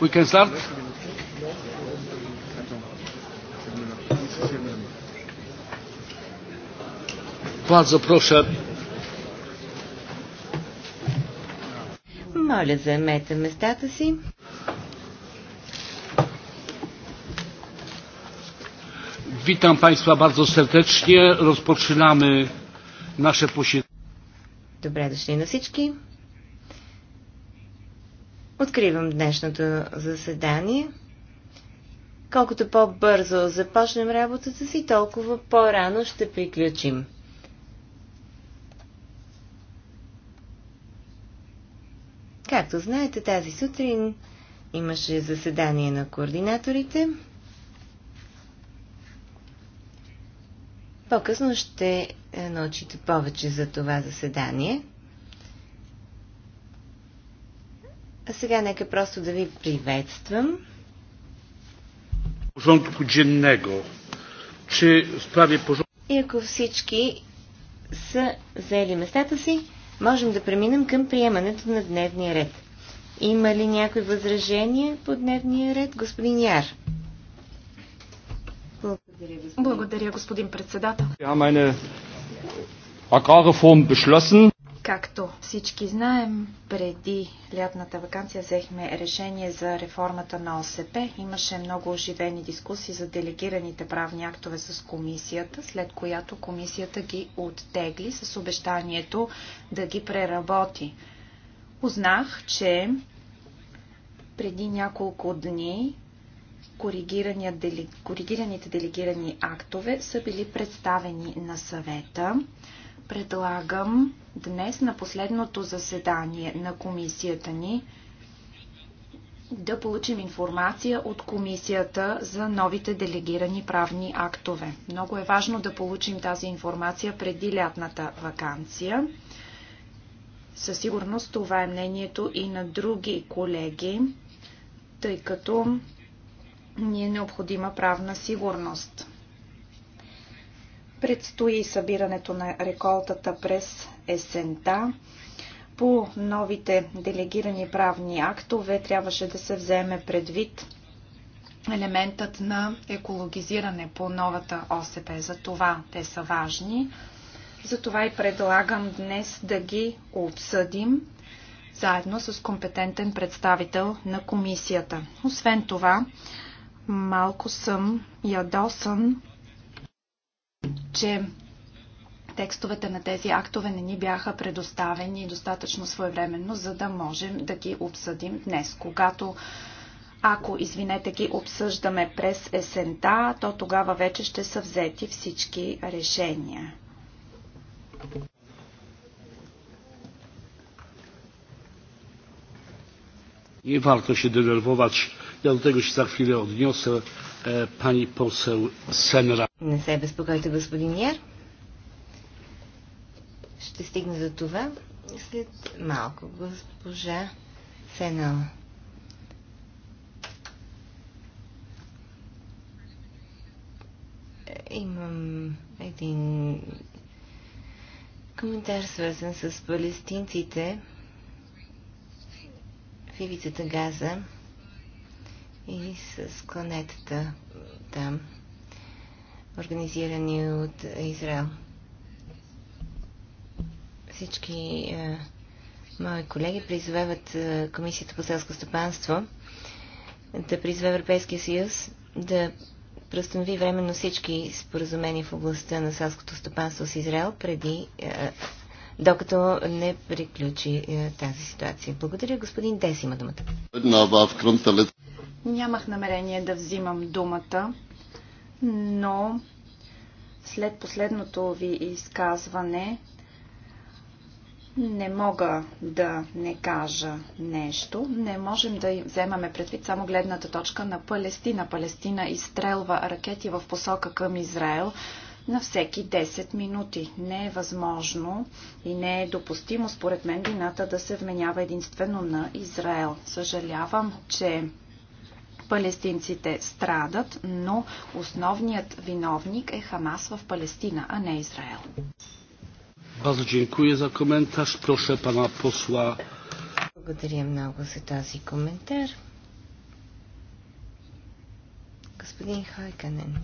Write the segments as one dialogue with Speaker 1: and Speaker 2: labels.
Speaker 1: We can start.
Speaker 2: Bardzo proszę. Моля, заемете местата си.
Speaker 1: Witam Państwa bardzo serdecznie. Rozpoczynamy nasze posiedzenie.
Speaker 2: Добре дошли на всички. Откривам днешното заседание. Колкото по-бързо започнем работата си, толкова по-рано ще приключим. Както знаете, тази сутрин имаше заседание на координаторите. По-късно ще е, научите повече за това заседание. А сега нека просто да ви приветствам. И ако всички са заели местата си, можем да преминем към приемането на дневния ред. Има ли някои възражения по дневния ред, господин Яр? Благодаря, господин, Благодаря, господин председател.
Speaker 3: Както всички знаем, преди лятната вакансия взехме решение за реформата на ОСП. Имаше много оживени дискусии за делегираните правни актове с комисията, след която комисията ги оттегли с обещанието да ги преработи. Узнах, че преди няколко дни коригираните делегирани актове са били представени на съвета. Предлагам днес на последното заседание на комисията ни да получим информация от комисията за новите делегирани правни актове. Много е важно да получим тази информация преди лятната вакансия. Със сигурност това е мнението и на други колеги, тъй като ни е необходима правна сигурност. Предстои събирането на реколтата през есента. По новите делегирани правни актове трябваше да се вземе предвид елементът на екологизиране по новата ОСП. За това те са важни. Затова и предлагам днес да ги обсъдим заедно с компетентен представител на комисията. Освен това, малко съм ядосан че текстовете на тези актове не ни бяха предоставени достатъчно своевременно, за да можем да ги обсъдим днес. Когато ако, извинете, ги обсъждаме през есента, то тогава вече ще са взети всички решения.
Speaker 1: Nie warto się denerwować. Ja do tego się za chwilę odniosę. Е,
Speaker 2: Не се безпокойте, господин Яр. Ще стигна за това след малко. Госпожа Сенала. Имам един коментар, свързан с палестинците в ивицата Газа и с кланетата там, организирани от Израел. Всички е, мои колеги призовават е, Комисията по селско стопанство да призва Европейския съюз да преустанови временно всички споразумения в областта на селското стопанство с Израел преди е, докато не приключи е, тази ситуация. Благодаря, господин Дес има думата.
Speaker 3: Нямах намерение да взимам думата, но след последното ви изказване не мога да не кажа нещо. Не можем да вземаме предвид само гледната точка на Палестина. Палестина изстрелва ракети в посока към Израел на всеки 10 минути. Не е възможно и не е допустимо, според мен, вината да се вменява единствено на Израел. Съжалявам, че Палестинците страдат, но основният виновник е Хамас в Палестина, а не Израел.
Speaker 1: Bardzo dziękuję za komentarz. Proszę pana posła.
Speaker 2: Благодаря много за този коментар. Господин Хайканен.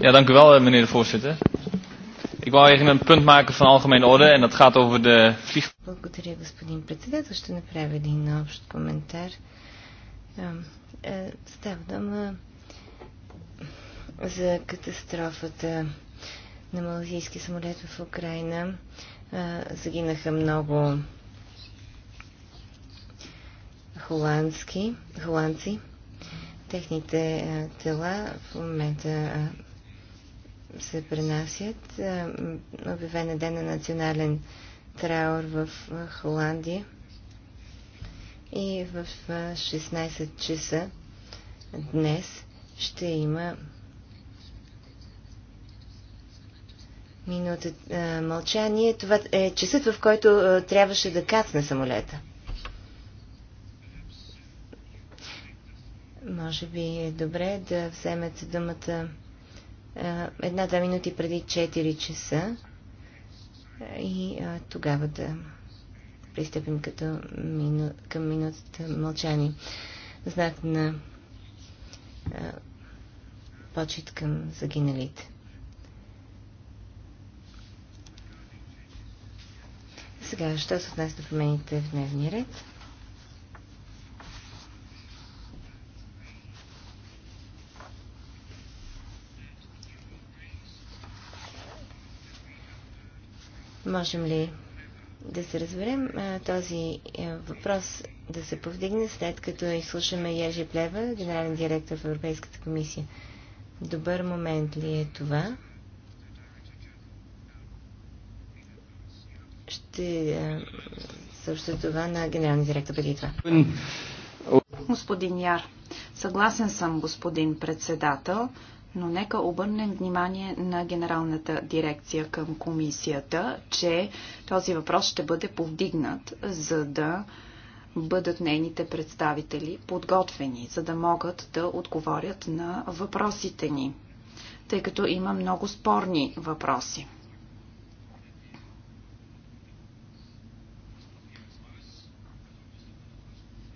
Speaker 1: Ja, dank u wel, eh, meneer de voorzitter. Ik wou even een punt maken van algemene orde en dat gaat over de vlieg...
Speaker 2: Благодаря, господин председател. Ще направя един общ коментар. Е, става дума за катастрофата на малазийски самолет в Украина. Е, загинаха много холандски, холандци. Техните е, тела в момента се пренасят. Обявен е ден на национален траур в Холандия и в 16 часа днес ще има минута мълчание. Това е часът, в който трябваше да кацне самолета. Може би е добре да вземете думата една два минути преди 4 часа и а, тогава да пристъпим като мину... към минутата мълчани. Знак на а, почет към загиналите. Сега, що се отнася до промените в дневния ред? Можем ли да се разберем този въпрос да се повдигне след като изслушаме Ежи Плева, генерален директор в Европейската комисия. Добър момент ли е това? Ще съобща това на генералния директор преди това.
Speaker 3: Господин Яр, съгласен съм, господин председател. Но нека обърнем внимание на генералната дирекция към комисията, че този въпрос ще бъде повдигнат, за да бъдат нейните представители подготвени, за да могат да отговорят на въпросите ни, тъй като има много спорни въпроси.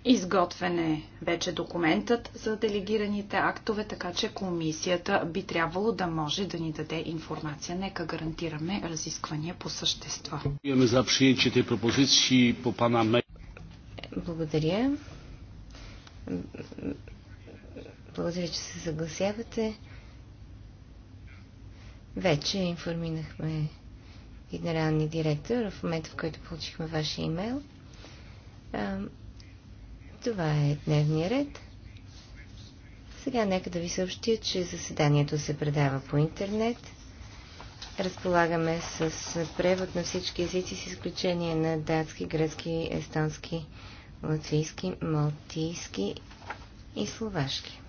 Speaker 3: Изготвен е вече документът за делегираните актове, така че комисията би трябвало да може да ни даде информация. Нека гарантираме разисквания по същество.
Speaker 2: Благодаря. Благодаря, че се съгласявате. Вече информирахме генералния директор в момента, в който получихме вашия имейл. Това е дневния ред. Сега нека да ви съобщя, че заседанието се предава по интернет. Разполагаме с превод на всички езици, с изключение на датски, гръцки, естонски, латвийски, малтийски и словашки.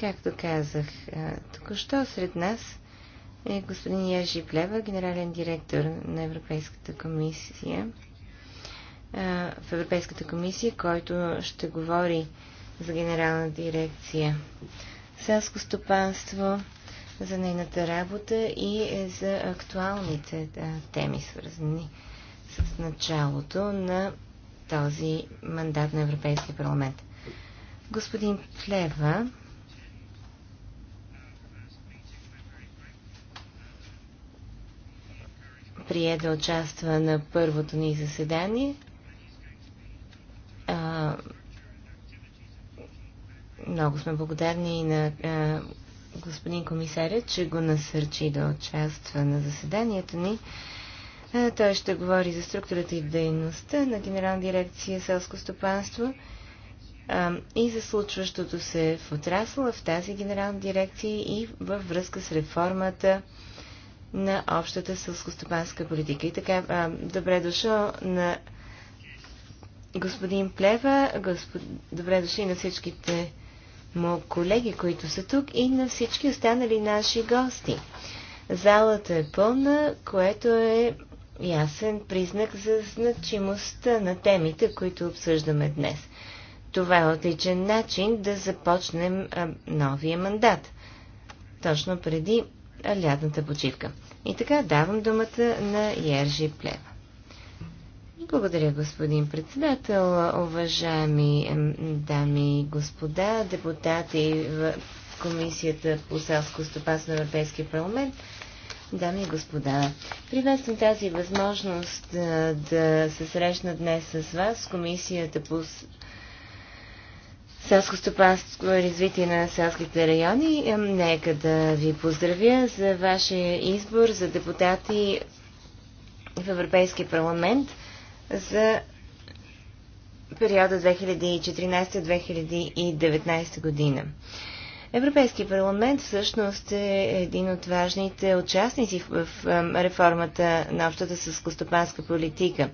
Speaker 2: Както казах, току-що сред нас е господин Яжи Плева, генерален директор на Европейската комисия. В Европейската комисия, който ще говори за генерална дирекция селско стопанство, за нейната работа и е за актуалните теми, свързани с началото на този мандат на Европейския парламент. Господин Плева, прие да участва на първото ни заседание. А, много сме благодарни и на а, господин комисаря, че го насърчи да участва на заседанието ни. А, той ще говори за структурата и дейността на Генерална дирекция селско стопанство и за случващото се в отрасъла в тази генерална дирекция и във връзка с реформата на общата сълскостопанска политика. И така, а, добре дошъл на господин Плева, господ... добре дошли на всичките му колеги, които са тук и на всички останали наши гости. Залата е пълна, което е ясен признак за значимостта на темите, които обсъждаме днес. Това е отличен начин да започнем новия мандат, точно преди лятната почивка. И така давам думата на Ержи Плева. Благодаря, господин председател, уважаеми дами и господа, депутати в Комисията по селско стопанство на Европейския парламент. Дами и господа, приветствам тази възможност е, да, се срещна днес с вас, Комисията по селско-стопанско развитие на селските райони. Нека да ви поздравя за вашия избор за депутати в Европейския парламент за периода 2014-2019 година. Европейския парламент всъщност е един от важните участници в реформата на общата съскостопанска политика.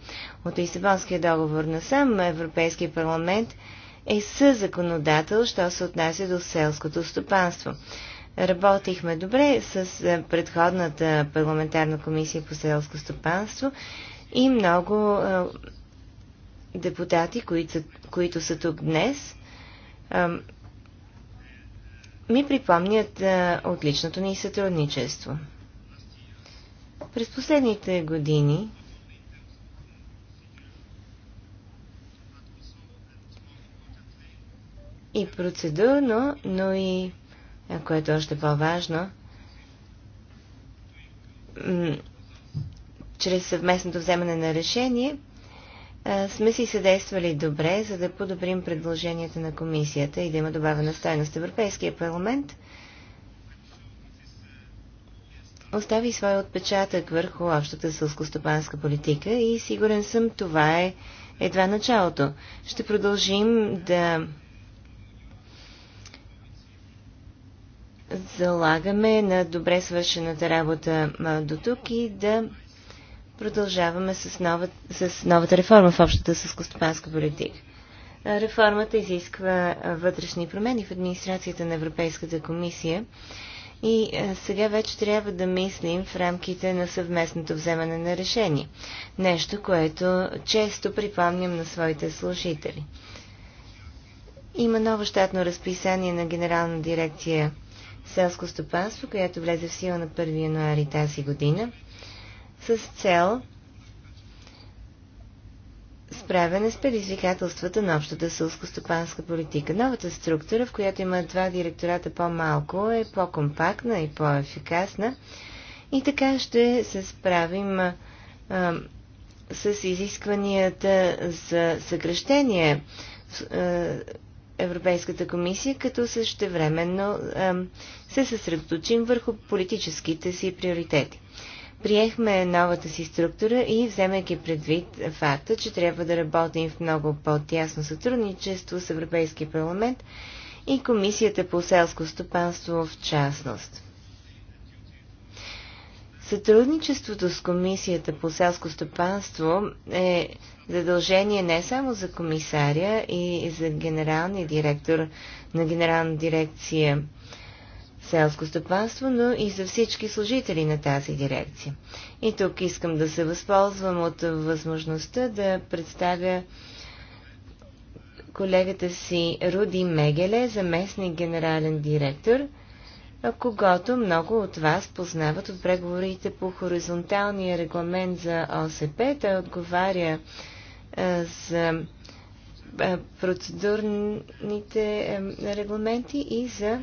Speaker 2: От Лисабонския договор насам Европейския парламент – е законодател, що се отнася до селското стопанство. Работихме добре с е, предходната парламентарна комисия по селско стопанство и много е, депутати, които, които са тук днес, е, ми припомнят отличното ни сътрудничество. През последните години и процедурно, но и, което е още по-важно, чрез съвместното вземане на решение, сме си съдействали добре, за да подобрим предложенията на комисията и да има добавена стойност. Европейския парламент остави своя отпечатък върху общата сълскостопанска политика и сигурен съм това е едва началото. Ще продължим да залагаме на добре свършената работа до тук и да продължаваме с, нова, с новата реформа в общата съскостопанска политика. Реформата изисква вътрешни промени в администрацията на Европейската комисия и сега вече трябва да мислим в рамките на съвместното вземане на решение. Нещо, което често припомням на своите служители. Има ново щатно разписание на Генерална дирекция селско стопанство, която влезе в сила на 1 януари тази година, с цел справяне с предизвикателствата на общата селско-стопанска политика. Новата структура, в която има два директората по-малко, е по-компактна и по-ефикасна. И така ще се справим а, с изискванията за съкръщение Европейската комисия, като същевременно се съсредоточим върху политическите си приоритети. Приехме новата си структура и, вземайки предвид факта, че трябва да работим в много по-тясно сътрудничество с Европейския парламент и Комисията по селско стопанство в частност. Сътрудничеството с Комисията по селско стопанство е задължение не само за комисаря и за генералния директор на генерална дирекция селско стопанство, но и за всички служители на тази дирекция. И тук искам да се възползвам от възможността да представя колегата си Руди Мегеле, заместник генерален директор – когато много от вас познават от преговорите по хоризонталния регламент за ОСП. Той отговаря е, за е, процедурните е, регламенти и за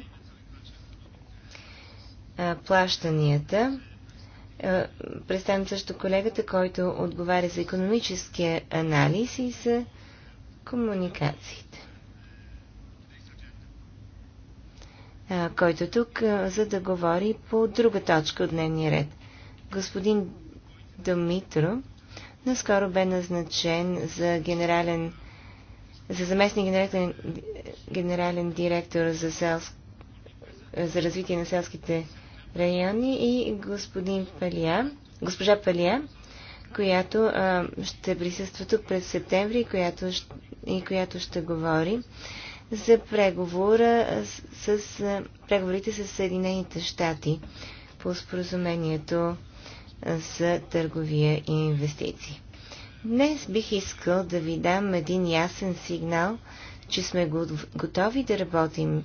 Speaker 2: плащанията. Представям също колегата, който отговаря за економическия анализ и за комуникациите. който е тук, за да говори по друга точка от дневния ред. Господин Домитро наскоро бе назначен за генерален за заместник генерален, генерален директор за, селск, за развитие на селските райони и господин Палия, госпожа Палия, която а, ще присъства тук през септември която, и която ще говори за преговора с, с преговорите с Съединените щати по споразумението за търговия и инвестиции. Днес бих искал да ви дам един ясен сигнал, че сме готови да работим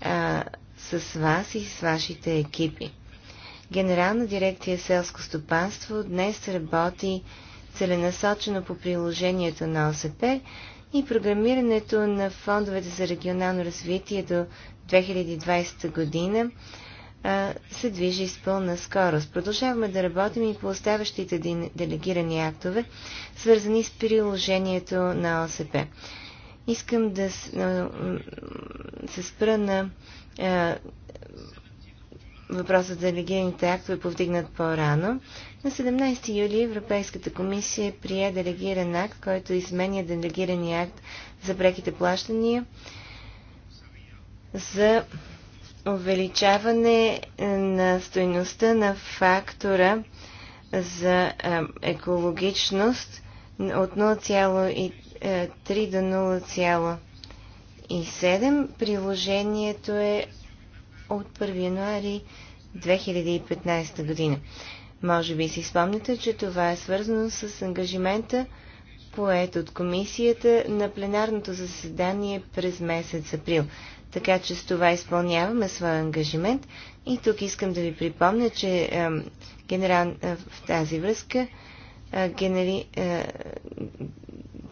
Speaker 2: а, с вас и с вашите екипи. Генерална дирекция селско стопанство днес работи целенасочено по приложението на ОСП, и програмирането на фондовете за регионално развитие до 2020 година се движи с пълна скорост. Продължаваме да работим и по оставащите делегирани актове, свързани с приложението на ОСП. Искам да се спра на въпроса за делегираните актове, повдигнат по-рано. На 17 юли Европейската комисия прие делегиран акт, който изменя делегирания акт за преките плащания за увеличаване е, на стоеността на фактора за е, екологичност от 0,3 е, до 0,7. Приложението е от 1 януари 2015 година. Може би си спомняте, че това е свързано с ангажимента, поет от комисията на пленарното заседание през месец април. Така че с това изпълняваме своя ангажимент и тук искам да ви припомня, че е, генерал, е, в тази връзка е, генери, е,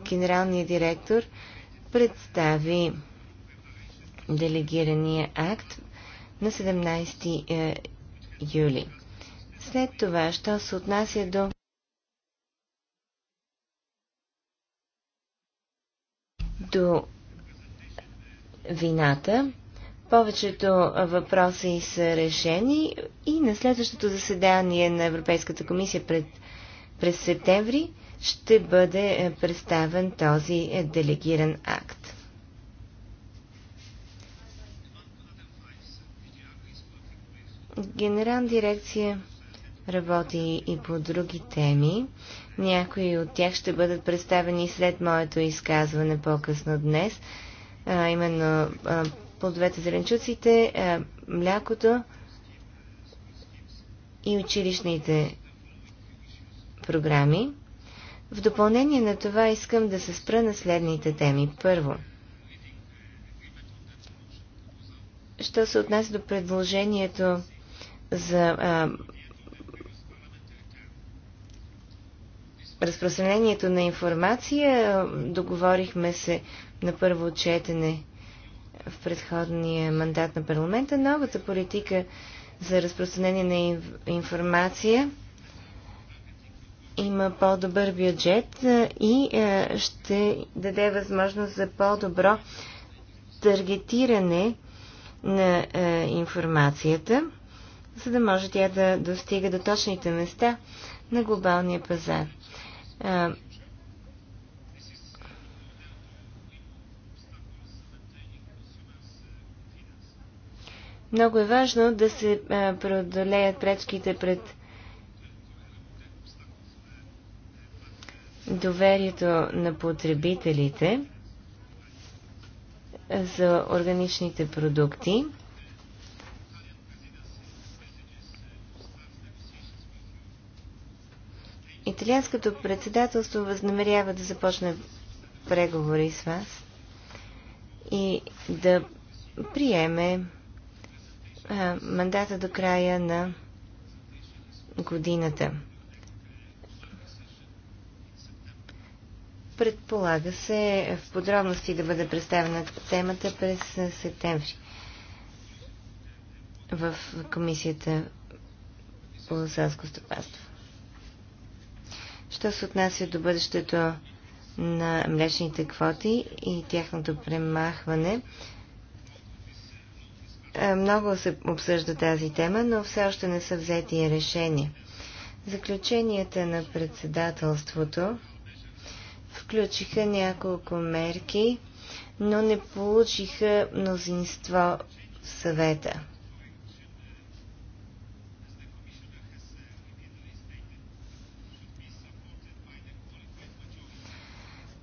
Speaker 2: генералният директор представи делегирания акт на 17 е, юли. След това, що се отнася до до вината, повечето въпроси са решени и на следващото заседание на Европейската комисия пред, през септември ще бъде е, представен този е, делегиран акт. Генерална дирекция работи и по други теми. Някои от тях ще бъдат представени след моето изказване по-късно днес, а, именно а, плодовете зеленчуците, а, млякото и училищните програми. В допълнение на това искам да се спра на следните теми. Първо, що се отнася до предложението за а, разпространението на информация. Договорихме се на първо отчетене в предходния мандат на парламента. Новата политика за разпространение на информация има по-добър бюджет и ще даде възможност за по-добро таргетиране на информацията, за да може тя да достига до точните места на глобалния пазар. Е, много е важно да се е, преодолеят пречките пред доверието на потребителите за органичните продукти. Италианското председателство възнамерява да започне преговори с вас и да приеме а, мандата до края на годината. Предполага се в подробности да бъде представена темата през септември в Комисията по селско стопанство. Що се отнася до бъдещето на млечните квоти и тяхното премахване, е, много се обсъжда тази тема, но все още не са взети решения. Заключенията на председателството включиха няколко мерки, но не получиха мнозинство в съвета.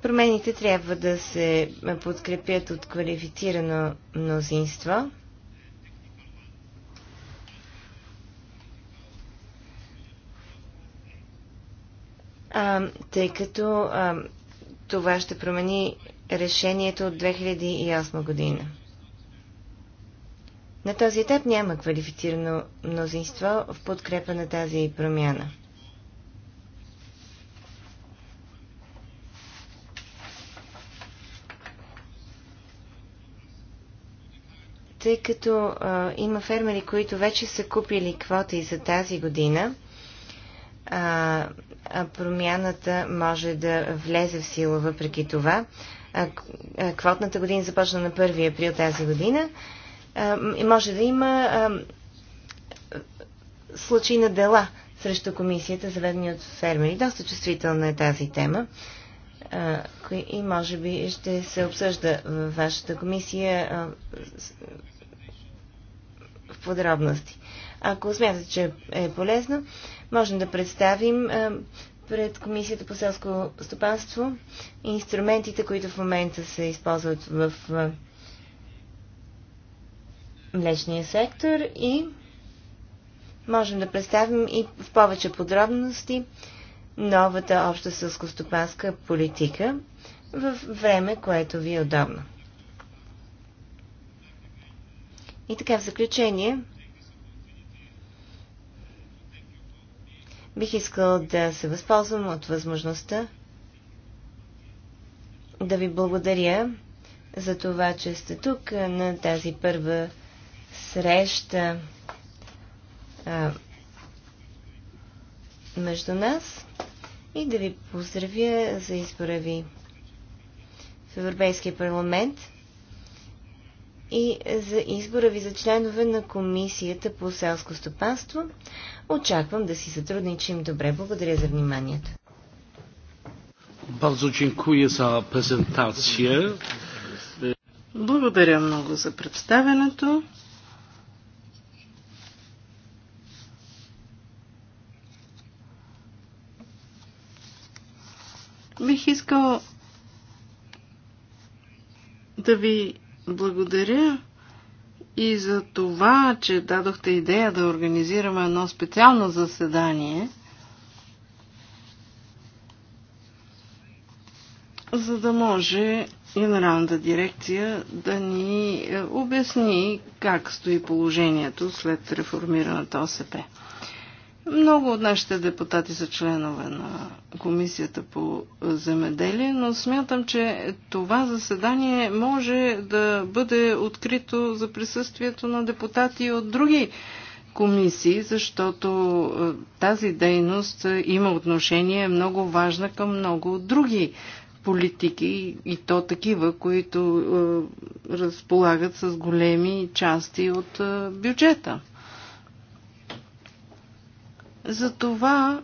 Speaker 2: Промените трябва да се подкрепят от квалифицирано мнозинство. А, тъй като а, това ще промени решението от 2008 година. На този етап няма квалифицирано мнозинство в подкрепа на тази промяна. тъй като а, има фермери, които вече са купили квоти за тази година, а, а промяната може да влезе в сила въпреки това. А, а, квотната година започна на 1 април тази година. А, може да има а, случаи на дела срещу комисията, заведени от фермери. Доста чувствителна е тази тема и може би ще се обсъжда във вашата комисия подробности. Ако смятате, че е полезно, можем да представим е, пред Комисията по селско стопанство инструментите, които в момента се използват в е, млечния сектор и можем да представим и в повече подробности новата обща селско-стопанска политика в време, което ви е удобно. И така, в заключение, бих искал да се възползвам от възможността да ви благодаря за това, че сте тук на тази първа среща а, между нас и да ви поздравя за избора ви в Европейския парламент – и за избора ви за членове на Комисията по селско стопанство. Очаквам да си сътрудничим добре. Благодаря за вниманието.
Speaker 1: Bardzo dziękuję za prezentację.
Speaker 2: Благодаря много
Speaker 4: за представенето. Бих искал да ви благодаря и за това, че дадохте идея да организираме едно специално заседание, за да може Генералната дирекция да ни е, обясни как стои положението след реформираната ОСП. Много от нашите депутати са членове на Комисията по земеделие, но смятам, че това заседание може да бъде открито за присъствието на депутати от други комисии, защото е, тази дейност е, има отношение е много важна към много други политики и то такива, които разполагат с големи части от бюджета. Затова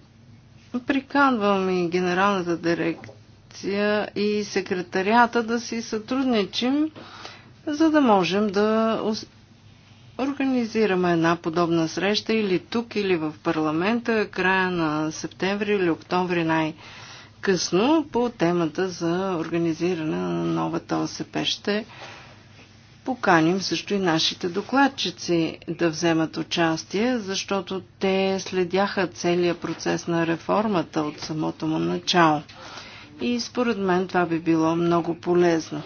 Speaker 4: приканвам и генералната дирекция и секретарията да си сътрудничим, за да можем да организираме една подобна среща или тук, или в парламента, края на септември или октомври най-късно по темата за организиране на новата ОСП. Ще поканим също и нашите докладчици да вземат участие, защото те следяха целият процес на реформата от самото му начало. И според мен това би било много полезно.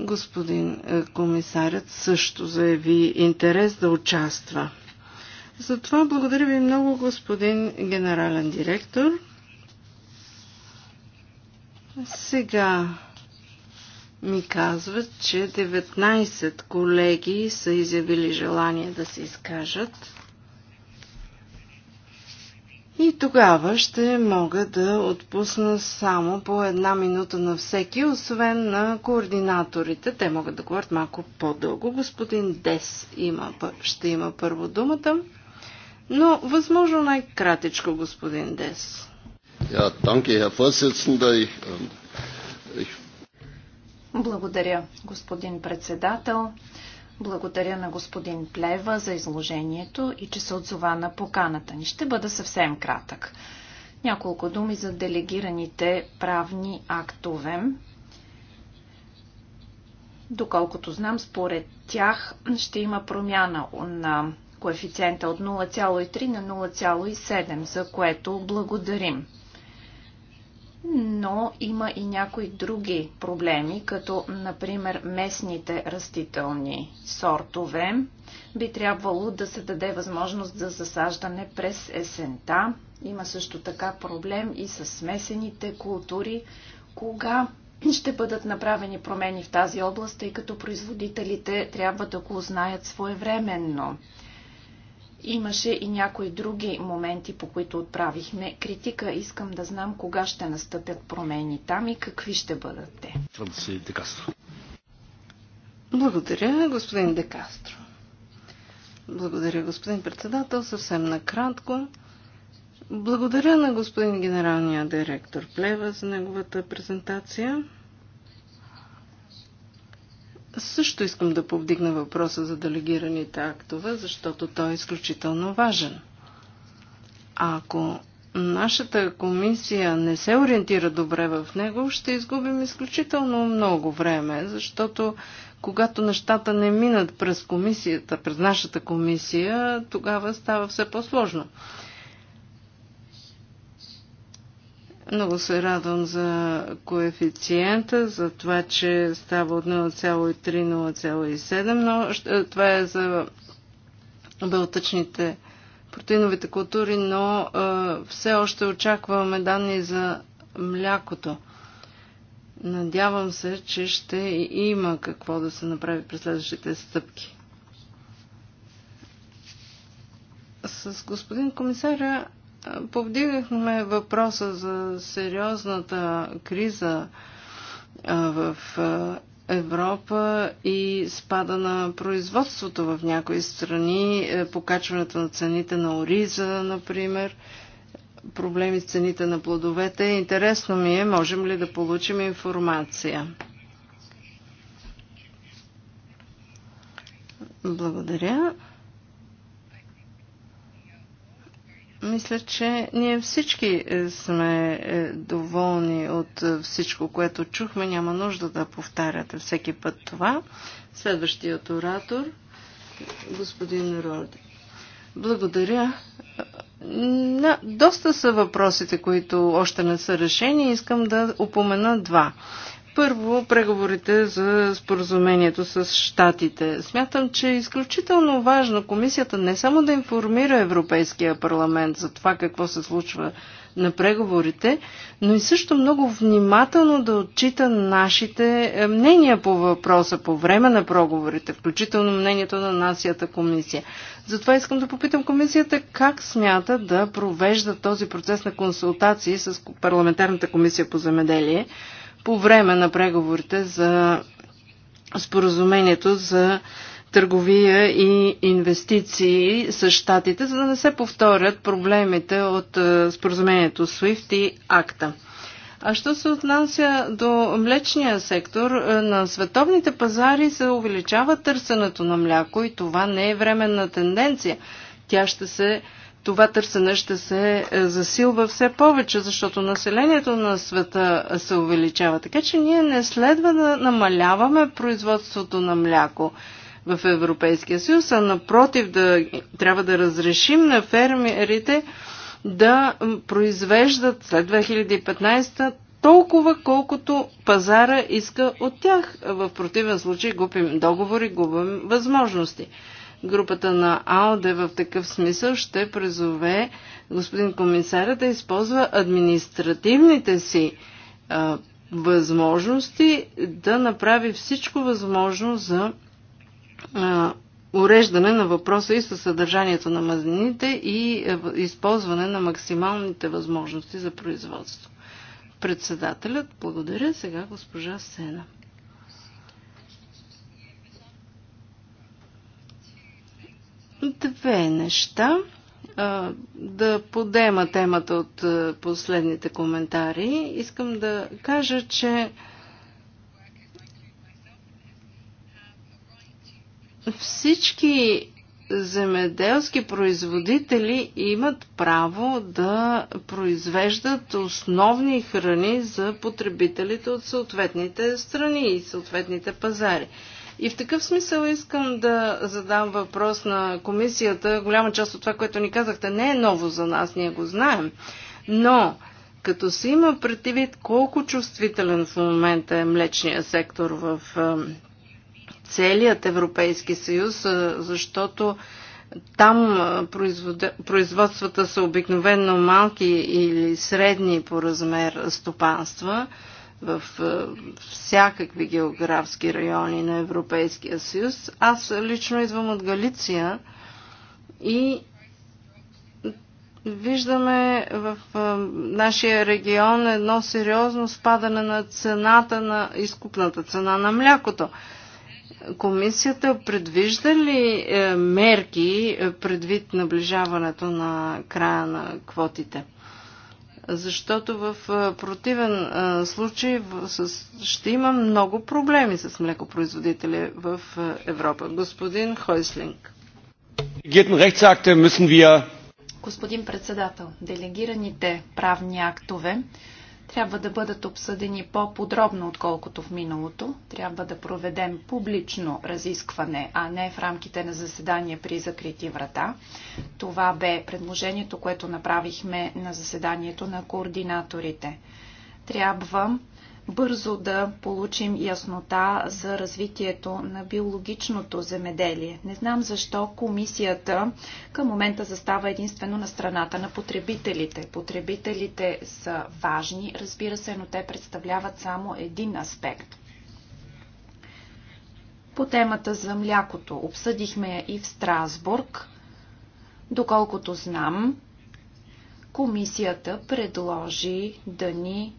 Speaker 4: Господин е, комисарят също заяви интерес да участва. Затова благодаря ви много, господин генерален директор. Сега ми казват, че 19 колеги са изявили желание да се изкажат. И тогава ще мога да отпусна само по една минута на всеки, освен на координаторите. Те могат да говорят малко по-дълго. Господин Дес има, ще има първо думата, но възможно най-кратичко, господин Дес.
Speaker 1: Ja, danke, Herr Vorsitzender. Ich, ähm, ich
Speaker 4: благодаря, господин председател.
Speaker 3: Благодаря на господин Плева за изложението и че се отзова на поканата ни. Ще бъда съвсем кратък. Няколко думи за делегираните правни актове. Доколкото знам, според тях ще има промяна на коефициента от 0,3 на 0,7, за което благодарим но има и някои други проблеми, като например местните растителни сортове. Би трябвало да се даде възможност за засаждане през есента. Има също така проблем и с смесените култури. Кога ще бъдат направени промени в тази област, тъй като производителите трябва да го знаят своевременно. Имаше и някои други моменти, по които отправихме критика. Искам да знам кога ще настъпят
Speaker 4: промени там и какви ще бъдат те. Благодаря, господин Декастро. Благодаря, господин председател. Съвсем накратко. Благодаря на господин генералния директор Плева за неговата презентация също искам да повдигна въпроса за делегираните актове, защото той е изключително важен. А ако нашата комисия не се ориентира добре в него, ще изгубим изключително много време, защото когато нещата не минат през комисията, през нашата комисия, тогава става все по-сложно. Много се радвам за коефициента, за това, че става от 0,3-0,7, но това е за белтъчните протеиновите култури, но все още очакваме данни за млякото. Надявам се, че ще има какво да се направи през следващите стъпки. С господин комисаря Повдигахме въпроса за сериозната криза в Европа и спада на производството в някои страни, е, покачването на цените на ориза, например, проблеми с цените на плодовете. Интересно ми е, можем ли да получим информация. Благодаря. Мисля, че ние всички е, сме е, доволни от е, всичко, което чухме. Няма нужда да повтаряте всеки път това. Следващият оратор, господин Роди, Благодаря. На, доста са въпросите, които още не са решени. Искам да упомена два. Първо, преговорите за споразумението с щатите. Смятам, че е изключително важно комисията не само да информира Европейския парламент за това какво се случва на преговорите, но и също много внимателно да отчита нашите е, мнения по въпроса по време на проговорите, включително мнението на нацията комисия. Затова искам да попитам комисията как смята да провежда този процес на консултации с парламентарната комисия по земеделие, по време на преговорите за споразумението за търговия и инвестиции с щатите, за да не се повторят проблемите от е, споразумението SWIFT и АКТА. А що се отнася до млечния сектор, е, на световните пазари се увеличава търсенето на мляко и това не е временна тенденция. Тя ще се това търсене ще се е, засилва все повече, защото населението на света е, се увеличава. Така че ние не следва да намаляваме производството на мляко в Европейския съюз, а напротив да, трябва да разрешим на фермерите да произвеждат след 2015 толкова, колкото пазара иска от тях. В противен случай губим договори, губим възможности групата на АОДЕ в такъв смисъл ще призове господин комисаря да използва административните си а, възможности да направи всичко възможно за а, уреждане на въпроса и със съдържанието на мазнините и използване на максималните възможности за производство. Председателят, благодаря сега госпожа Сена. Две неща. Да подема темата от последните коментари. Искам да кажа, че всички земеделски производители имат право да произвеждат основни храни за потребителите от съответните страни и съответните пазари. И в такъв смисъл искам да задам въпрос на комисията. Голяма част от това, което ни казахте, не е ново за нас, ние го знаем. Но, като се има предвид колко чувствителен в момента е млечния сектор в целият Европейски съюз, е, защото там е, производствата са обикновенно малки или средни по размер стопанства – в всякакви географски райони на Европейския съюз. Аз лично идвам от Галиция и виждаме в нашия регион едно сериозно спадане на цената на изкупната цена на млякото. Комисията предвижда ли е, мерки е, предвид наближаването на края на квотите? защото в противен случай ще има много проблеми с млекопроизводители в Европа. Господин Хойслинг.
Speaker 3: Господин председател, делегираните правни актове трябва да бъдат обсъдени по-подробно, отколкото в миналото. Трябва да проведем публично разискване, а не в рамките на заседание при закрити врата. Това бе предложението, което направихме на заседанието на координаторите. Трябва бързо да получим яснота за развитието на биологичното земеделие. Не знам защо комисията към момента застава единствено на страната на потребителите. Потребителите са важни, разбира се, но те представляват само един аспект. По темата за млякото обсъдихме я и в Страсбург. Доколкото знам, комисията предложи да ни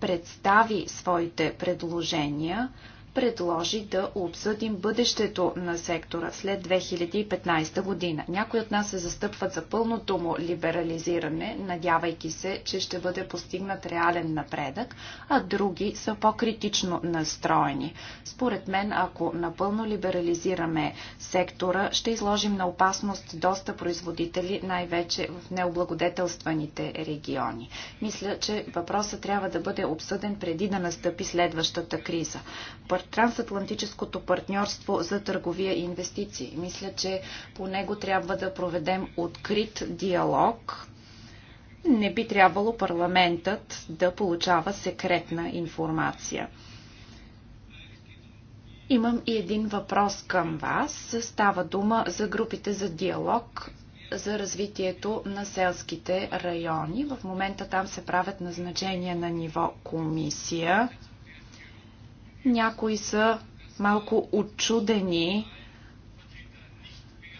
Speaker 3: представи своите предложения, предложи да обсъдим бъдещето на сектора след 2015 година. Някои от нас се застъпват за пълното му либерализиране, надявайки се, че ще бъде постигнат реален напредък, а други са по-критично настроени. Според мен, ако напълно либерализираме сектора, ще изложим на опасност доста производители, най-вече в необлагодетелстваните региони. Мисля, че въпросът трябва да бъде обсъден преди да настъпи следващата криза пар... трансатлантическото партньорство за търговия и инвестиции. Мисля, че по него трябва да проведем открит диалог. Не би трябвало парламентът да получава секретна информация. Имам и един въпрос към вас. Става дума за групите за диалог за развитието на селските райони. В момента там се правят назначения на ниво комисия. Някои са малко отчудени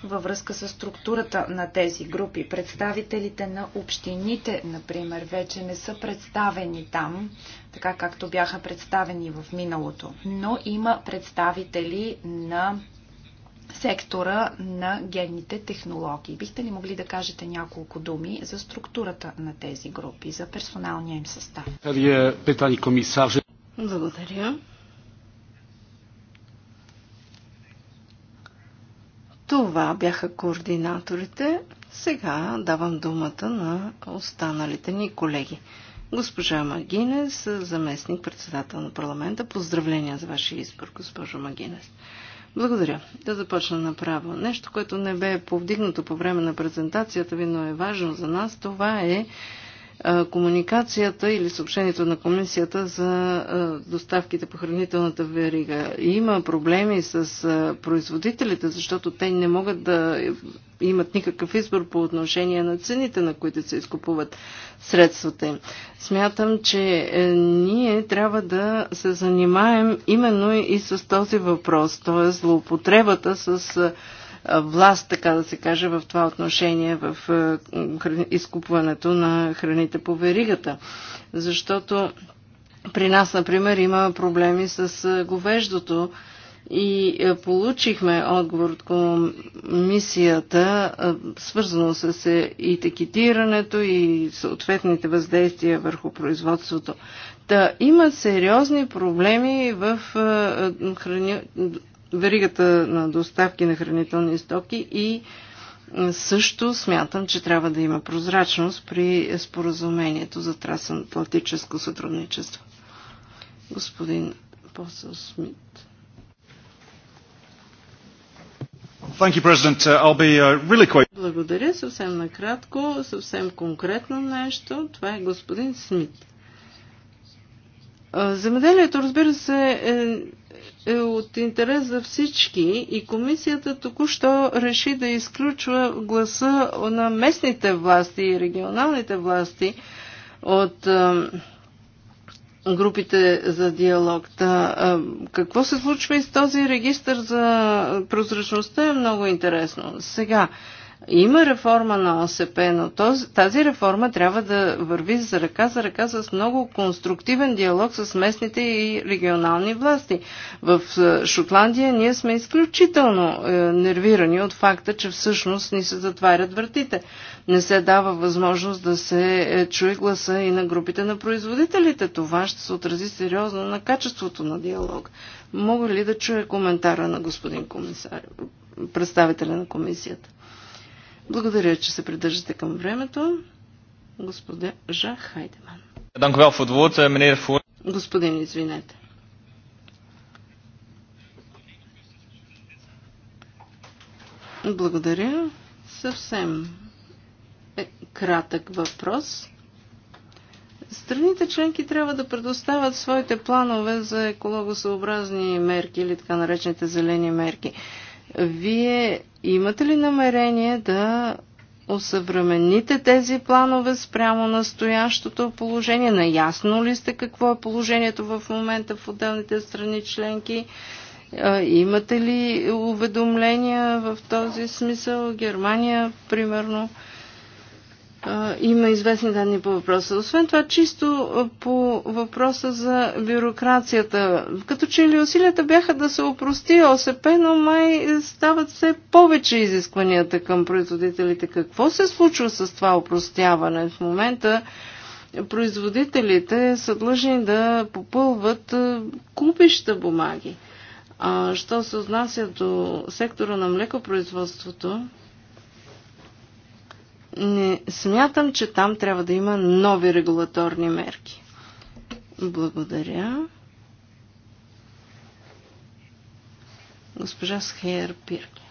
Speaker 3: във връзка с структурата на тези групи. Представителите на общините, например, вече не са представени там, така както бяха представени в миналото. Но има представители на сектора на генните технологии. Бихте ли могли да кажете няколко думи за структурата на тези групи, за персоналния им състав?
Speaker 1: Е,
Speaker 4: Благодаря. Това бяха координаторите. Сега давам думата на останалите ни колеги. Госпожа Магинес, заместник председател на парламента. Поздравления за вашия избор, госпожо Магинес. Благодаря. Да започна направо. Нещо, което не бе повдигнато по време на презентацията ви, но е важно за нас, това е комуникацията или съобщението на комисията за доставките по хранителната верига. Има проблеми с производителите, защото те не могат да имат никакъв избор по отношение на цените, на които се изкупуват средствата им. Смятам, че е, ние трябва да се занимаем именно и с този въпрос, т.е. злоупотребата с власт, така да се каже, в това отношение в е, изкупването на храните по веригата. Защото при нас, например, има проблеми с е, говеждото и е, получихме отговор от комисията, свързано с етикетирането и съответните въздействия върху производството. Та има сериозни проблеми в храни веригата на доставки на хранителни стоки и също смятам, че трябва да има прозрачност при споразумението за трансатлантическо сътрудничество. Господин Посъл Смит.
Speaker 1: You, uh, be, uh, really quick.
Speaker 4: Благодаря. Съвсем накратко, съвсем конкретно нещо. Това е господин Смит. Е, земеделието, разбира се, е е от интерес за всички и комисията току-що реши да изключва гласа на местните власти и регионалните власти от е, групите за диалог. Та, е, какво се случва и с този регистр за прозрачността е много интересно. Сега, има реформа на ОСП, но тази реформа трябва да върви за ръка за ръка с много конструктивен диалог с местните и регионални власти. В е, Шотландия ние сме изключително е, нервирани от факта, че всъщност ни се затварят вратите. Не се дава възможност да се е, чуе гласа и на групите на производителите. Това ще се отрази сериозно на качеството на диалог. Мога ли да чуя коментара на господин комисар, представителя на комисията? Благодаря, че се придържате към времето. Господа Жа Хайдеман.
Speaker 1: Eh,
Speaker 4: Господин, извинете. Благодаря. Съвсем е кратък въпрос. Страните членки трябва да предоставят своите планове за екологосъобразни мерки или така наречените зелени мерки. Вие Имате ли намерение да осъвремените тези планове спрямо настоящото положение? Наясно ли сте какво е положението в момента в отделните страни членки? Имате ли уведомления в този смисъл? Германия, примерно, има известни данни по въпроса. Освен това, чисто по въпроса за бюрокрацията. Като че ли усилията бяха да се опрости ОСП, но май стават все повече изискванията към производителите. Какво се случва с това опростяване в момента? Производителите са длъжни да попълват купища бумаги. А, що се отнася до сектора на млекопроизводството, не смятам, че там трябва да има нови регулаторни мерки. Благодаря. Госпожа Схейер Пирки.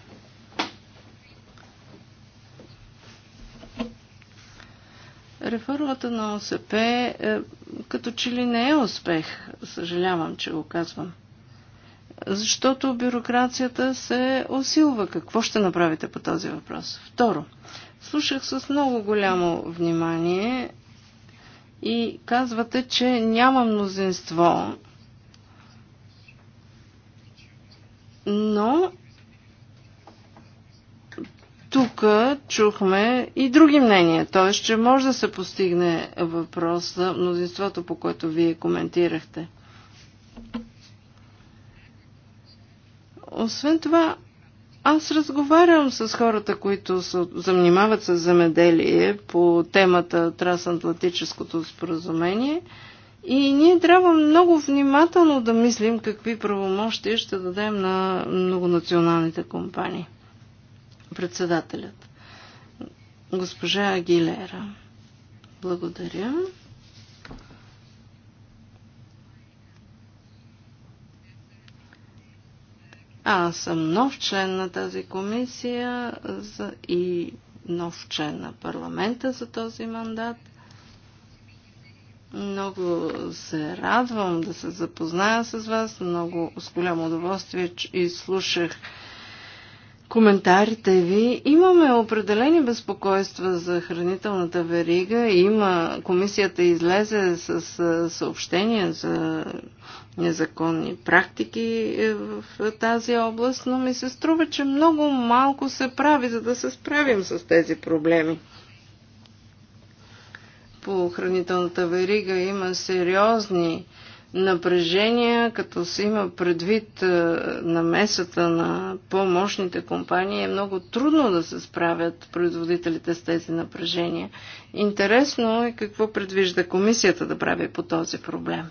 Speaker 4: Реформата на ОСП е, като че ли не е успех, съжалявам, че го казвам. Защото бюрокрацията се усилва. Какво ще направите по този въпрос? Второ, Слушах с много голямо внимание и казвате, че няма мнозинство, но тук чухме и други мнения, т.е. че може да се постигне въпрос за мнозинството, по което вие коментирахте. Освен това, аз разговарям с хората, които се занимават с земеделие по темата Трансатлантическото споразумение и ние трябва много внимателно да мислим какви правомощи ще дадем на многонационалните компании. Председателят. Госпожа Агилера. Благодаря. Аз съм нов член на тази комисия за... и нов член на парламента за този мандат. Много се радвам да се запозная с вас. Много с голямо удоволствие изслушах коментарите ви. Имаме определени безпокойства за хранителната верига. Има, комисията излезе с съобщение за незаконни практики е, в тази област, но ми се струва, че много малко се прави, за да се справим с тези проблеми. По хранителната верига има сериозни напрежения, като се има предвид е, на месата на по-мощните компании, е много трудно да се справят производителите с тези напрежения. Интересно е какво предвижда комисията да прави по този проблем.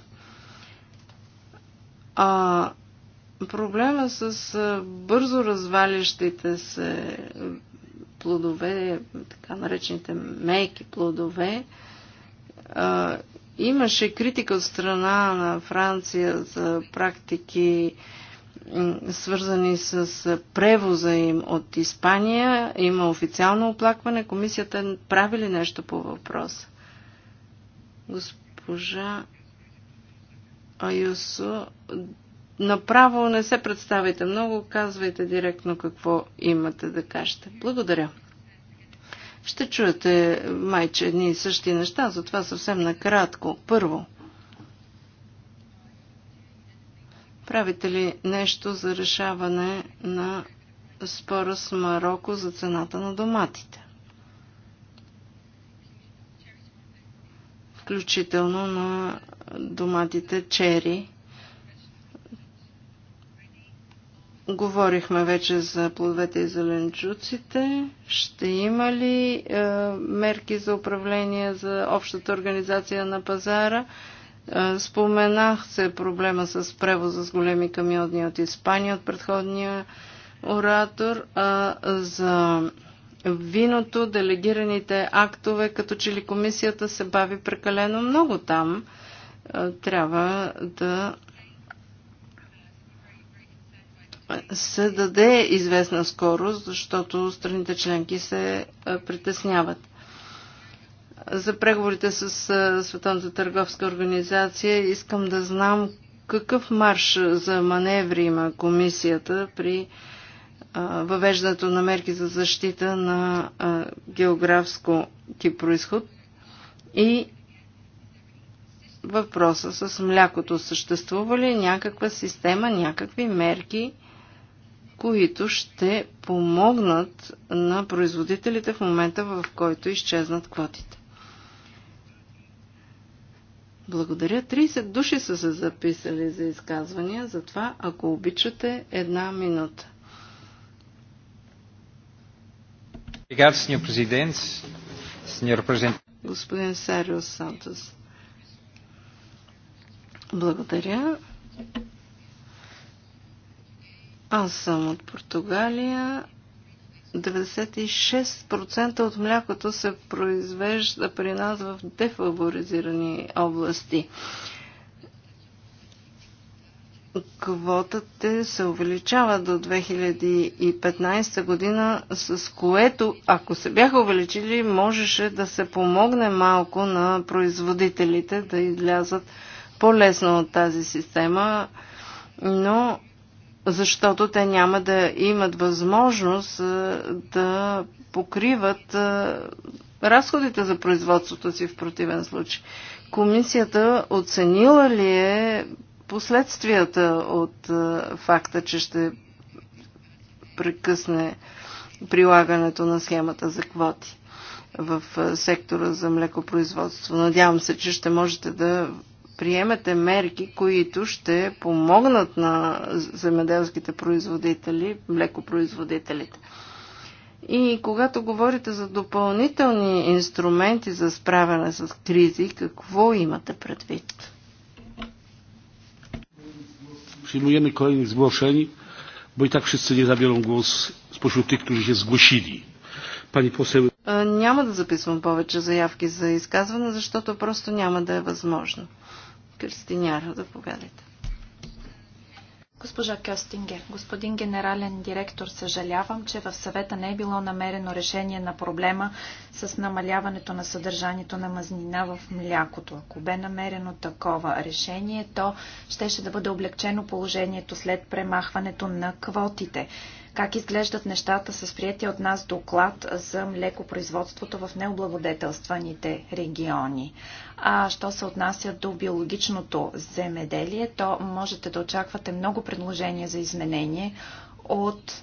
Speaker 4: А проблема с бързо развалящите се плодове, така наречените мейки плодове, а, имаше критика от страна на Франция за практики, свързани с превоза им от Испания. Има официално оплакване. Комисията е прави ли нещо по въпроса? Госпожа Аюсо, направо не се представите много, казвайте директно какво имате да кажете. Благодаря. Ще чуете, майче, едни и същи неща, затова съвсем накратко. Първо, правите ли нещо за решаване на спора с Марокко за цената на доматите? Включително на доматите чери. Говорихме вече за плодовете и зеленчуците. Ще има ли е, мерки за управление за общата организация на пазара? Е, споменах се проблема с превоза с големи камиони от Испания от предходния оратор. Е, за виното, делегираните актове, като че ли комисията се бави прекалено много там. Е, е, трябва да се даде известна скорост, защото страните членки се е, притесняват. За преговорите с е, Световната търговска организация искам да знам какъв марш за маневри има комисията при въвеждането на мерки за защита на географски происход и въпроса с млякото. Съществува ли някаква система, някакви мерки, които ще помогнат на производителите в момента, в който изчезнат квотите? Благодаря. 30 души са се записали за изказвания, затова ако обичате една минута. Господин Сарио Сантос. Благодаря. Аз съм от Португалия. 96% от млякото се произвежда при нас в дефаворизирани области. Квотата се увеличава до 2015 година, с което, ако се бяха увеличили, можеше да се помогне малко на производителите да излязат по-лесно от тази система, но защото те няма да имат възможност да покриват разходите за производството си в противен случай. Комисията оценила ли е последствията от факта, че ще прекъсне прилагането на схемата за квоти в сектора за млекопроизводство. Надявам се, че ще можете да приемете мерки, които ще помогнат на земеделските производители, млекопроизводителите. И когато говорите за допълнителни инструменти за справяне с кризи, какво имате предвид?
Speaker 1: Przyjmujemy kolejnych zgłoszeń, bo i tak wszyscy nie zabiorą głos spośród tych, którzy się zgłosili. Pani poseł.
Speaker 4: Е, няма да записвам повече заявки за изказване, защото просто няма да е възможно. Кристиняра, заповядайте.
Speaker 3: Госпожа Кьостингер, господин генерален директор, съжалявам, че в съвета не е било намерено решение на проблема с намаляването на съдържанието на мазнина в млякото. Ако бе намерено такова решение, то щеше да бъде облегчено положението след премахването на квотите как изглеждат нещата с приятия от нас доклад за млекопроизводството в необлагодетелстваните региони. А що се отнася до биологичното земеделие, то можете да очаквате много предложения за изменение от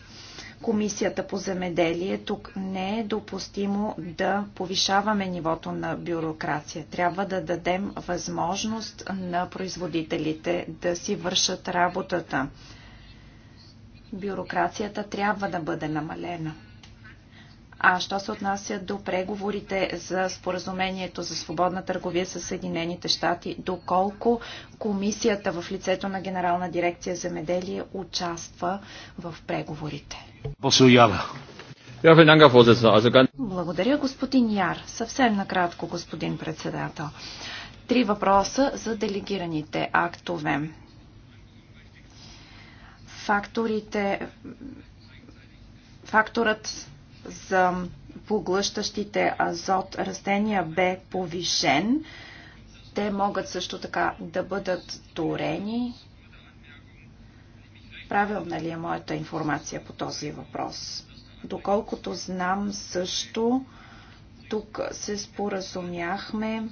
Speaker 3: Комисията по земеделие. Тук не е допустимо да повишаваме нивото на бюрокрация. Трябва да дадем възможност на производителите да си вършат работата бюрокрацията трябва да бъде намалена. А що се отнася до преговорите за споразумението за свободна търговия с Съединените щати, доколко комисията в лицето на Генерална дирекция земеделие участва в преговорите? Благодаря, господин Яр. Съвсем накратко, господин председател. Три въпроса за делегираните актове факторите, факторът за поглъщащите азот растения бе повишен. Те могат също така да бъдат турени. Правилна ли е моята информация по този въпрос? Доколкото знам също, тук се споразумяхме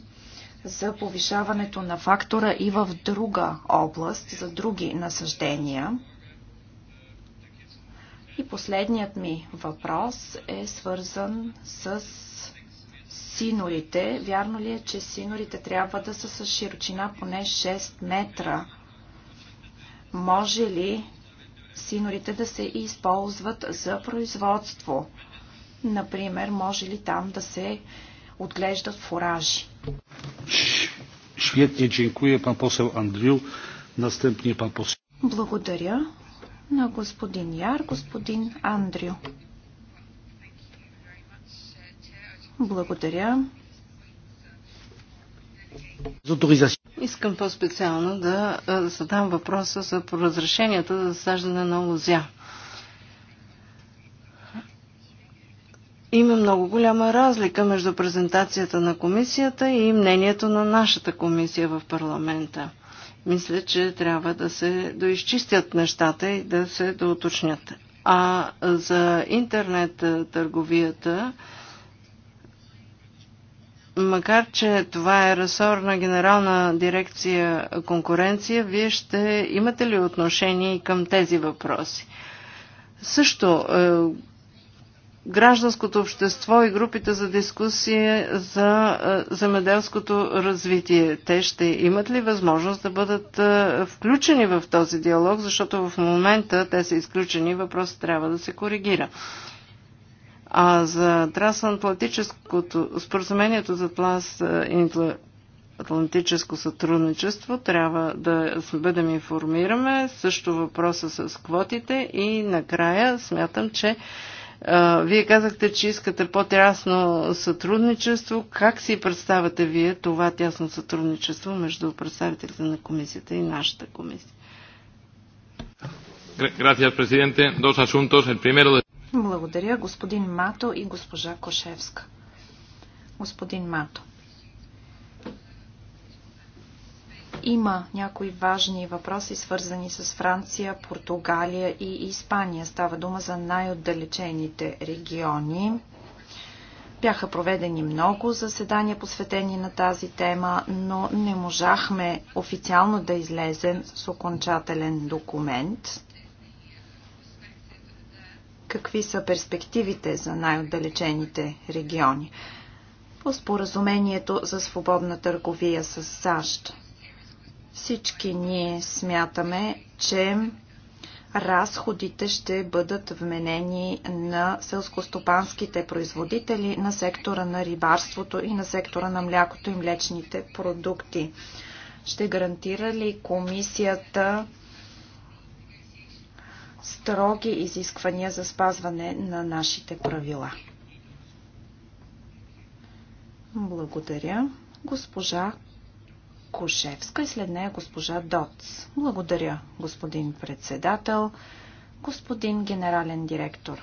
Speaker 3: за повишаването на фактора и в друга област, за други насъждения. И последният ми въпрос е свързан с синорите. Вярно ли е, че синорите трябва да са с широчина поне 6 метра? Може ли синорите да се използват за производство? Например, може ли там да се отглеждат фуражи?
Speaker 1: пан посел Андрил. Настъпния пан посел.
Speaker 3: Благодаря на господин Яр, господин
Speaker 4: Андрю. Благодаря. Искам по-специално да задам въпроса за разрешенията за засаждане на лозя. Има много голяма разлика между презентацията на комисията и мнението на нашата комисия в парламента. Мисля, че трябва да се доизчистят нещата и да се доуточнят. А за интернет търговията, макар че това е ресор на Генерална дирекция конкуренция, вие ще имате ли отношение към тези въпроси? Също е, гражданското общество и групите за дискусия за е, земеделското развитие. Те ще имат ли възможност да бъдат е, включени в този диалог, защото в момента те са изключени, въпросът трябва да се коригира. А за трансатлантическото, споразумението за трансатлантическо сътрудничество трябва да бъдем информираме, също въпроса с квотите и накрая смятам, че вие казахте, че искате по-тясно сътрудничество. Как си представяте вие това тясно сътрудничество между представителите на комисията и нашата комисия?
Speaker 1: Е,
Speaker 3: Благодаря, господин Мато и госпожа Кошевска. Господин Мато. Има някои важни въпроси, свързани с Франция, Португалия и Испания. Става дума за най-отдалечените региони. Бяха проведени много заседания, посветени на тази тема, но не можахме официално да излезем с окончателен документ. Какви са перспективите за най-отдалечените региони? По споразумението за свободна търговия с САЩ всички ние смятаме, че разходите ще бъдат вменени на селскостопанските производители, на сектора на рибарството и на сектора на млякото и млечните продукти. Ще гарантира ли комисията строги изисквания за спазване на нашите правила? Благодаря. Госпожа Кошевска и след нея госпожа Доц. Благодаря, господин председател, господин генерален директор.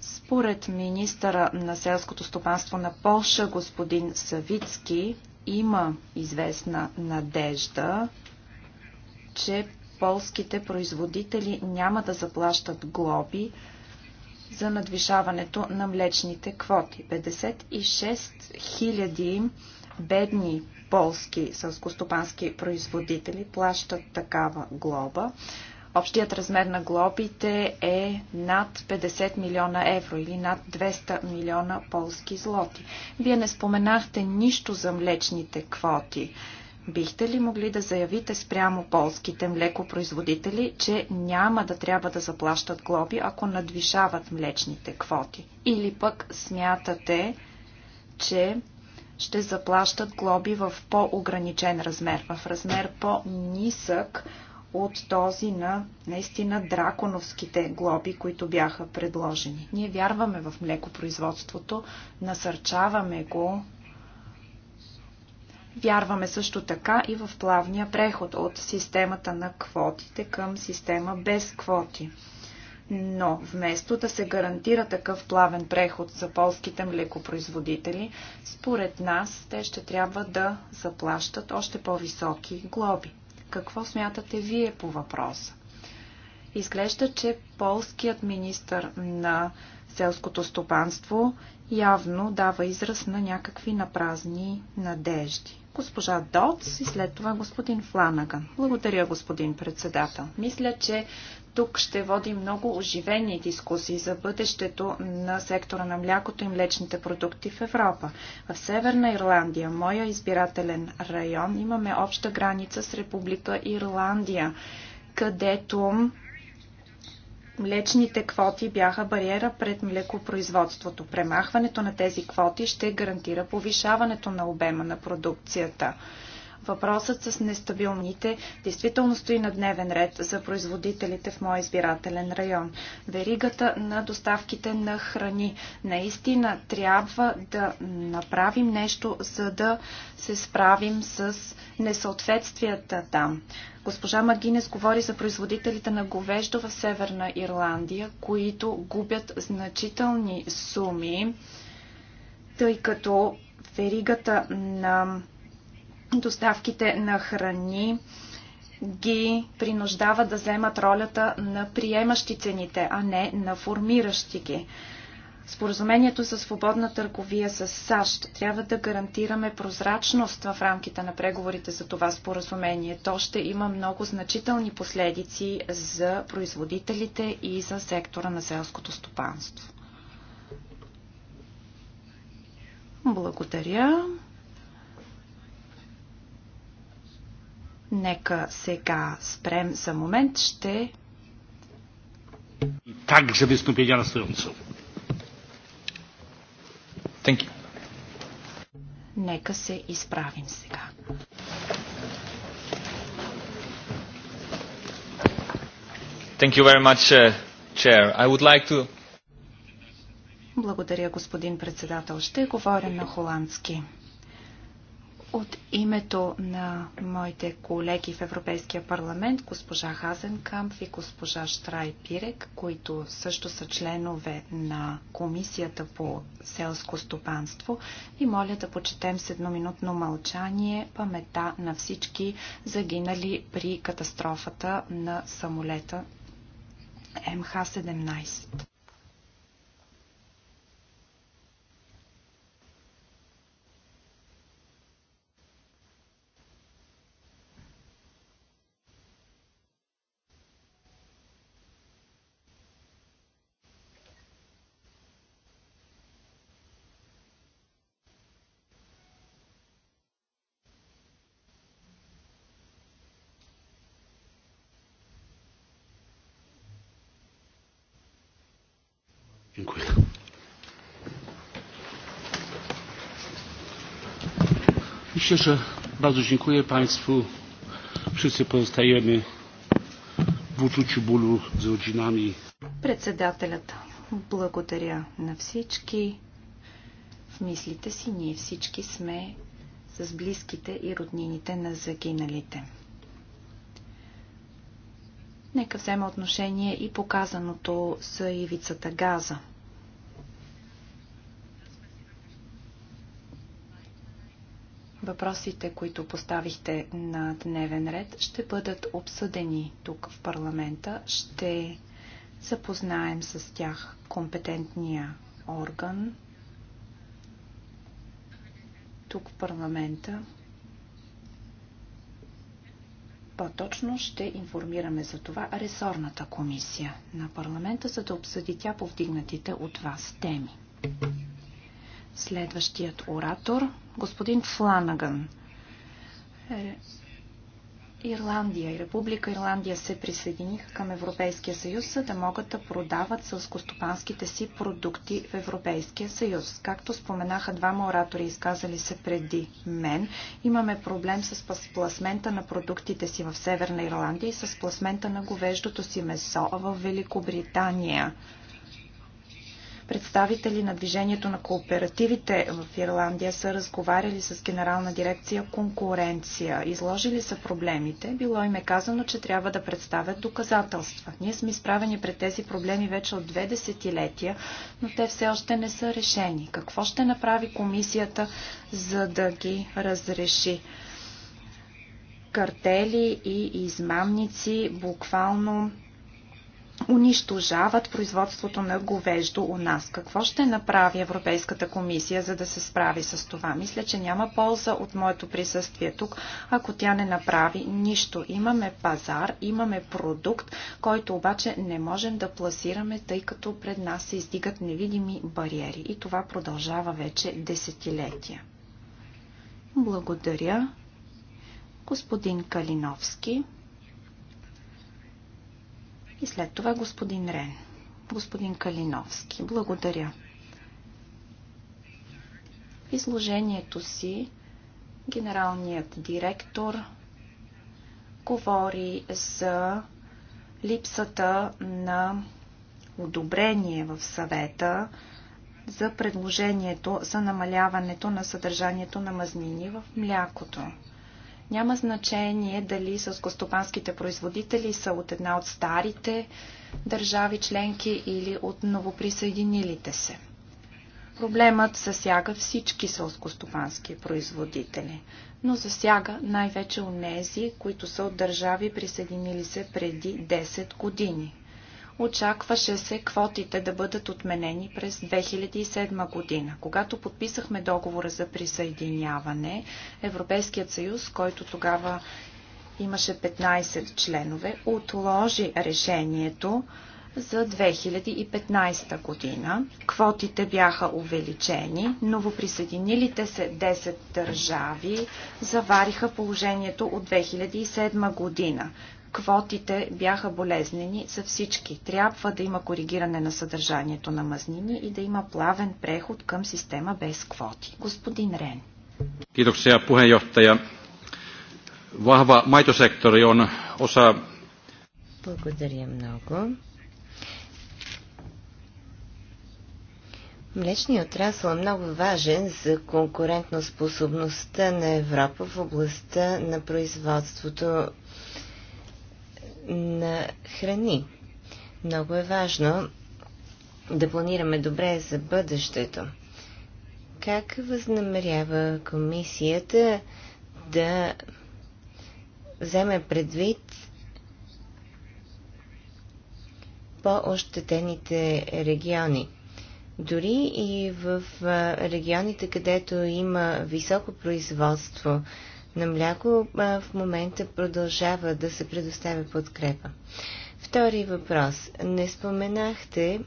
Speaker 3: Според министъра на селското стопанство на Полша, господин Савицки, има известна надежда, че полските производители няма да заплащат глоби за надвишаването на млечните квоти. 56 000 бедни полски сълскостопански производители плащат такава глоба. Общият размер на глобите е над 50 милиона евро или над 200 милиона полски злоти. Вие не споменахте нищо за млечните квоти. Бихте ли могли да заявите спрямо полските млекопроизводители, че няма да трябва да заплащат глоби, ако надвишават млечните квоти? Или пък смятате, че ще заплащат глоби в по-ограничен размер, в размер по-нисък от този на наистина драконовските глоби, които бяха предложени. Ние вярваме в млекопроизводството, насърчаваме го, Вярваме също така и в плавния преход от системата на квотите към система без квоти. Но вместо да се гарантира такъв плавен преход за полските млекопроизводители, според нас те ще трябва да заплащат още по-високи глоби. Какво смятате вие по въпроса? Изглежда, че полският министр на селското стопанство явно дава израз на някакви напразни надежди. Госпожа Доц и след това господин Фланаган. Благодаря, господин председател. Мисля, че тук ще води много оживени дискусии за бъдещето на сектора на млякото и млечните продукти в Европа. В Северна Ирландия, моя избирателен район, имаме обща граница с Република Ирландия, където млечните квоти бяха бариера пред млекопроизводството. Премахването на тези квоти ще гарантира повишаването на обема на продукцията. Въпросът с нестабилните действително стои на дневен ред за производителите в моя избирателен район. Веригата на доставките на храни. Наистина трябва да направим нещо, за да се справим с несъответствията там. Госпожа Магинес говори за производителите на говеждо в Северна Ирландия, които губят значителни суми, тъй като веригата на доставките на храни ги принуждава да вземат ролята на приемащи цените, а не на формиращи ги. Споразумението за свободна търговия с САЩ трябва да гарантираме прозрачност в рамките на преговорите за това споразумение. То ще има много значителни последици за производителите и за сектора на селското стопанство. Благодаря. Нека сега спрем за момент. Ще.
Speaker 1: Także wystąpienia na stojąco. Thank you.
Speaker 3: Нека се изправим сега.
Speaker 1: Thank you very much, uh, Chair. I would like to...
Speaker 3: Благодаря, господин председател. Ще говоря на холандски. От името на моите колеги в Европейския парламент, госпожа Хазенкамп и госпожа Штрай Пирек, които също са членове на Комисията по селско стопанство, ви моля да почетем с едноминутно мълчание памета на всички загинали при катастрофата на самолета МХ-17.
Speaker 1: cieszę, bardzo dziękuję Państwu. Wszyscy pozostajemy w uczuciu bólu за rodzinami.
Speaker 3: Председателят, благодаря на всички. В мислите си ние всички сме с близките и роднините на загиналите. Нека взема отношение и показаното с ивицата Газа – Въпросите, които поставихте на дневен ред, ще бъдат обсъдени тук в парламента. Ще запознаем с тях компетентния орган тук в парламента. По-точно ще информираме за това ресорната комисия на парламента, за да обсъди тя повдигнатите от вас теми. Следващият оратор, господин Фланаган. Е, Ирландия и Република Ирландия се присъединиха към Европейския съюз, за да могат да продават сълскостопанските си продукти в Европейския съюз. Както споменаха двама оратори, изказали се преди мен, имаме проблем с пласмента на продуктите си в Северна Ирландия и с пласмента на говеждото си месо в Великобритания. Представители на движението на кооперативите в Ирландия са разговаряли с генерална дирекция конкуренция. Изложили са проблемите. Било им е казано, че трябва да представят доказателства. Ние сме изправени пред тези проблеми вече от две десетилетия, но те все още не са решени. Какво ще направи комисията, за да ги разреши? картели и измамници буквално унищожават производството на говеждо у нас. Какво ще направи Европейската комисия, за да се справи с това? Мисля, че няма полза от моето присъствие тук, ако тя не направи нищо. Имаме пазар, имаме продукт, който обаче не можем да пласираме, тъй като пред нас се издигат невидими бариери. И това продължава вече десетилетия. Благодаря. Господин Калиновски. И след това господин Рен. Господин Калиновски. Благодаря. В изложението си генералният директор говори за липсата на одобрение в съвета за предложението за намаляването на съдържанието на мазнини в млякото. Няма значение дали сълскостопанските производители са от една от старите държави членки или от новоприсъединилите се. Проблемът засяга всички сълскостопански производители, но засяга най-вече у нези, които са от държави присъединили се преди 10 години. Очакваше се квотите да бъдат отменени през 2007 година. Когато подписахме договора за присъединяване, Европейският съюз, който тогава имаше 15 членове, отложи решението за 2015 година. Квотите бяха увеличени, новоприсъединилите се 10 държави завариха положението от 2007 година квотите бяха болезнени за всички. Трябва да има коригиране на съдържанието на мазнини и да има плавен преход към система без квоти.
Speaker 2: Господин Рен.
Speaker 1: Kiitoksia puheenjohtaja. Vahva maitosektori on osa...
Speaker 2: Благодаря много. Млечният отрасъл е много важен за конкурентно способността на Европа в областта на производството на храни. Много е важно да планираме добре за бъдещето. Как възнамерява комисията да вземе предвид по-ощетените региони? Дори и в регионите, където има високо производство на мляко, в момента продължава да се предоставя подкрепа. Втори въпрос. Не споменахте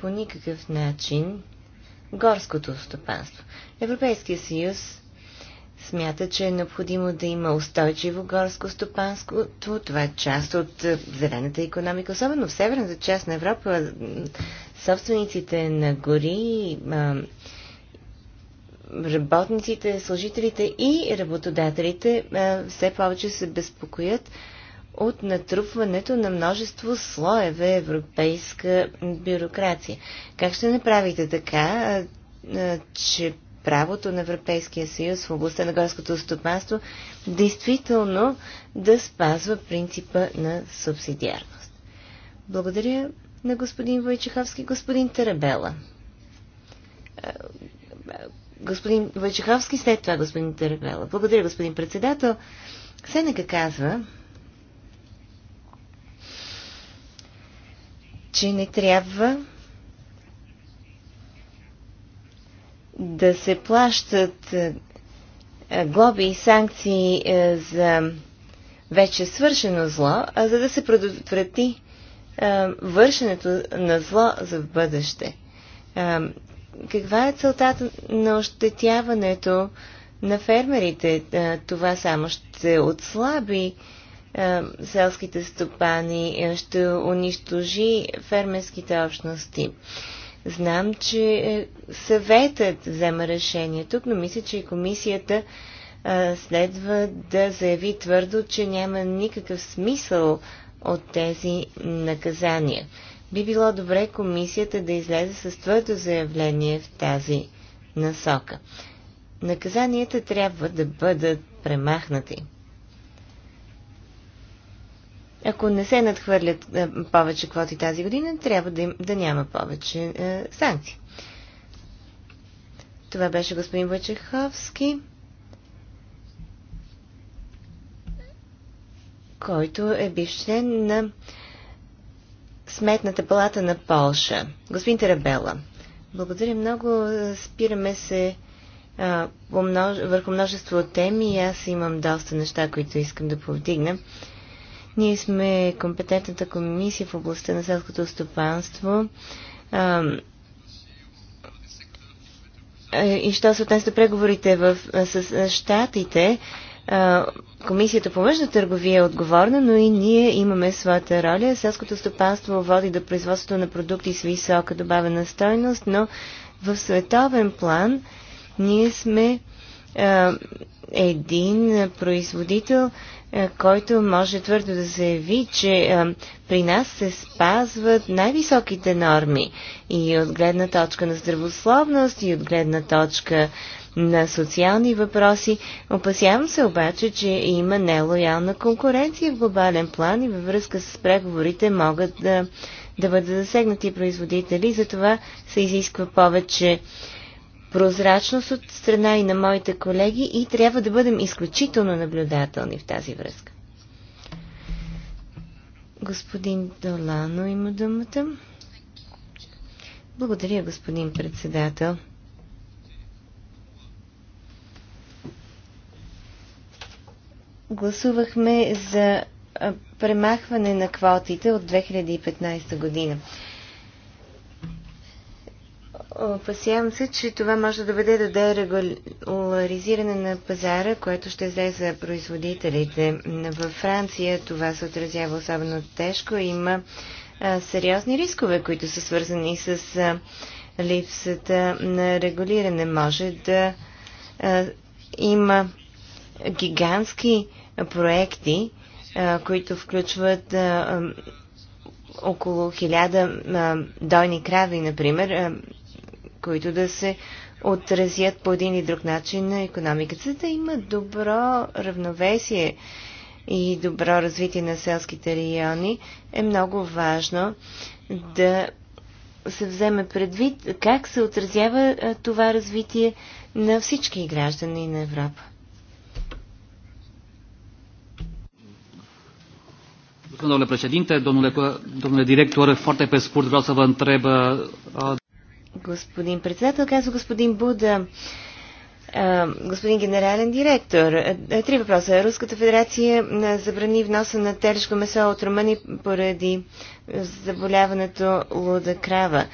Speaker 2: по никакъв начин горското стопанство. Европейския съюз смята, че е необходимо да има устойчиво горско стопанство. Това е част от зелената економика, особено в северната част на Европа. Собствениците на гори, работниците, служителите и работодателите все повече се безпокоят от натрупването на множество слоеве европейска бюрокрация. Как ще направите така, че правото на Европейския съюз в областта на горското стопанство действително да спазва принципа на субсидиарност? Благодаря на господин Войчеховски, господин Тарабела господин Вайчеховски, след това господин Тървела. Благодаря, господин председател. Сенека казва, че не трябва да се плащат е, е, глоби и санкции е, за вече свършено зло, а за да се предотврати вършенето на зло за в бъдеще каква е целта на ощетяването на фермерите? Това само ще отслаби селските стопани, ще унищожи фермерските общности. Знам, че е, съветът взема решение тук, но мисля, че и комисията следва да заяви твърдо, че няма никакъв смисъл от тези наказания. Би било добре комисията да излезе с твърдо заявление в тази насока. Наказанията трябва да бъдат премахнати. Ако не се надхвърлят е, повече квоти тази година, трябва да, им, да няма повече е, санкции. Това беше господин Вачеховски, който е бивш член на Сметната палата на Полша. Господин Терабела, благодаря много. Спираме се а, множ... върху множество теми и аз имам доста неща, които искам да повдигна. Ние сме компетентната комисия в областта на селското стопанство. А, е, и що се отнесе до преговорите в, с, с щатите, Комисията по външна търговия е отговорна, но и ние имаме своята роля. Селското стопанство води до производството на продукти с висока добавена стойност, но в световен план ние сме а, един производител, а, който може твърдо да заяви, че а, при нас се спазват най-високите норми и от гледна точка на здравословност, и от гледна точка на социални въпроси. Опасявам се обаче, че има нелоялна конкуренция в глобален план и във връзка с преговорите могат да, да бъдат засегнати производители. Затова се изисква повече прозрачност от страна и на моите колеги и трябва да бъдем изключително наблюдателни в тази връзка. Господин Долано има думата. Благодаря, господин председател. гласувахме за премахване на квотите от 2015 година. Опасявам се, че това може да доведе до дерегуларизиране на пазара, което ще взе за производителите. Във Франция това се отразява особено тежко. Има а, сериозни рискове, които са свързани с а, липсата на регулиране. Може да а, има гигантски а, проекти, които включват около хиляда дойни крави, например, които да се отразят по един или друг начин на економиката, за да има добро равновесие и добро развитие на селските райони, е много важно да се вземе предвид как се отразява това развитие на всички граждани на Европа.
Speaker 1: domnule președinte, domnule, domnule director, foarte pe scurt vreau să vă întreb... Uh, uh,
Speaker 2: господин председател, казва господин Буда, е, господин генерален директор, е, е, три въпроса. Руската федерация забрани вноса на телешко месо от Румъния поради заболяването луда крава.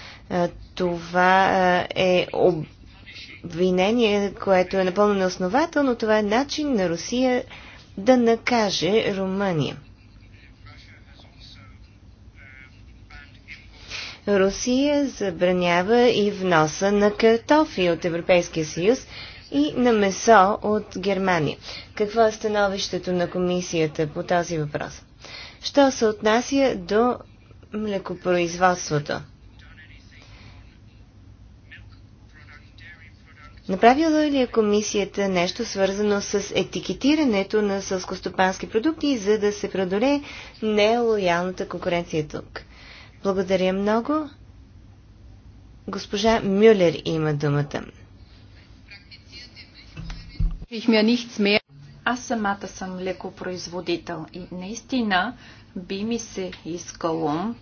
Speaker 2: Това е обвинение, което е напълно неоснователно. Това е начин на Русия да накаже Румъния. Русия забранява и вноса на картофи от Европейския съюз и на месо от Германия. Какво е становището на комисията по този въпрос? Що се отнася до млекопроизводството? Направила ли е комисията нещо свързано с етикетирането на сълскостопански продукти, за да се преодолее нелоялната конкуренция тук? Благодаря много. Госпожа Мюлер има думата.
Speaker 3: Аз самата съм лекопроизводител и наистина би ми се искало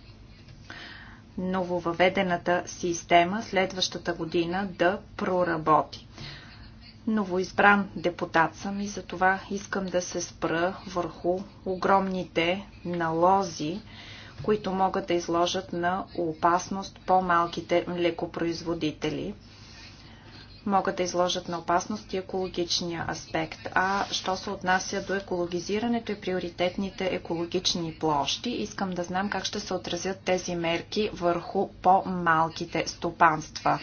Speaker 3: нововъведената система следващата година да проработи. Новоизбран депутат съм и за това искам да се спра върху огромните налози, които могат да изложат на опасност по-малките млекопроизводители. Могат да изложат на опасност и екологичния аспект. А що се отнася до екологизирането и приоритетните екологични площи, искам да знам как ще се отразят тези мерки върху по-малките стопанства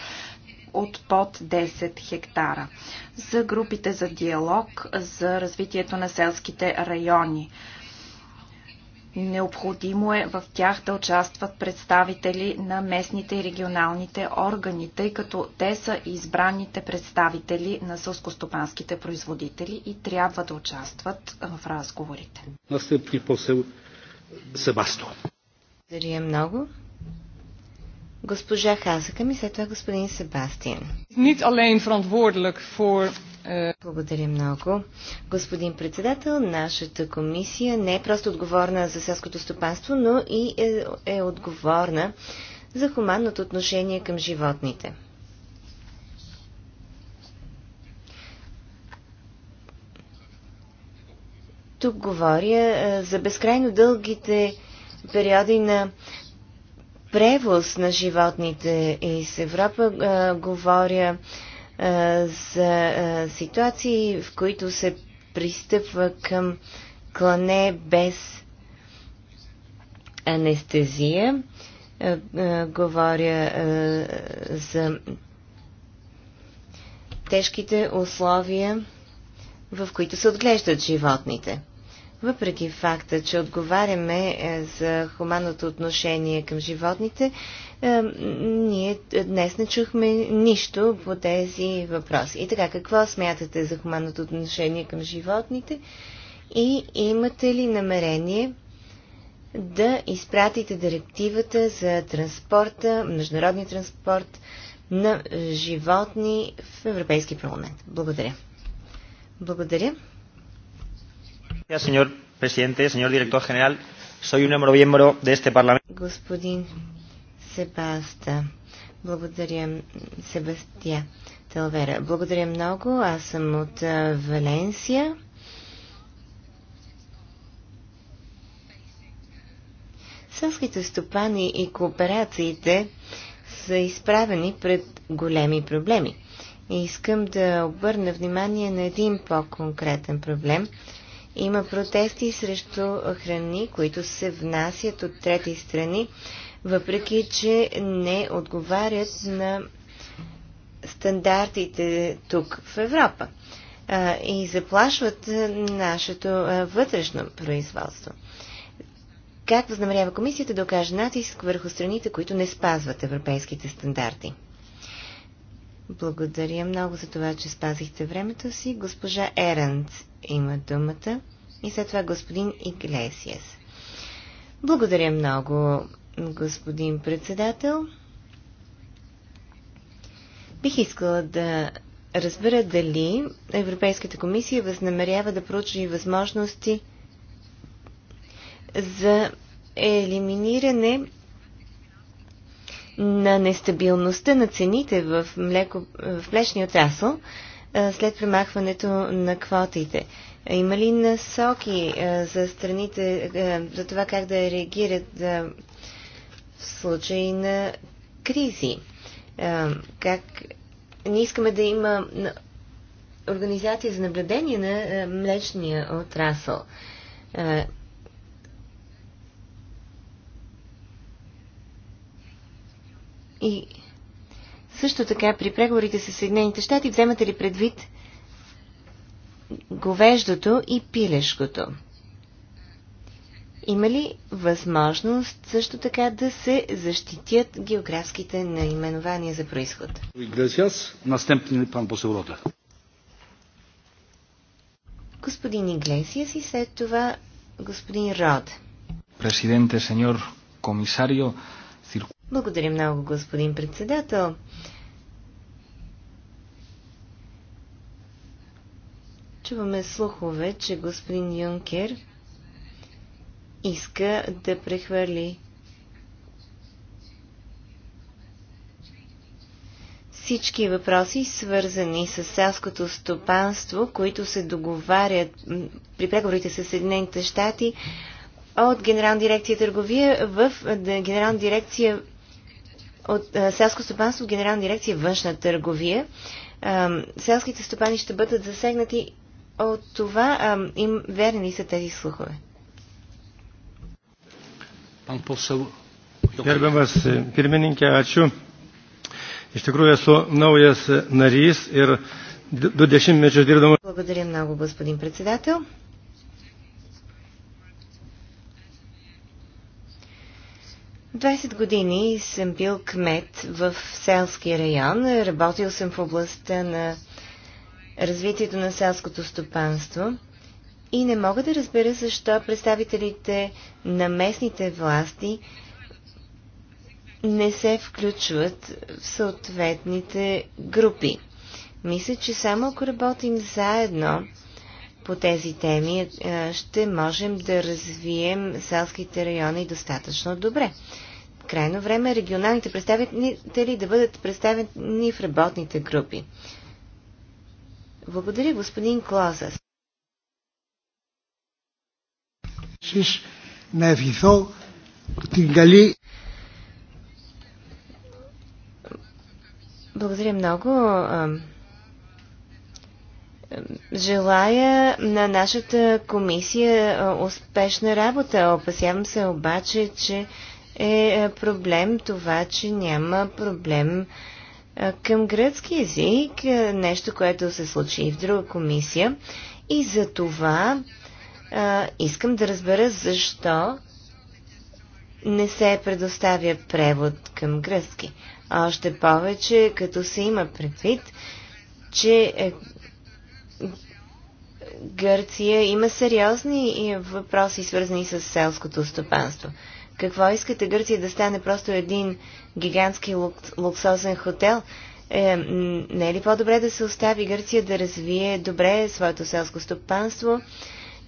Speaker 3: от под 10 хектара. За групите за диалог за развитието на селските райони. Необходимо е в тях да участват представители на местните и регионалните органи, тъй като те са избраните представители на сълскостопанските производители и трябва да участват в разговорите.
Speaker 1: Настъпни посел Себасто.
Speaker 2: Благодаря много. Госпожа Хазака ми, след това е господин Себастиан. Не alleen verantwoordelijk voor благодаря много. Господин председател, нашата комисия не е просто отговорна за селското стопанство, но и е, е отговорна за хуманното отношение към животните. Тук говоря е, за безкрайно дългите периоди на превоз на животните из Европа. Е, говоря за ситуации, в които се пристъпва към клане без анестезия. Говоря за тежките условия, в които се отглеждат животните въпреки факта, че отговаряме е, за хуманното отношение към животните, е, ние днес не чухме нищо по тези въпроси. И така, какво смятате за хуманното отношение към животните? И имате ли намерение да изпратите директивата за транспорта, международния транспорт на животни в Европейски парламент? Благодаря. Благодаря.
Speaker 1: Señor presidente, señor director general, soy un miembro de este parlamento.
Speaker 2: Господин Себаста, благодаря, Себастия Талвера. Благодаря много. Аз съм от Валенсия. Селските стопани и кооперациите са изправени пред големи проблеми. И искам да обърна внимание на един по-конкретен проблем – има протести срещу храни, които се внасят от трети страни, въпреки че не отговарят на стандартите тук в Европа а, и заплашват нашето вътрешно производство. Как възнамерява комисията да окаже натиск върху страните, които не спазват европейските стандарти? Благодаря много за това, че спазихте времето си. Госпожа Еренц има думата. И след това господин Иглесиас. Благодаря много, господин председател. Бих искала да разбера дали Европейската комисия възнамерява да проучи възможности за елиминиране на нестабилността на цените в, млеко, в млечния отрасъл, след премахването на квотите. Има ли насоки за страните за това как да реагират в случай на кризи? Как не искаме да има организация за наблюдение на млечния отрасъл? И също така при преговорите с Съединените щати вземате ли предвид говеждото и пилешкото? Има ли възможност също така да се защитят географските наименования за происход? Господин Иглесиас и след това господин Род.
Speaker 1: Президенте, сеньор комисарио.
Speaker 2: Благодаря много, господин председател. Чуваме слухове, че господин Юнкер иска да прехвърли всички въпроси, свързани с селското стопанство, които се договарят при преговорите с Съединените щати от Генерална дирекция търговия в Генерална дирекция от селско стопанство в Генерална дирекция външна търговия. Селските стопани ще бъдат засегнати от това а, им верни са тези слухове?
Speaker 1: Pan posel. Gerbiamas pirmininkė, ačiū. Iš tikrųjų esu naujas narys ir du dešimtmečius dirbdamas.
Speaker 2: Благодаря много, господин председател. Двадесет години съм бил кмет в селски район. Работил съм в областта на развитието на селското стопанство и не мога да разбера защо представителите на местните власти не се включват в съответните групи. Мисля, че само ако работим заедно по тези теми, е, ще можем да развием селските райони достатъчно добре. Крайно време регионалните представители да бъдат представени в работните групи. Благодаря, господин Клозас.
Speaker 1: να ευχηθώ την καλή
Speaker 2: Благодаря много. Желая на нашата комисия успешна работа. Опасявам се обаче, че е проблем това, че няма проблем към гръцки език, нещо, което се случи и в друга комисия. И за това а, искам да разбера защо не се предоставя превод към гръцки. Още повече, като се има предвид, че е, Гърция има сериозни е, въпроси, свързани с селското стопанство. Какво искате Гърция да стане просто един гигантски луксозен хотел? Е, не е ли по-добре да се остави Гърция да развие добре своето селско стопанство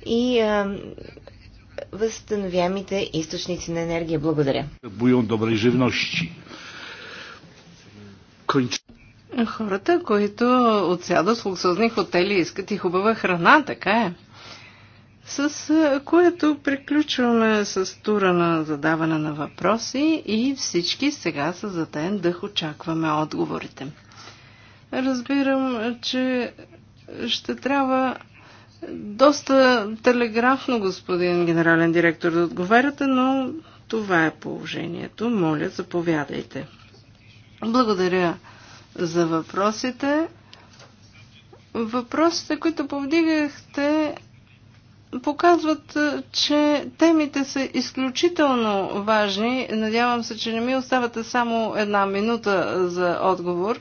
Speaker 2: и е, възстановяемите източници на енергия? Благодаря.
Speaker 1: Буйон добре
Speaker 4: Хората, които отсядат в луксозни хотели, искат и хубава храна, така е с което приключваме с тура на задаване на въпроси и всички сега с ден дъх очакваме отговорите. Разбирам, че ще трябва доста телеграфно, господин генерален директор, да отговаряте, но това е положението. Моля, заповядайте. Благодаря за въпросите. Въпросите, които повдигахте, показват, е, че темите са изключително важни. Надявам се, че не ми оставате само една минута е, за отговор.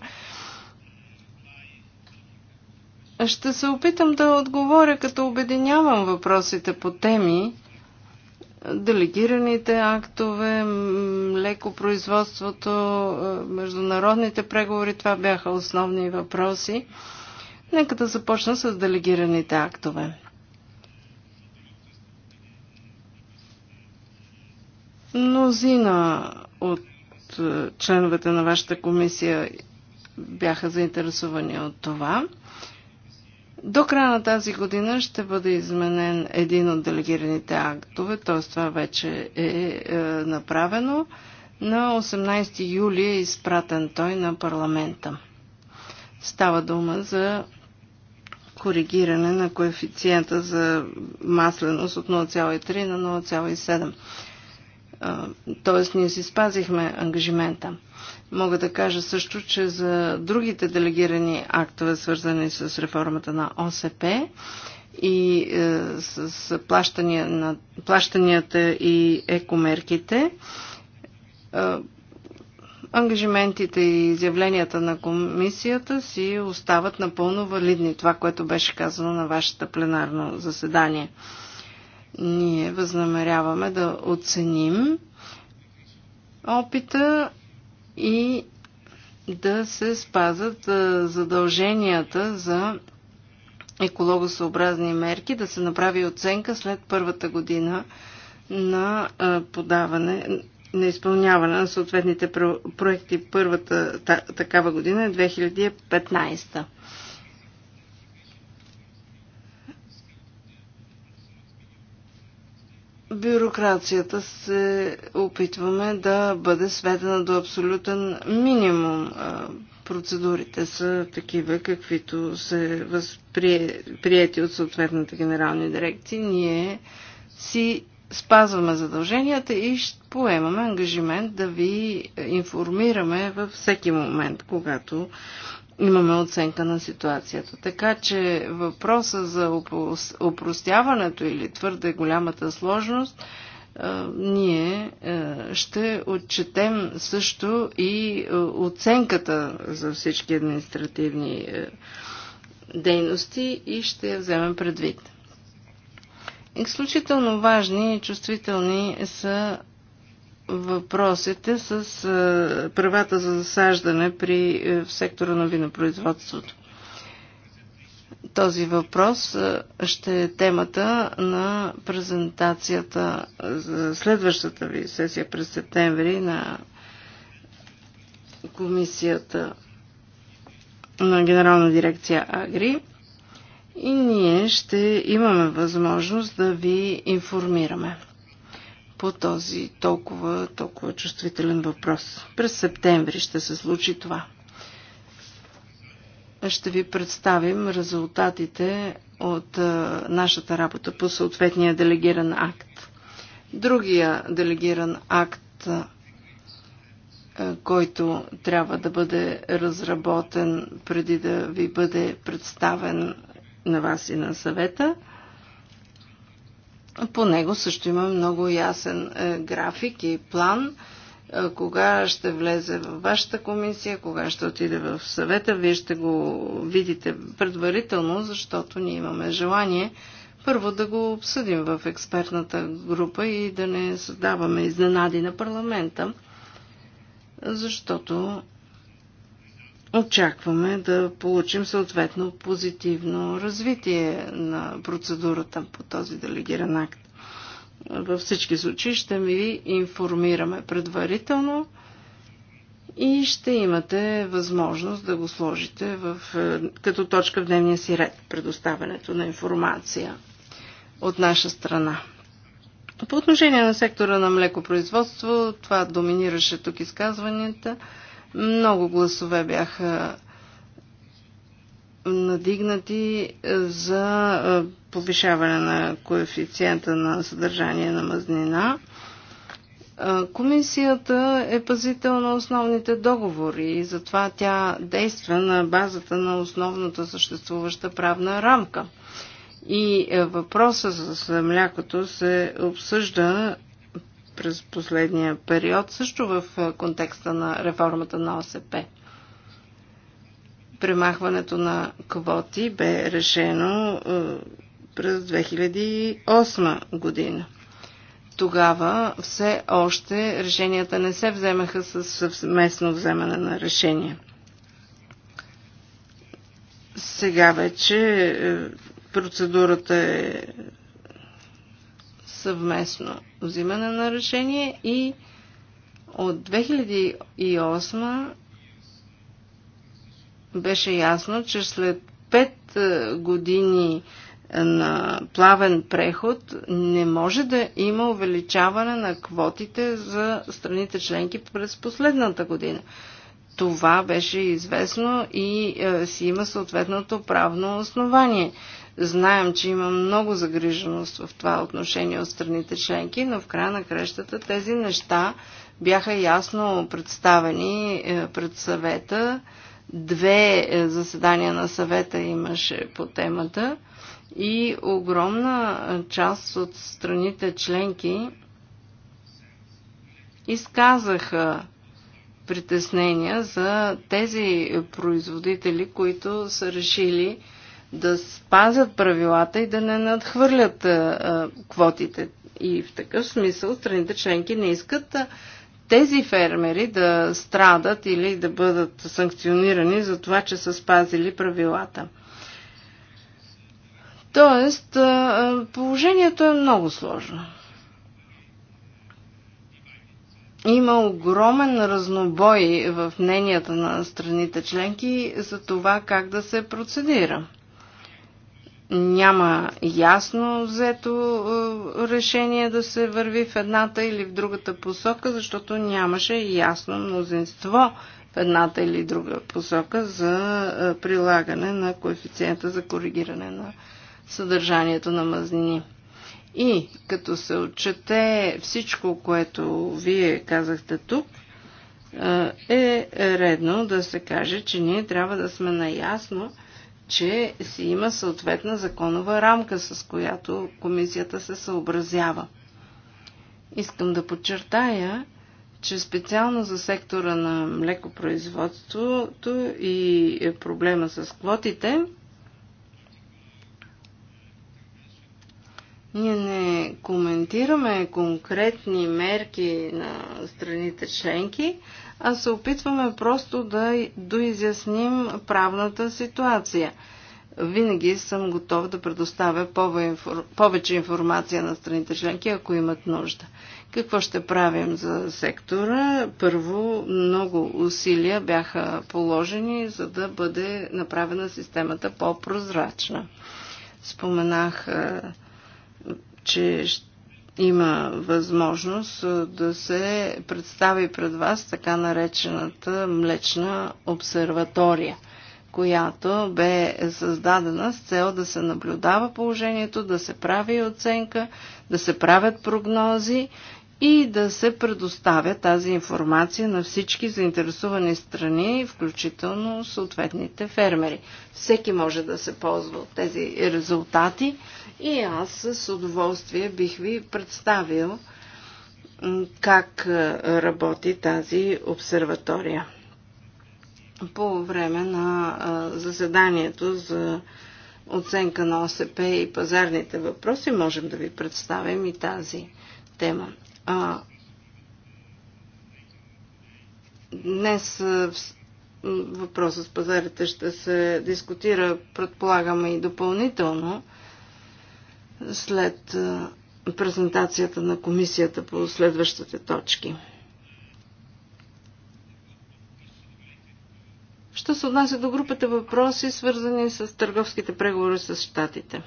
Speaker 4: Ще се опитам да отговоря, като обединявам въпросите по теми. Делегираните актове, лекопроизводството, е, международните преговори, това бяха основни въпроси. Нека да започна с делегираните актове. Мнозина от е, членовете на вашата комисия бяха заинтересовани от това. До края на тази година ще бъде изменен един от делегираните актове, т.е. това вече е, е направено. На 18 юли е изпратен той на парламента. Става дума за коригиране на коефициента за масленост от 0,3 на 0,7. Т.е. ние си спазихме ангажимента. Мога да кажа също, че за другите делегирани актове, свързани с реформата на ОСП и е, с, плащания на, плащанията и екомерките, е, ангажиментите и изявленията на комисията си остават напълно валидни. Това, което беше казано на вашето пленарно заседание. Ние възнамеряваме да оценим опита и да се спазат задълженията за екологосъобразни мерки, да се направи оценка след първата година на подаване, на изпълняване на съответните проекти. Първата такава година е 2015. бюрокрацията се опитваме да бъде сведена до абсолютен минимум. Процедурите са такива, каквито се възприяти от съответната генерални дирекции. Ние си спазваме задълженията и поемаме ангажимент да ви информираме във всеки момент, когато имаме оценка на ситуацията. Така че въпроса за опростяването или твърде голямата сложност, е, ние е, ще отчетем също и е, оценката за всички административни дейности и ще я вземем предвид. Изключително важни и чувствителни са въпросите с правата за засаждане при, е, в сектора на винопроизводството. Този въпрос ще е темата на презентацията за следващата ви сесия през септември на комисията на Генерална дирекция Агри и ние ще имаме възможност да ви информираме по този толкова, толкова чувствителен въпрос. През септември ще се случи това. Ще ви представим резултатите от нашата работа по съответния делегиран акт. Другия делегиран акт, който трябва да бъде разработен преди да ви бъде представен на вас и на съвета – по него също има много ясен е, график и план е, кога ще влезе в вашата комисия, кога ще отиде в съвета. Вие ще го видите предварително, защото ние имаме желание първо да го обсъдим в експертната група и да не създаваме изненади на парламента, защото очакваме да получим съответно позитивно развитие на процедурата по този делегиран акт. Във всички случаи ще ви информираме предварително и ще имате възможност да го сложите в, е, като точка в дневния си ред, предоставянето на информация от наша страна. По отношение на сектора на млекопроизводство, това доминираше тук изказванията – много гласове бяха надигнати за повишаване на коефициента на съдържание на мазнина. Комисията е пазител на основните договори и затова тя действа на базата на основната съществуваща правна рамка. И е, въпроса с млякото се обсъжда през последния период, също в контекста на реформата на ОСП. Премахването на квоти бе решено през 2008 година. Тогава все още решенията не се вземаха с съвместно вземане на решения. Сега вече процедурата е съвместно взимане на решение и от 2008 беше ясно, че след 5 е, години е, на плавен преход не може да има увеличаване на квотите за страните членки през последната година. Това беше известно и е, си има съответното правно основание. Знаем, че има много загриженост в това отношение от страните членки, но в края на крещата тези неща бяха ясно представени е, пред съвета. Две е, заседания на съвета имаше по темата и огромна е, част от страните членки изказаха притеснения за тези производители, които са решили да спазят правилата и да не надхвърлят квотите. И в такъв смисъл страните членки не искат тези фермери да страдат или да бъдат санкционирани за това, че са спазили правилата. Тоест, положението е много сложно. Има огромен разнобой в мненията на страните членки за това как да се процедира няма ясно взето е, решение да се върви в едната или в другата посока, защото нямаше ясно мнозинство в едната или друга посока за е, прилагане на коефициента за коригиране на съдържанието на мазнини. И като се отчете всичко, което вие казахте тук, е, е редно да се каже, че ние трябва да сме наясно, че си има съответна законова рамка, с която комисията се съобразява. Искам да подчертая, че специално за сектора на млекопроизводството и проблема с квотите, Ние не коментираме конкретни мерки на страните членки, а се опитваме просто да доизясним правната ситуация. Винаги съм готов да предоставя повече информация на страните членки, ако имат нужда. Какво ще правим за сектора? Първо, много усилия бяха положени, за да бъде направена системата по-прозрачна. Споменах, че ще има възможност да се представи пред вас така наречената Млечна обсерватория, която бе създадена с цел да се наблюдава положението, да се прави оценка, да се правят прогнози и да се предоставя тази информация на всички заинтересувани страни, включително съответните фермери. Всеки може да се ползва от тези резултати и аз с удоволствие бих ви представил как работи тази обсерватория. По време на заседанието за оценка на ОСП и пазарните въпроси можем да ви представим и тази тема. днес въпросът с пазарите ще се дискутира, предполагаме, и допълнително след презентацията на комисията по следващите точки. Що се отнася до групата въпроси, свързани с търговските преговори с щатите?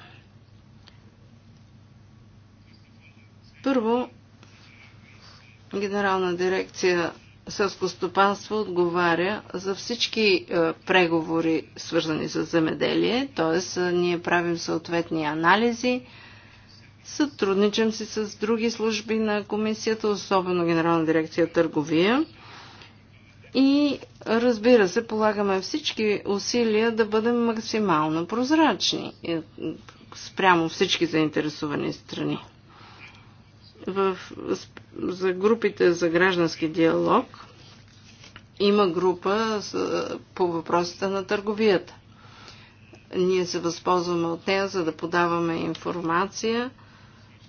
Speaker 4: Първо, Генерална дирекция сълскостопанство отговаря за всички е, преговори, свързани с земеделие, т.е. ние правим съответни анализи, сътрудничам си с други служби на комисията, особено Генерална дирекция търговия. И разбира се, полагаме всички усилия да бъдем максимално прозрачни е, спрямо всички заинтересовани страни в, за групите за граждански диалог има група за, по въпросите на търговията. Ние се възползваме от нея, за да подаваме информация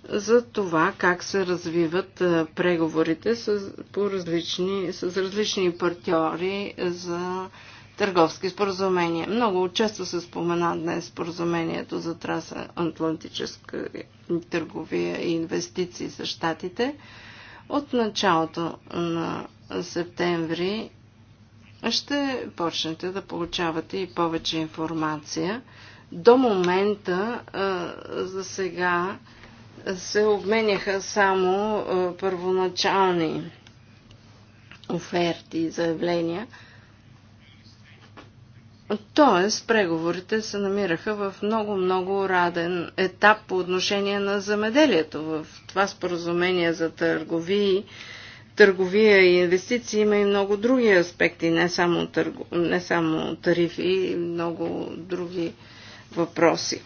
Speaker 4: за това как се развиват преговорите с, по различни, с различни партньори за търговски споразумения. Много често се спомена днес споразумението за трансатлантическа търговия и инвестиции за щатите. От началото на септември ще почнете да получавате и повече информация. До момента за сега се обменяха само първоначални оферти и заявления – Тоест, преговорите се намираха в много-много раден етап по отношение на замеделието. В това споразумение за търговии, търговия и инвестиции има и много други аспекти, не само, търго, не само тарифи, много други въпроси.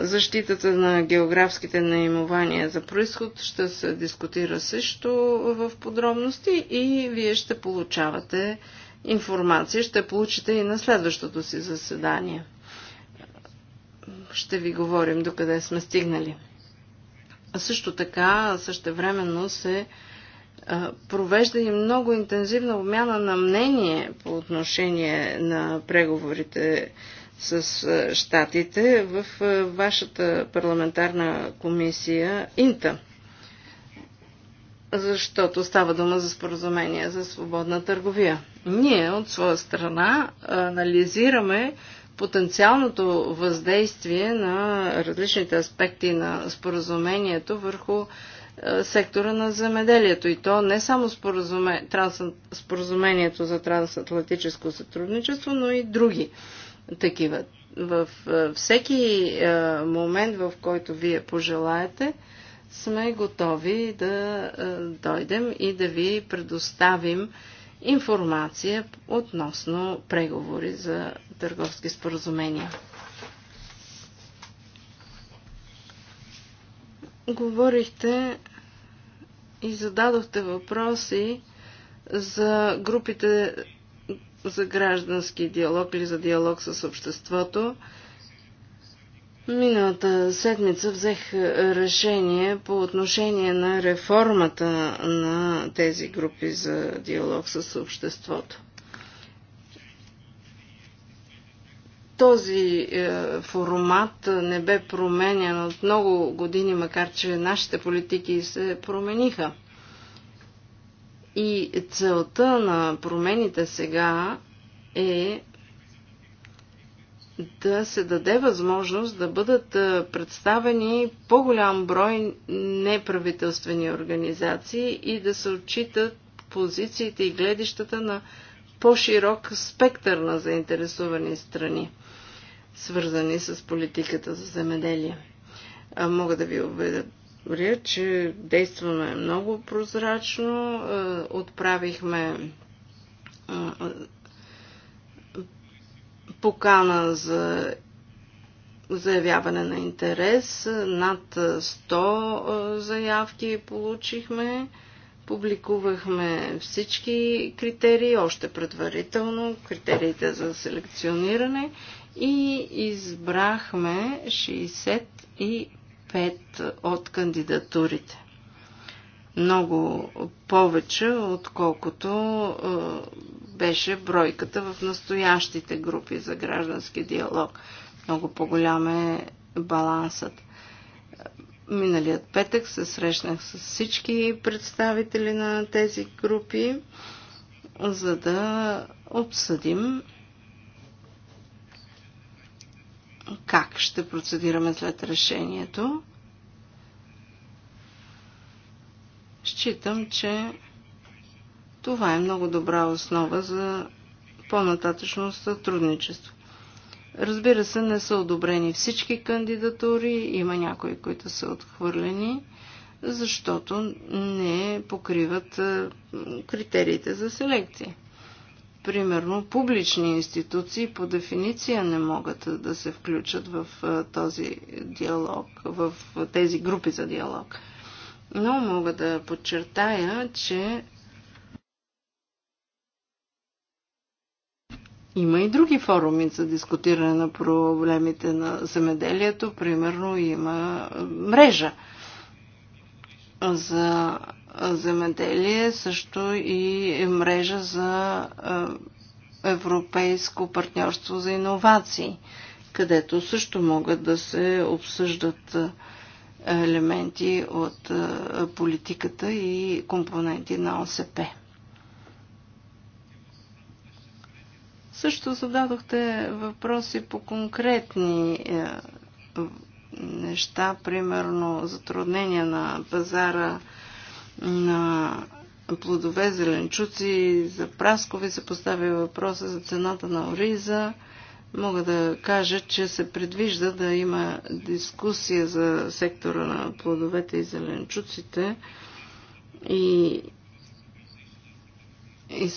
Speaker 4: Защитата на географските наимования за происход ще се дискутира също в подробности и вие ще получавате информация ще получите и на следващото си заседание. Ще ви говорим докъде сме стигнали. А също така, същевременно се провежда и много интензивна обмяна на мнение по отношение на преговорите с щатите в вашата парламентарна комисия Инта. Защото става дума за споразумение за свободна търговия. Ние от своя страна анализираме потенциалното въздействие на различните аспекти на споразумението върху сектора на земеделието. И то не само споразуме, транс, споразумението за трансатлантическо сътрудничество, но и други такива. В всеки момент, в който вие пожелаете, сме готови да дойдем и да ви предоставим информация относно преговори за търговски споразумения. Говорихте и зададохте въпроси за групите за граждански диалог или за диалог с обществото. Миналата седмица взех е, решение по отношение на реформата на тези групи за диалог с обществото. Този е, формат не бе променен от много години, макар че нашите политики се промениха. И целта на промените сега е да се даде възможност да бъдат представени по-голям брой неправителствени организации и да се отчитат позициите и гледищата на по-широк спектър на заинтересувани страни, свързани с политиката за земеделие. А мога да ви уверя, че действаме много прозрачно, отправихме покана за заявяване на интерес. Над 100 заявки получихме. Публикувахме всички критерии, още предварително, критериите за селекциониране и избрахме 65 от кандидатурите. Много повече, отколкото беше бройката в настоящите групи за граждански диалог. Много по-голям е балансът. Миналият петък се срещнах с всички представители на тези групи, за да обсъдим как ще процедираме след решението. Считам, че това е много добра основа за по-нататъчно сътрудничество. Разбира се, не са одобрени всички кандидатури, има някои, които са отхвърлени, защото не покриват е, критериите за селекция. Примерно, публични институции по дефиниция не могат да се включат в е, този диалог, в тези групи за диалог. Но мога да подчертая, че Има и други форуми за дискутиране на проблемите на земеделието. Примерно има мрежа за земеделие, също и мрежа за европейско партньорство за иновации, където също могат да се обсъждат елементи от политиката и компоненти на ОСП. Също зададохте въпроси по конкретни е, неща, примерно затруднения на пазара на плодове, зеленчуци, за праскови се поставя въпроса за цената на ориза. Мога да кажа, че се предвижда да има дискусия за сектора на плодовете и зеленчуците и, и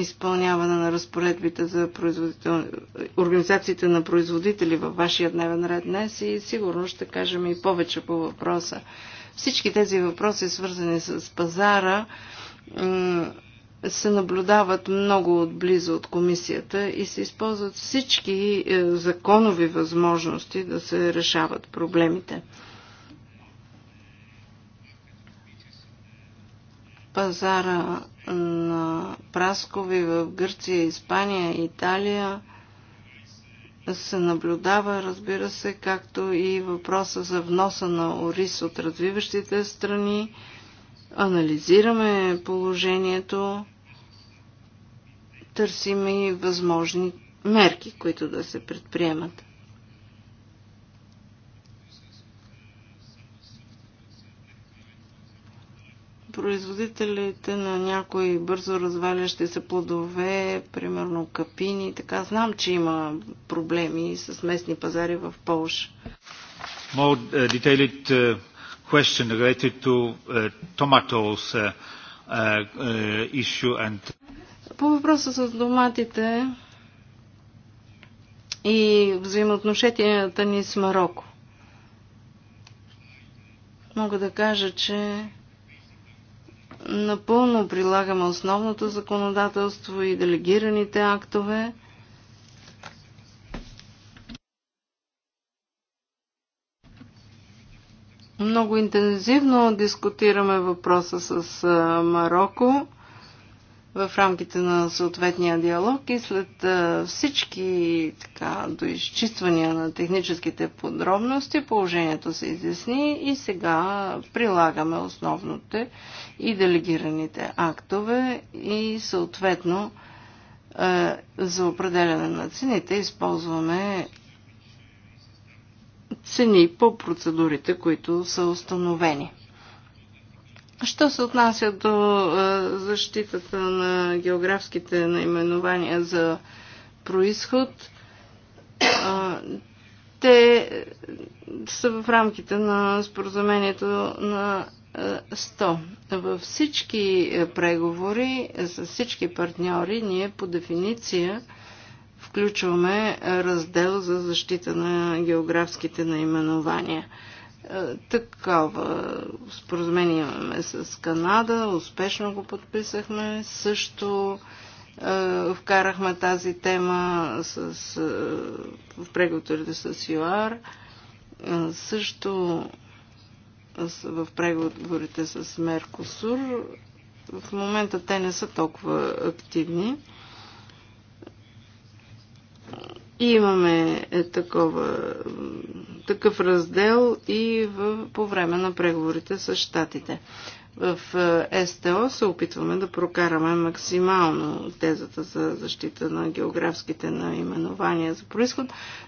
Speaker 4: изпълняване на разпоредбите за производител... организациите на производители във вашия дневен ред днес и сигурно ще кажем и повече по въпроса. Всички тези въпроси, свързани с пазара, се наблюдават много отблизо от комисията и се използват всички е, законови възможности да се решават проблемите. пазара на праскови в Гърция, Испания, Италия се наблюдава, разбира се, както и въпроса за вноса на ориз от развиващите страни. Анализираме положението, търсим и възможни мерки, които да се предприемат. производителите на някои бързо развалящи се плодове, примерно капини, така знам, че има проблеми с местни пазари в Полша.
Speaker 1: More uh, detailed uh, question related to uh, tomatoes issue and...
Speaker 4: По въпроса с доматите и взаимоотношенията ни с Марокко. Мога да кажа, че напълно прилагаме основното законодателство и делегираните актове. Много интензивно дискутираме въпроса с Марокко в рамките на съответния диалог и след всички така, доизчиствания на техническите подробности положението се изясни и сега прилагаме основните и делегираните актове и съответно за определяне на цените използваме цени по процедурите, които са установени. Що се отнася до е, защитата на географските наименования за происход, е, те са в рамките на споразумението на 100. Е, Във всички преговори с всички партньори ние по дефиниция включваме раздел за защита на географските наименования – е, такава, споразумение имаме с Канада, успешно го подписахме. Също е, вкарахме тази тема с, е, в преговорите с ЮАР. Е, също в преговорите с Меркосур. В момента те не са толкова активни. И имаме е такова такъв раздел и в, по време на преговорите с щатите. В е, СТО се опитваме да прокараме максимално тезата за защита на географските наименования за происход,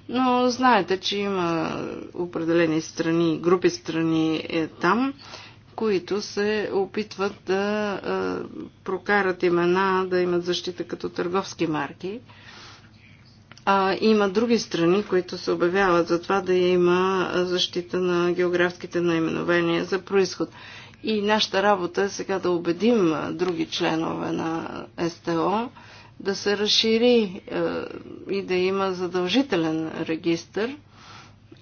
Speaker 4: но знаете, че има определени страни, групи страни е там, които се опитват да е, прокарат имена, да имат защита като търговски марки. А, има други страни, които се обявяват за това да има защита на географските наименования за происход. И нашата работа е сега да убедим други членове на СТО да се разшири е, и да има задължителен регистр,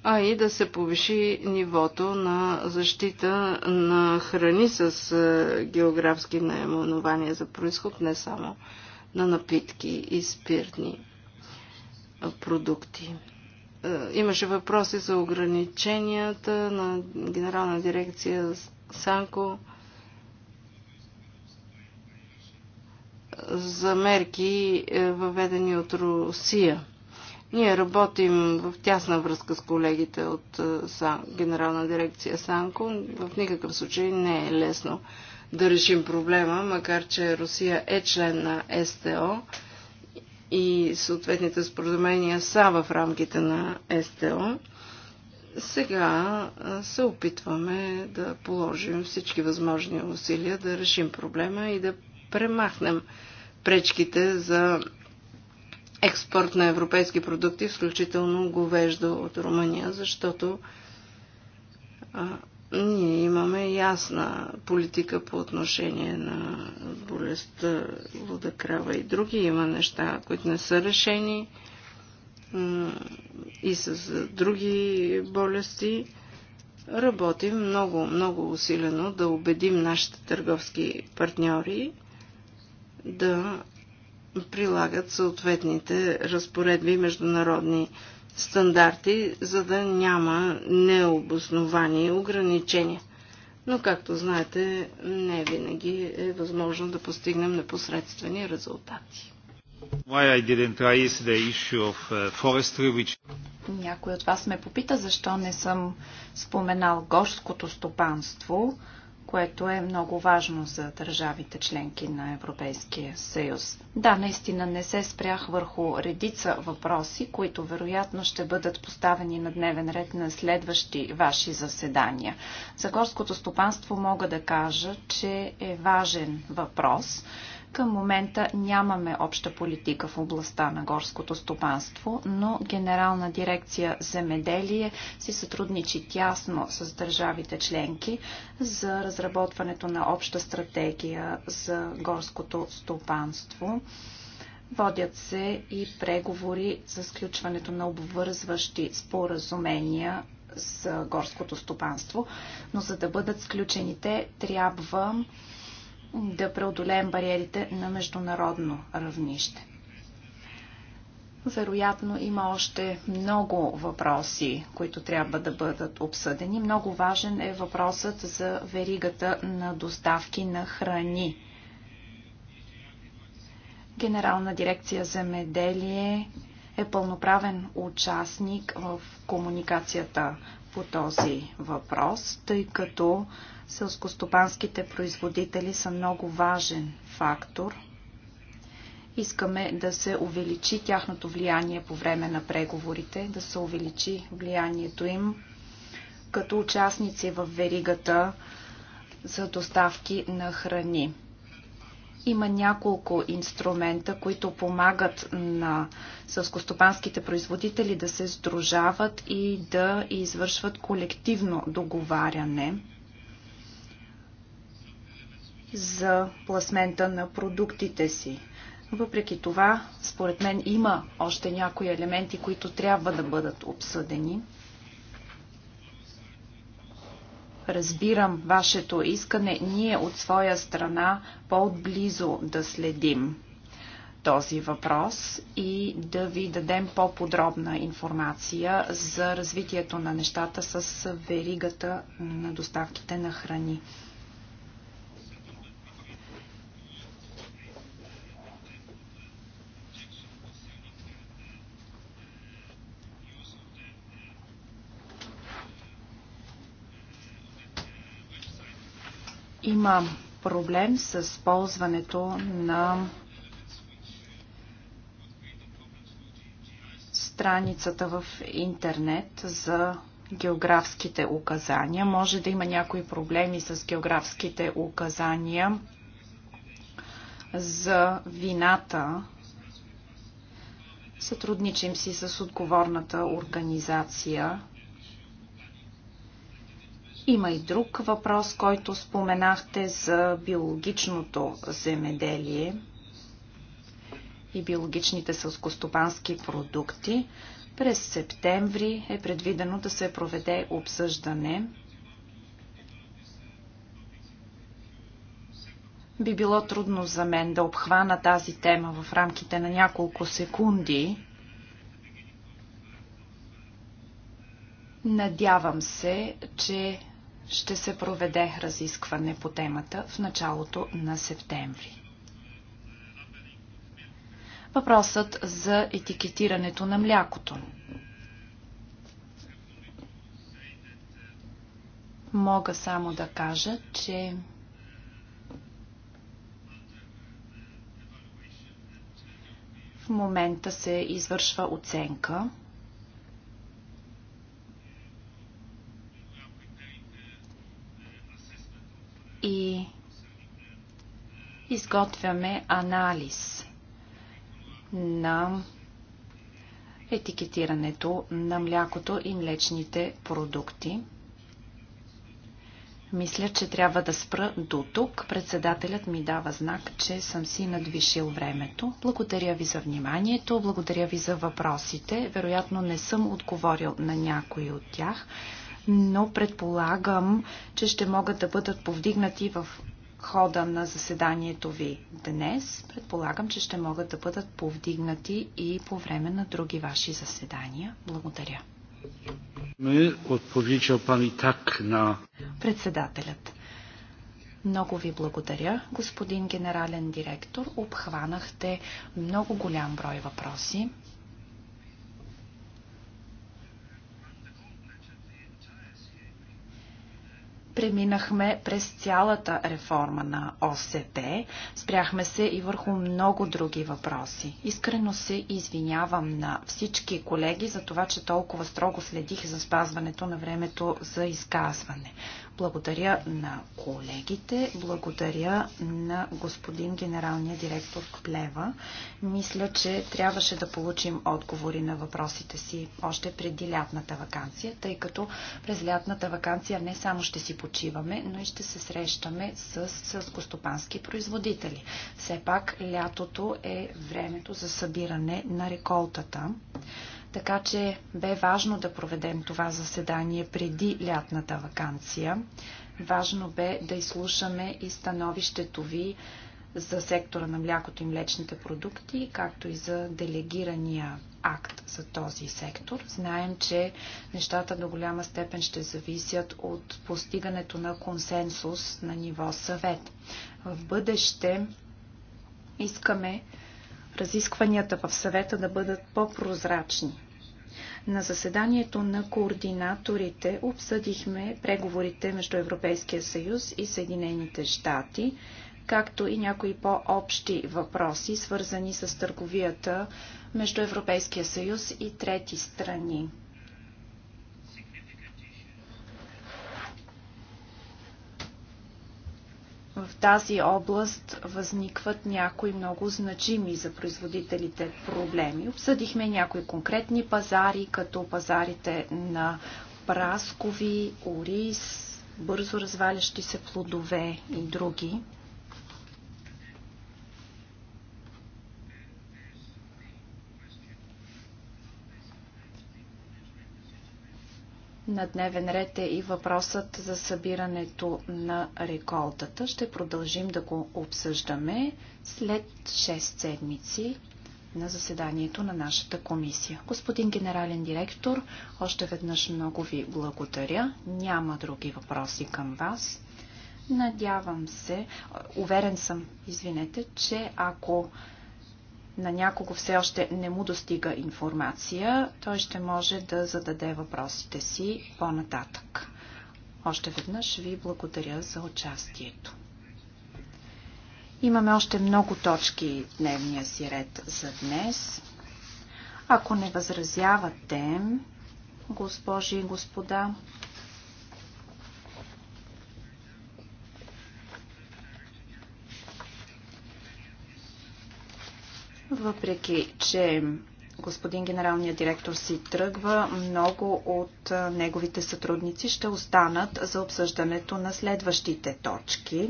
Speaker 4: а и да се повиши нивото на защита на храни с е, географски наименования за происход, не само на напитки и спиртни продукти. Е, имаше въпроси за ограниченията на Генерална дирекция Санко за мерки е, въведени от Русия. Ние работим в тясна връзка с колегите от е, Генерална дирекция Санко. В никакъв случай не е лесно да решим проблема, макар че Русия е член на СТО и съответните споразумения са в рамките на СТО, сега се опитваме да положим всички възможни усилия да решим проблема и да премахнем пречките за експорт на европейски продукти, включително говеждо от Румъния, защото ние имаме ясна политика по отношение на болестта луда крава и други. Има неща, които не са решени и с други болести. Работим много, много усилено да убедим нашите търговски партньори да прилагат съответните разпоредби международни стандарти, за да няма необосновани ограничения. Но, както знаете, не винаги е възможно да постигнем непосредствени резултати.
Speaker 1: Uh, forestry, which...
Speaker 3: Някой от вас ме попита защо не съм споменал горското стопанство което е много важно за държавите членки на Европейския съюз. Да, наистина не се спрях върху редица въпроси, които вероятно ще бъдат поставени на дневен ред на следващи ваши заседания. За горското стопанство мога да кажа, че е важен въпрос. Към момента нямаме обща политика в областта на горското стопанство, но Генерална дирекция земеделие си сътрудничи тясно с държавите членки за разработването на обща стратегия за горското стопанство. Водят се и преговори за сключването на обвързващи споразумения с горското стопанство, но за да бъдат сключените трябва да преодолеем бариерите на международно равнище. Вероятно има още много въпроси, които трябва да бъдат обсъдени. Много важен е въпросът за веригата на доставки на храни. Генерална дирекция за меделие е пълноправен участник в комуникацията по този въпрос, тъй като Селскостопанските производители са много важен фактор. Искаме да се увеличи тяхното влияние по време на преговорите, да се увеличи влиянието им като участници в веригата за доставки на храни. Има няколко инструмента, които помагат на сълскостопанските производители да се сдружават и да извършват колективно договаряне за пласмента на продуктите си. Въпреки това, според мен има още някои елементи, които трябва да бъдат обсъдени. Разбирам вашето искане ние от своя страна по-отблизо да следим този въпрос и да ви дадем по-подробна информация за развитието на нещата с веригата на доставките на храни. Има проблем с ползването на страницата в интернет за географските указания. Може да има някои проблеми с географските указания за вината. Сътрудничим си с отговорната организация има и друг въпрос, който споменахте за биологичното земеделие и биологичните сълскостопански продукти. През септември е предвидено да се проведе обсъждане. Би било трудно за мен да обхвана тази тема в рамките на няколко секунди. Надявам се, че ще се проведе разискване по темата в началото на септември. Въпросът за етикетирането на млякото. Мога само да кажа, че в момента се извършва оценка и изготвяме анализ на етикетирането на млякото и млечните продукти. Мисля, че трябва да спра до тук. Председателят ми дава знак, че съм си надвишил времето. Благодаря ви за вниманието, благодаря ви за въпросите. Вероятно не съм отговорил на някои от тях но предполагам, че ще могат да бъдат повдигнати в хода на заседанието ви днес. Предполагам, че ще могат да бъдат повдигнати и по време на други ваши заседания. Благодаря.
Speaker 1: Ме отповича пани так на...
Speaker 3: Председателят. Много ви благодаря, господин генерален директор. Обхванахте много голям брой въпроси. Преминахме през цялата реформа на ОСП. Спряхме се и върху много други въпроси. Искрено се извинявам на всички колеги за това, че толкова строго следих за спазването на времето за изказване. Благодаря на колегите, благодаря на господин генералния директор Клева. Мисля, че трябваше да получим отговори на въпросите си още преди лятната вакансия, тъй като през лятната вакансия не само ще си почиваме, но и ще се срещаме с сълскостопански производители. Все пак лятото е времето за събиране на реколтата така че бе важно да проведем това заседание преди лятната вакансия. Важно бе да изслушаме и становището ви за сектора на млякото и млечните продукти, както и за делегирания акт за този сектор. Знаем, че нещата до голяма степен ще зависят от постигането на консенсус на ниво съвет. В бъдеще искаме разискванията в съвета да бъдат по-прозрачни. На заседанието на координаторите обсъдихме преговорите между Европейския съюз и Съединените щати, както и някои по-общи въпроси, свързани с търговията между Европейския съюз и трети страни. в тази област възникват някои много значими за производителите проблеми. Обсъдихме някои конкретни пазари, като пазарите на праскови, ориз, бързо развалящи се плодове и други. На дневен ред е и въпросът за събирането на реколтата. Ще продължим да го обсъждаме след 6 седмици на заседанието на нашата комисия. Господин генерален директор, още веднъж много ви благодаря. Няма други въпроси към вас. Надявам се, уверен съм, извинете, че ако на някого все още не му достига информация, той ще може да зададе въпросите си по-нататък. Още веднъж ви благодаря за участието. Имаме още много точки в дневния си ред за днес. Ако не възразявате, госпожи и господа, Въпреки, че господин генералният директор си тръгва, много от неговите сътрудници ще останат за обсъждането на следващите точки.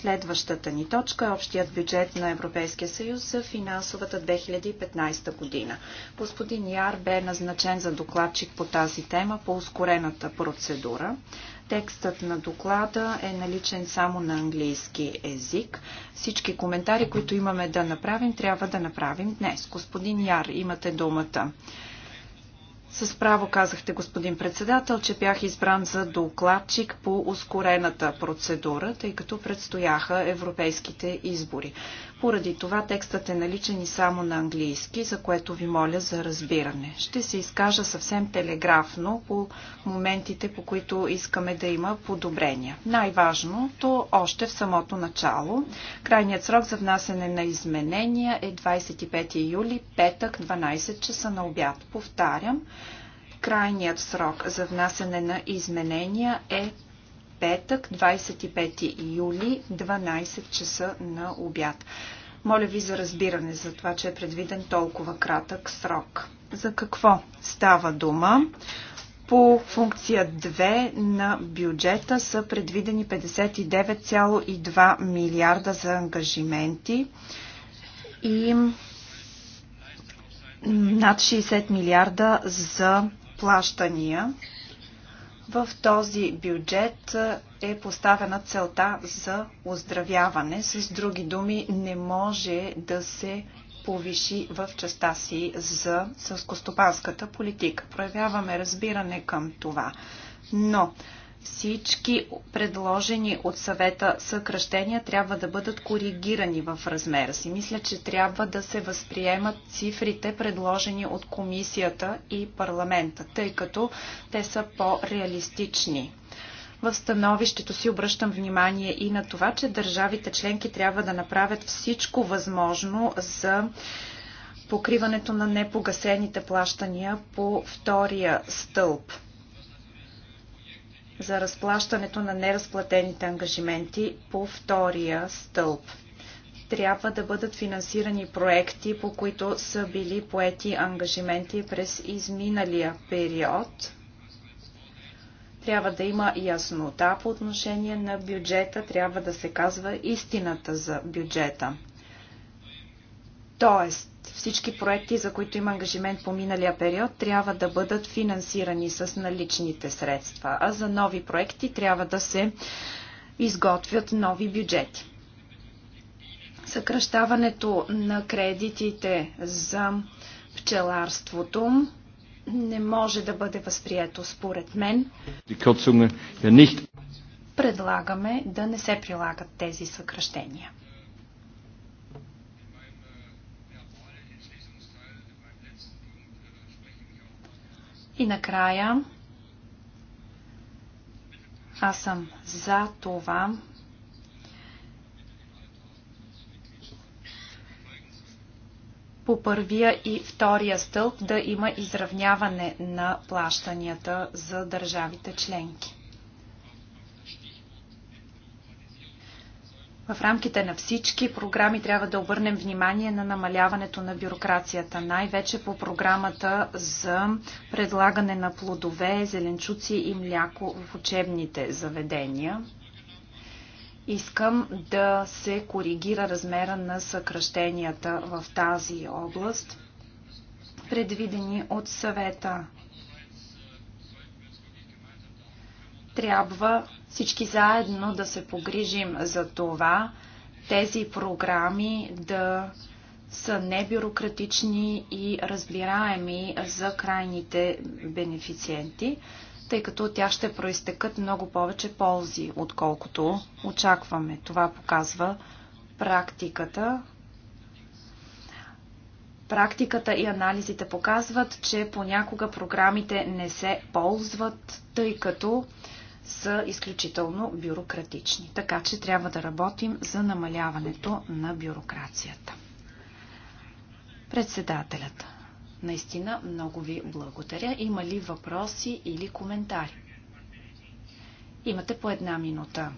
Speaker 3: Следващата ни точка е общият бюджет на Европейския съюз за финансовата 2015 година. Господин Яр бе назначен за докладчик по тази тема по ускорената процедура. Текстът на доклада е наличен само на английски език. Всички коментари, които имаме да направим, трябва да направим днес. Господин Яр, имате думата. С право казахте, господин председател, че бях избран за докладчик по ускорената процедура, тъй като предстояха европейските избори. Поради това текстът е наличен и само на английски, за което ви моля за разбиране. Ще се изкажа съвсем телеграфно по моментите, по които искаме да има подобрения. Най-важното още в самото начало. Крайният срок за внасене на изменения е 25 юли, петък, 12 часа на обяд. Повтарям, крайният срок за внасене на изменения е петък, 25 юли, 12 часа на обяд. Моля ви за разбиране за това, че е предвиден толкова кратък срок. За какво става дума? По функция 2 на бюджета са предвидени 59,2 милиарда за ангажименти и над 60 милиарда за плащания. В този бюджет е поставена целта за оздравяване. С други думи, не може да се повиши в частта си за сълскостопанската политика. Проявяваме разбиране към това. Но всички предложени от съвета съкръщения трябва да бъдат коригирани в размера си. Мисля, че трябва да се възприемат цифрите, предложени от комисията и парламента, тъй като те са по-реалистични. В становището си обръщам внимание и на това, че държавите членки трябва да направят всичко възможно за покриването на непогасените плащания по втория стълб – за разплащането на неразплатените ангажименти по втория стълб. Трябва да бъдат финансирани проекти, по които са били поети ангажименти през изминалия период. Трябва да има яснота по отношение на бюджета, трябва да се казва истината за бюджета. Тоест, всички проекти, за които има ангажимент по миналия период, трябва да бъдат финансирани с наличните средства, а за нови проекти трябва да се изготвят нови бюджети. Съкръщаването на кредитите за пчеларството не може да бъде възприето според мен. Предлагаме да не се прилагат тези съкръщения. И накрая, аз съм за това по първия и втория стълб да има изравняване на плащанията за държавите членки. В рамките на всички програми трябва да обърнем внимание на намаляването на бюрокрацията, най-вече по програмата за предлагане на плодове, зеленчуци и мляко в учебните заведения. Искам да се коригира размера на съкръщенията в тази област, предвидени от съвета. Трябва всички заедно да се погрижим за това, тези програми да са небюрократични и разбираеми за крайните бенефициенти, тъй като от тях ще проистекат много повече ползи, отколкото очакваме. Това показва практиката. Практиката и анализите показват, че понякога програмите не се ползват, тъй като са изключително бюрократични. Така че трябва да работим за намаляването на бюрокрацията. Председателят. Наистина много ви благодаря. Има ли въпроси или коментари? Имате по една минута.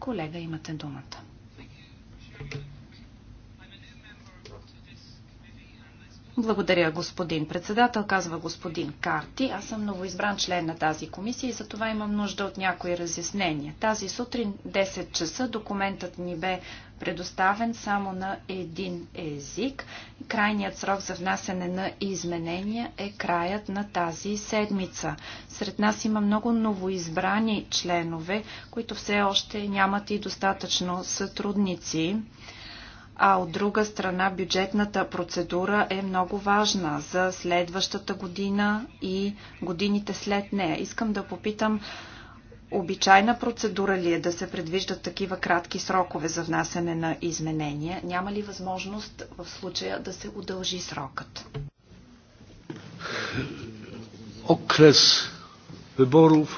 Speaker 3: Колега, имате думата. Благодаря, господин председател, казва господин Карти. Аз съм новоизбран член на тази комисия и за това имам нужда от някои разяснения. Тази сутрин 10 часа документът ни бе предоставен само на един език. Крайният срок за внасене на изменения е краят на тази седмица. Сред нас има много новоизбрани членове, които все още нямат и достатъчно сътрудници а от друга страна бюджетната процедура е много важна за следващата година и годините след нея. Искам да попитам обичайна процедура ли е да се предвиждат такива кратки срокове за внасяне на изменения? Няма ли възможност в случая да се удължи срокът?
Speaker 1: Окрес выборов,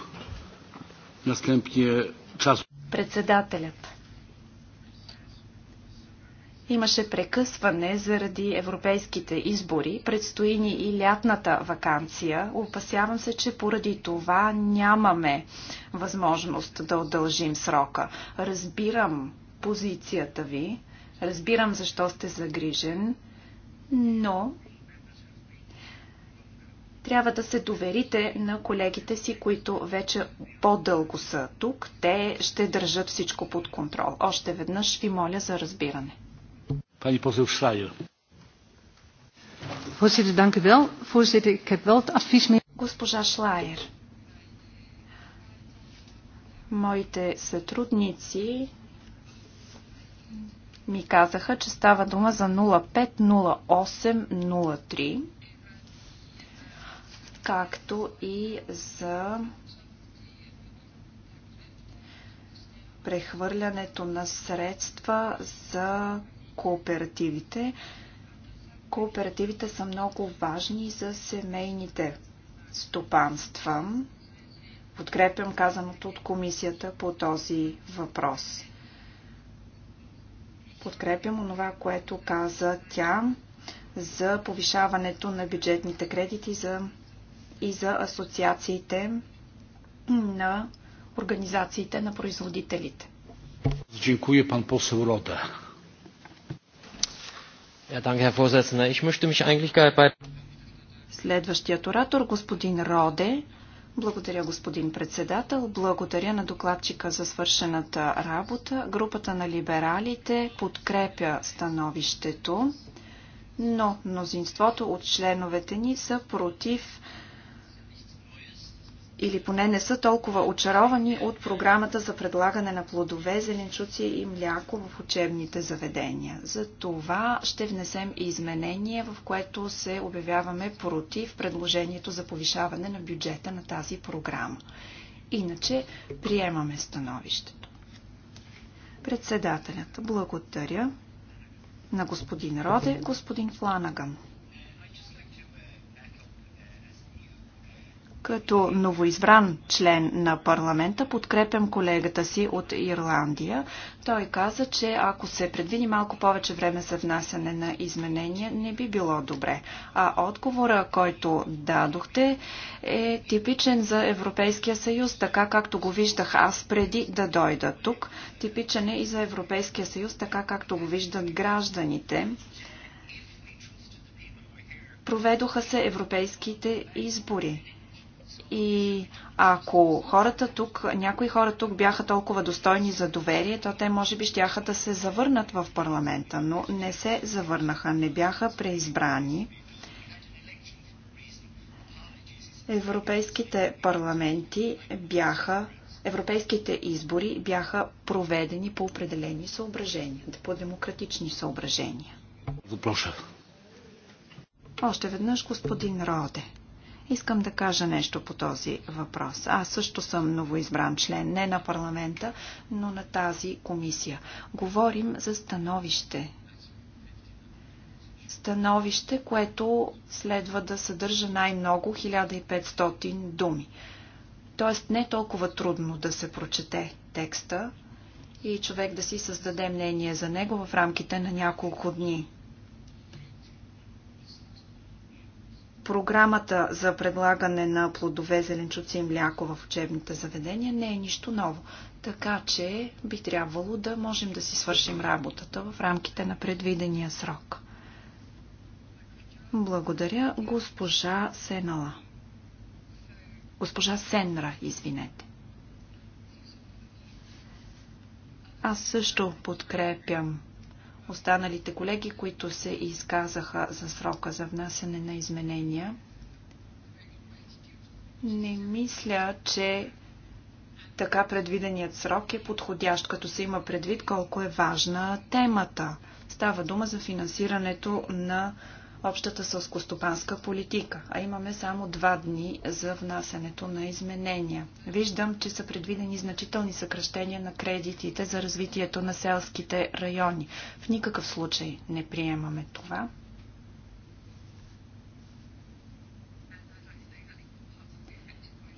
Speaker 1: настъпния час.
Speaker 3: Председателят. Имаше прекъсване заради европейските избори, предстои ни и лятната вакансия. Опасявам се, че поради това нямаме възможност да удължим срока. Разбирам позицията ви, разбирам защо сте загрижен, но трябва да се доверите на колегите си, които вече по-дълго са тук. Те ще държат всичко под контрол. Още веднъж ви моля за разбиране.
Speaker 1: Pani poseł Schreier.
Speaker 4: Voorzitter, dank u wel. Voorzitter, ik heb wel het advies
Speaker 3: mee. Госпожа Шлайер. Моите сътрудници ми казаха, че става дума за 050803, както и за прехвърлянето на средства за кооперативите. Кооперативите са много важни за семейните стопанства. Подкрепям казаното от комисията по този въпрос. Подкрепям онова, което каза тя за повишаването на бюджетните кредити за, и за асоциациите на организациите на производителите.
Speaker 1: Дякую, пан poseł Рода.
Speaker 3: Следващият оратор, господин Роде. Благодаря, господин председател. Благодаря на докладчика за свършената работа. Групата на либералите подкрепя становището, но мнозинството от членовете ни са против или поне не са толкова очаровани от програмата за предлагане на плодове, зеленчуци и мляко в учебните заведения. За това ще внесем и изменение, в което се обявяваме против предложението за повишаване на бюджета на тази програма. Иначе приемаме становището. Председателят благодаря на господин Роде, господин Фланаган. Като новоизбран член на парламента подкрепям колегата си от Ирландия. Той каза, че ако се предвиди малко повече време за внасяне на изменения, не би било добре. А отговора, който дадохте, е типичен за Европейския съюз, така както го виждах аз преди да
Speaker 4: дойда тук.
Speaker 3: Типичен е и за Европейския съюз, така както го виждат гражданите. Проведоха се европейските избори и ако хората тук, някои хора тук бяха толкова достойни за доверие, то те може би щяха да се завърнат в парламента, но не се завърнаха, не бяха преизбрани. Европейските парламенти бяха, европейските избори бяха проведени по определени съображения, по демократични съображения. Въпроса. Още веднъж господин Роде. Искам да кажа нещо по този въпрос. Аз също съм новоизбран член, не на парламента, но на тази комисия. Говорим за становище. Становище, което следва да съдържа най-много 1500 думи. Тоест не е толкова трудно да се прочете текста и човек да си създаде мнение за него в рамките на няколко дни. програмата за предлагане на плодове, зеленчуци и мляко в учебните заведения не е нищо ново. Така че би трябвало да можем да си свършим работата в рамките на предвидения срок. Благодаря, госпожа Сенала. Госпожа Сенра, извинете. Аз също подкрепям останалите колеги, които се изказаха за срока за внасяне на изменения. Не мисля, че така предвиденият срок е подходящ, като се има предвид колко е важна темата. Става дума за финансирането на общата сълскостопанска политика, а имаме само два дни за внасянето на изменения. Виждам, че са предвидени значителни съкръщения на кредитите за развитието на селските райони. В никакъв случай не приемаме това.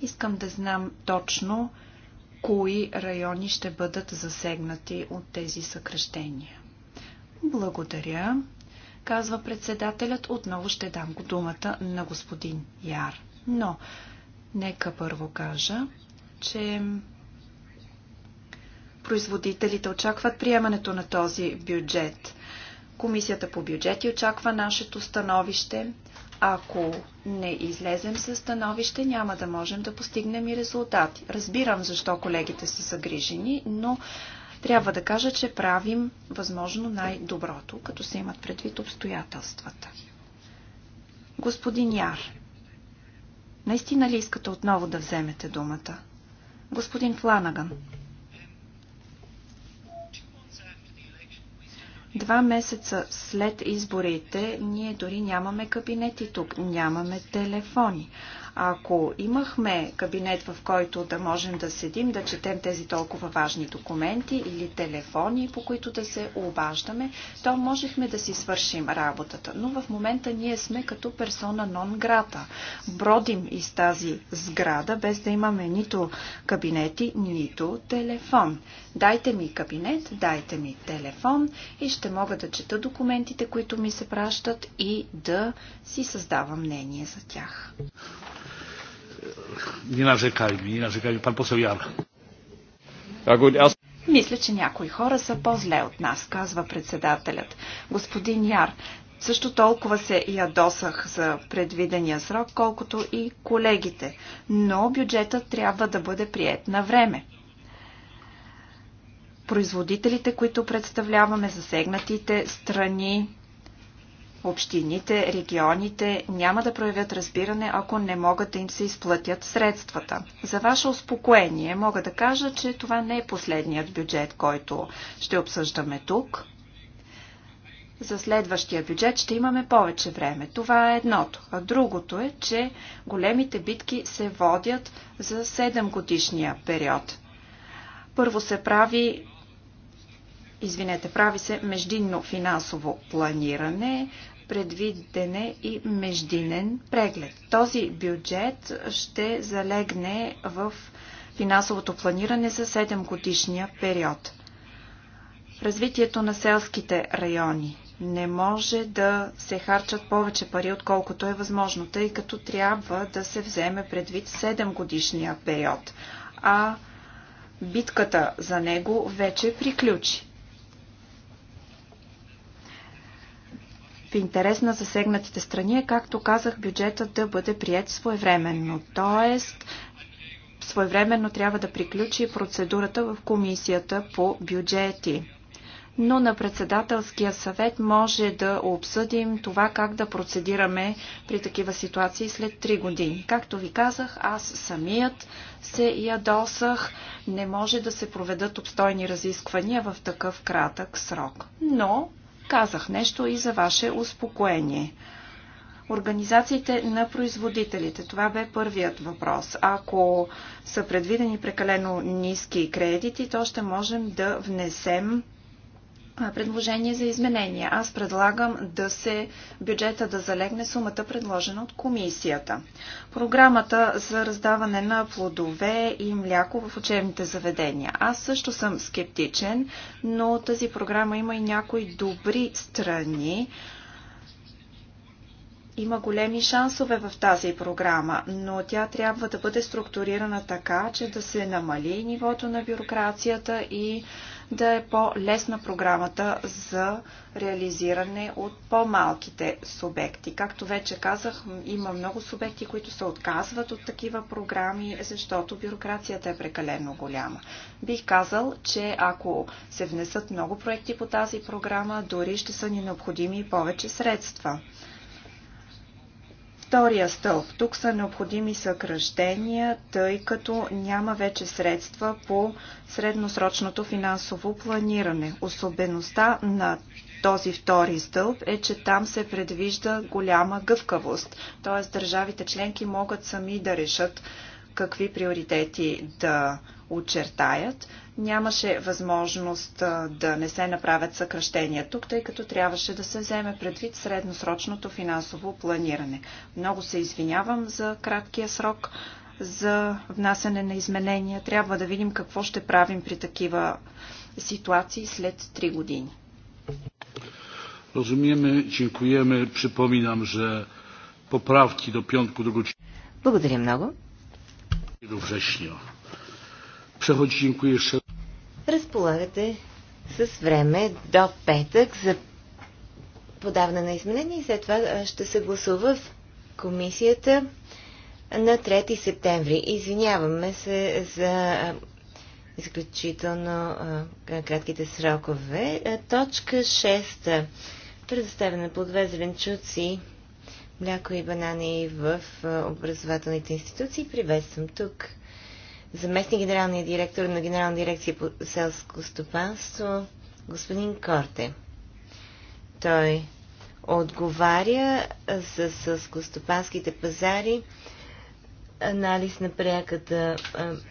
Speaker 3: Искам да знам точно кои райони ще бъдат засегнати от тези съкръщения. Благодаря казва председателят, отново ще дам го думата на господин Яр. Но, нека първо кажа, че производителите очакват приемането на този бюджет. Комисията по бюджети очаква нашето становище. Ако не излезем със становище, няма да можем да постигнем и резултати. Разбирам защо колегите са загрижени, но трябва да кажа, че правим възможно най-доброто, като се имат предвид обстоятелствата. Господин Яр, наистина ли искате отново да вземете думата? Господин Фланаган. Два месеца след изборите ние дори нямаме кабинети тук, нямаме телефони. Ако имахме кабинет, в който да можем да седим, да четем тези толкова важни документи или телефони, по които да се обаждаме, то можехме да си свършим работата. Но в момента ние сме като персона нон грата. Бродим из тази сграда, без да имаме нито кабинети, нито телефон. Дайте ми кабинет, дайте ми телефон и ще мога да чета документите, които ми се пращат и да си създавам мнение за тях не Мисля, че някои хора са по-зле от нас, казва председателят. Господин Яр, също толкова се ядосах за предвидения срок, колкото и колегите, но бюджетът трябва да бъде прият на време. Производителите, които представляваме, засегнатите страни, Общините, регионите няма да проявят разбиране, ако не могат да им се изплатят средствата. За ваше успокоение мога да кажа, че това не е последният бюджет, който ще обсъждаме тук. За следващия бюджет ще имаме повече време. Това е едното. А другото е, че големите битки се водят за 7 годишния период. Първо се прави Извинете, прави се междинно финансово планиране, предвиден е и междинен преглед. Този бюджет ще залегне в финансовото планиране за 7 годишния период. Развитието на селските райони не може да се харчат повече пари, отколкото е възможно, тъй като трябва да се вземе предвид 7 годишния период, а битката за него вече приключи. В интерес на засегнатите страни е, както казах, бюджетът да бъде прият своевременно, т.е. своевременно трябва да приключи процедурата в комисията по бюджети но на председателския съвет може да обсъдим това как да процедираме при такива ситуации след 3 години. Както ви казах, аз самият се ядосах. Не може да се проведат обстойни разисквания в такъв кратък срок. Но Казах нещо и за ваше успокоение. Организациите на производителите. Това бе първият въпрос. Ако са предвидени прекалено ниски кредити, то ще можем да внесем е предложение за изменение. Аз предлагам да се бюджета да залегне сумата предложена от комисията. Програмата за раздаване на плодове и мляко в учебните заведения. Аз също съм скептичен, но тази програма има и някои добри страни. Има големи шансове в тази програма, но тя трябва да бъде структурирана така, че да се намали нивото на бюрокрацията и да е по-лесна програмата за реализиране от по-малките субекти. Както вече казах, има много субекти, които се отказват от такива програми, защото бюрокрацията е прекалено голяма. Бих казал, че ако се внесат много проекти по тази програма, дори ще са ни необходими повече средства. Втория стълб. Тук са необходими съкръщения, тъй като няма вече средства по средносрочното финансово планиране. Особеността на този втори стълб е, че там се предвижда голяма гъвкавост, т.е. държавите членки могат сами да решат какви приоритети да очертаят. Нямаше възможност да не се направят съкръщения тук, тъй като трябваше да се вземе предвид средносрочното финансово планиране. Много се извинявам за краткия срок за внасяне на изменения. Трябва да видим какво ще правим при такива ситуации след 3 години.
Speaker 1: Rozumiemy, dziękujemy. Przypominam, że poprawki do piątku drugiego. Благодаря много.
Speaker 2: Разполагате с време до петък за подаване на изменения и след това ще се гласува в комисията на 3 септември. Извиняваме се за изключително кратките срокове. Точка 6. Предоставена плодове зеленчуци мляко и банани в образователните институции. Приветствам тук заместник генералния директор на Генерална дирекция по селско стопанство, господин Корте. Той отговаря за селскостопанските пазари, анализ на преката,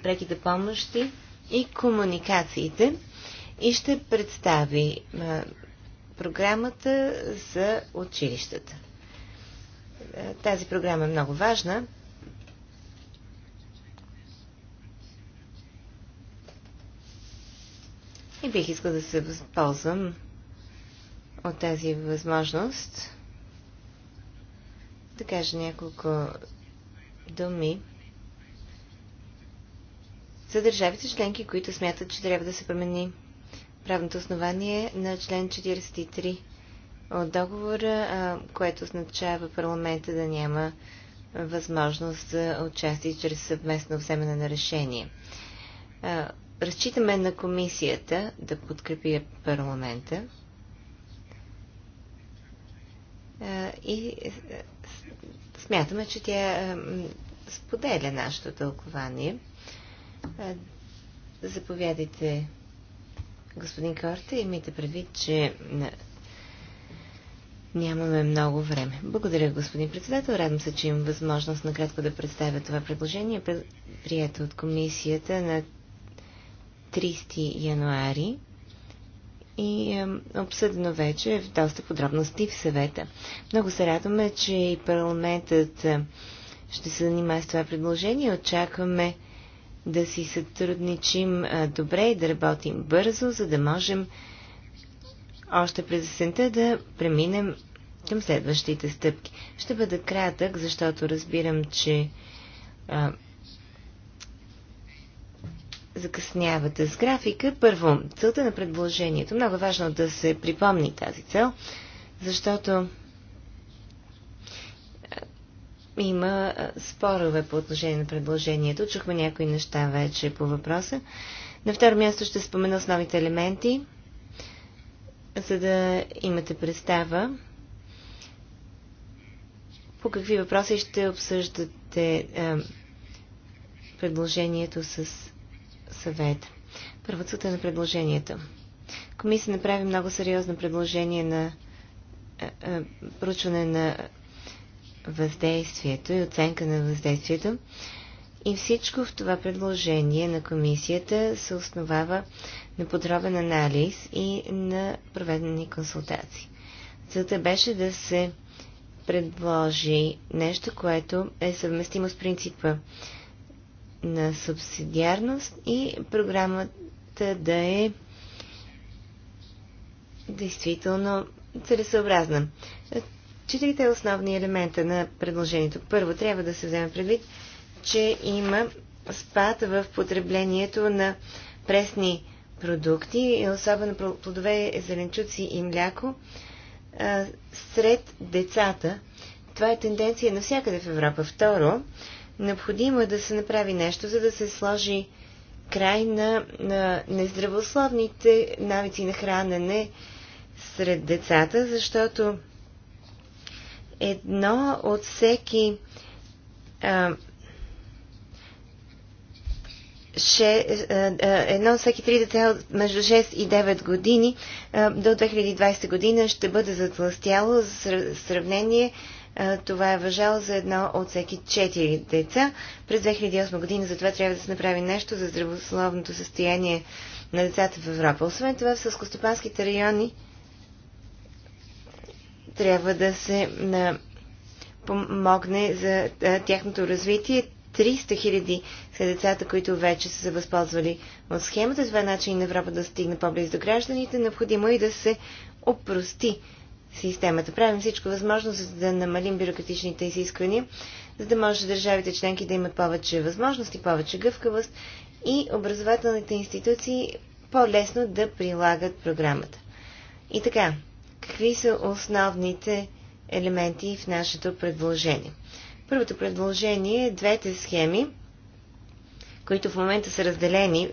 Speaker 2: преките помощи и комуникациите и ще представи програмата за училищата. Е, тази програма е много важна. И бих искал да се възползвам от тази възможност да кажа няколко думи за държавите членки, които смятат, че трябва да се промени правното основание на член 43 от договора, което означава парламента да няма възможност за участие чрез съвместно вземане на решение. Разчитаме на комисията да подкрепи парламента и смятаме, че тя споделя нашето тълкование. Заповядайте, господин Корте, имайте предвид, че Нямаме много време. Благодаря, господин председател. Радвам се, че имам възможност накратко да представя това предложение, прието от комисията на 30 януари и е, обсъдено вече в доста подробности в съвета. Много се радваме, че и парламентът ще се занимава с това предложение. Очакваме да си сътрудничим е, добре и да работим бързо, за да можем още през есента да преминем към следващите стъпки. Ще бъда кратък, защото разбирам, че а, закъснявате с графика. Първо, целта на предложението. Много е важно да се припомни тази цел, защото има спорове по отношение на предложението. Чухме някои неща вече по въпроса. На второ място ще спомена основните елементи – за да имате представа по какви въпроси ще обсъждате е, предложението с съвета. Първоцата на предложението. Комисия направи много сериозно предложение на е, е, проучване на въздействието и оценка на въздействието. И всичко в това предложение на комисията се основава на подробен анализ и на проведени консултации. Целта беше да се предложи нещо, което е съвместимо с принципа на субсидиарност и програмата да е действително целесообразна. Четирите основни елемента на предложението. Първо, трябва да се вземе предвид че има спад в потреблението на пресни продукти, особено плодове, зеленчуци и мляко, сред децата. Това е тенденция навсякъде в Европа. Второ, необходимо е да се направи нещо, за да се сложи край на, на нездравословните навици на хранене сред децата, защото едно от всеки а, е, е, едно от всеки три деца между 6 и 9 години е, до 2020 година ще бъде затластяло. За сравнение това е въжало за едно от всеки 4 деца. През 2008 година затова трябва да се направи нещо за здравословното състояние на децата в Европа. Освен това в сълскостопанските райони трябва да се помогне за тяхното развитие 300 хиляди са децата, които вече са се възползвали от схемата. Това е начин на Европа да стигне по-близо до гражданите. Необходимо е и да се опрости системата. Правим всичко възможно, за да намалим бюрократичните изисквания, за да може държавите членки да имат повече възможности, повече гъвкавост и образователните институции по-лесно да прилагат програмата. И така, какви са основните елементи в нашето предложение? Първото предложение е двете схеми, които в момента са разделени,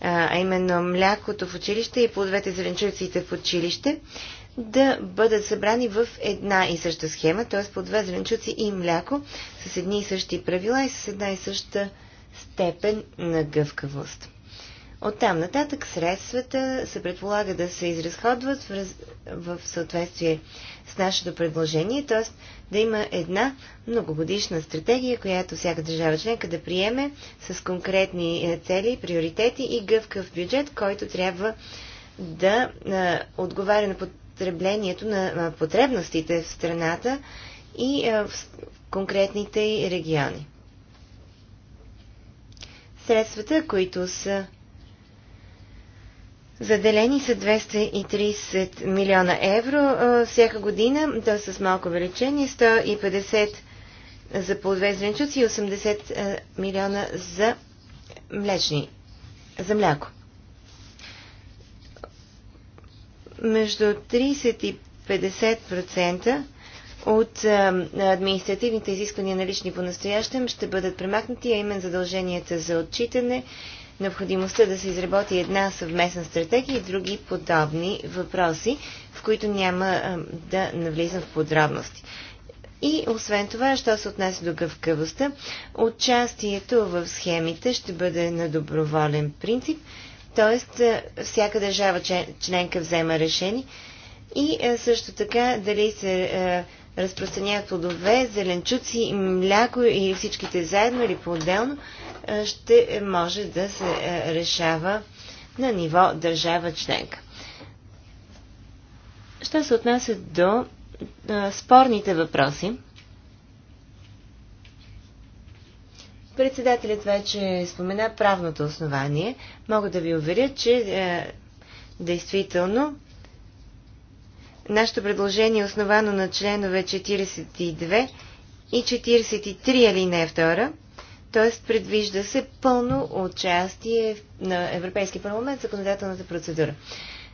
Speaker 2: а именно млякото в училище и плодовете зеленчуците в училище, да бъдат събрани в една и съща схема, т.е. по две зеленчуци и мляко, с едни и същи правила и с една и съща степен на гъвкавост. Оттам нататък средствата се предполага да се изразходват в, раз... в съответствие с нашето предложение, т.е. да има една многогодишна стратегия, която всяка държава членка да приеме с конкретни е, цели, приоритети и гъвкав бюджет, който трябва да а, е, отговаря на потреблението на а, е, потребностите в страната и а, в конкретните региони. Средствата, които са Заделени са 230 милиона евро всяка година, т.е. с малко увеличение, 150 за плодове зеленчуци и 80 милиона за млечни, за мляко. Между 30 и 50% от административните изисквания налични по настоящем ще бъдат премахнати, а именно задълженията за отчитане, необходимостта да се изработи една съвместна стратегия и други подобни въпроси, в които няма да навлизам в подробности. И освен това, що се отнася до гъвкавостта, участието в схемите ще бъде на доброволен принцип, т.е. всяка държава членка взема решение и също така дали се разпространяват плодове, зеленчуци, мляко и всичките заедно или по-отделно, е, ще може да се е, решава на ниво държава членка. Що се отнася до е, спорните въпроси, председателят вече спомена правното основание. Мога да ви уверя, че е, действително нашето предложение е основано на членове 42 и 43 алинея т.е. предвижда се пълно участие на Европейски парламент в законодателната процедура.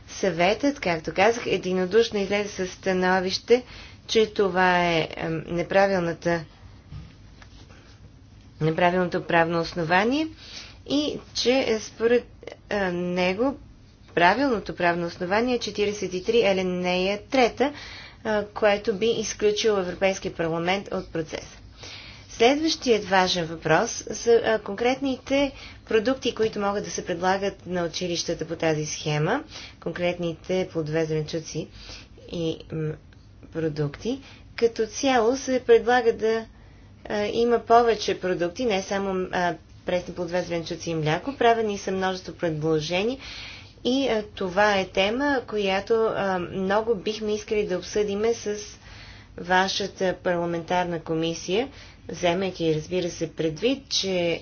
Speaker 2: Съветът, както казах, единодушно излезе със становище, че това е неправилната неправилното правно основание и че е според е, него правилното правно основание е 43 елинея 3, което би изключило Европейския парламент от процеса. Следващият важен въпрос са конкретните продукти, които могат да се предлагат на училищата по тази схема, конкретните плодове, зеленчуци и продукти. Като цяло се предлага да има повече продукти, не само пресни плодове, зеленчуци и мляко. Правени са множество предложения. И а, това е тема, която а, много бихме искали да обсъдиме с вашата парламентарна комисия, вземайки, разбира се, предвид, че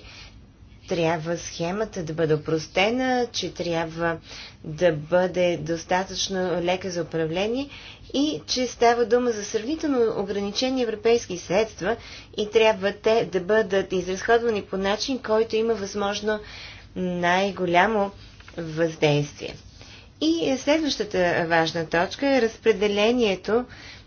Speaker 2: трябва схемата да бъде опростена, че трябва да бъде достатъчно лека за управление и че става дума за сравнително ограничени европейски средства и трябва те да бъдат изразходвани по начин, който има възможно най-голямо въздействие. И следващата важна точка е разпределението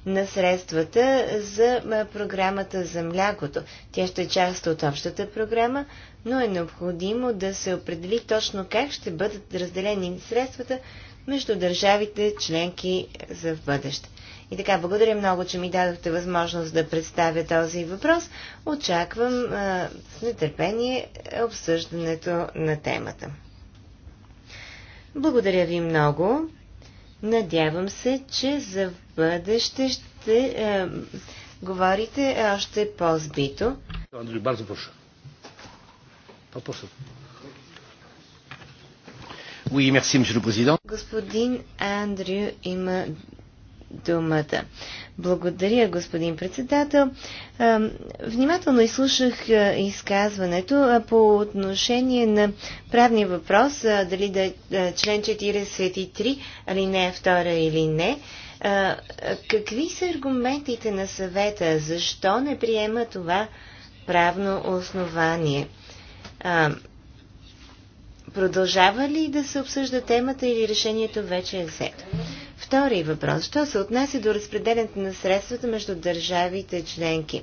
Speaker 2: на средствата за програмата за млякото. Тя ще е част от общата програма, но е необходимо да се определи точно как ще бъдат разделени средствата между държавите членки за в бъдеще. И така, благодаря много, че ми дадохте възможност да представя този въпрос. Очаквам а, с нетърпение обсъждането на темата. Благодаря ви много. Надявам се, че за бъдеще ще е, говорите още по-збито.
Speaker 1: Андрей, бързо пуша. Попрошу. Oui, merci,
Speaker 2: Господин Андрю има думата. Благодаря, господин председател. Внимателно изслушах изказването по отношение на правния въпрос, дали да е член 43, али е 2 или не. Какви са аргументите на съвета? Защо не приема това правно основание? Продължава ли да се обсъжда темата или решението вече е взето? Втори въпрос. Що се отнася до разпределянето на средствата между държавите членки?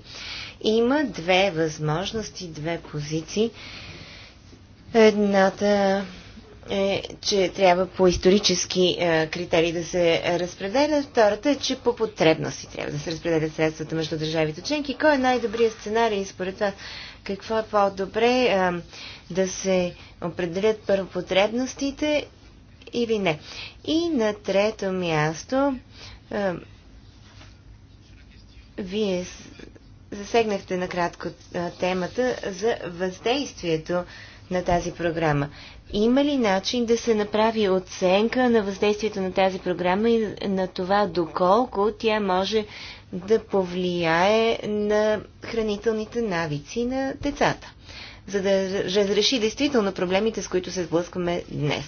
Speaker 2: Има две възможности, две позиции. Едната е, че трябва по исторически е, критерии да се разпределя. Втората е, че по потребности трябва да се разпределят средствата между държавите членки. Кой е най-добрият сценарий според това, Какво е по-добре е, да се определят първо потребностите или не. И на трето място, е, вие засегнахте накратко е, темата за въздействието на тази програма. Има ли начин да се направи оценка на въздействието на тази програма и на това доколко тя може да повлияе на хранителните навици на децата, за да разреши действително проблемите, с които се сблъскваме днес?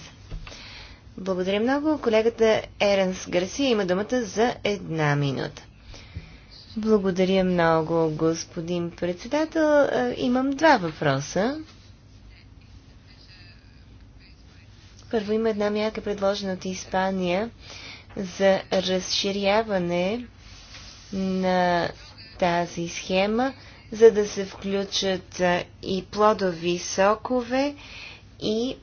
Speaker 2: Благодаря много. Колегата Еренс Гарсия има думата за една минута. Благодаря много, господин председател. Е, имам два въпроса. Първо има една мярка, предложена от Испания за разширяване на тази схема, за да се включат е, и плодови сокове, и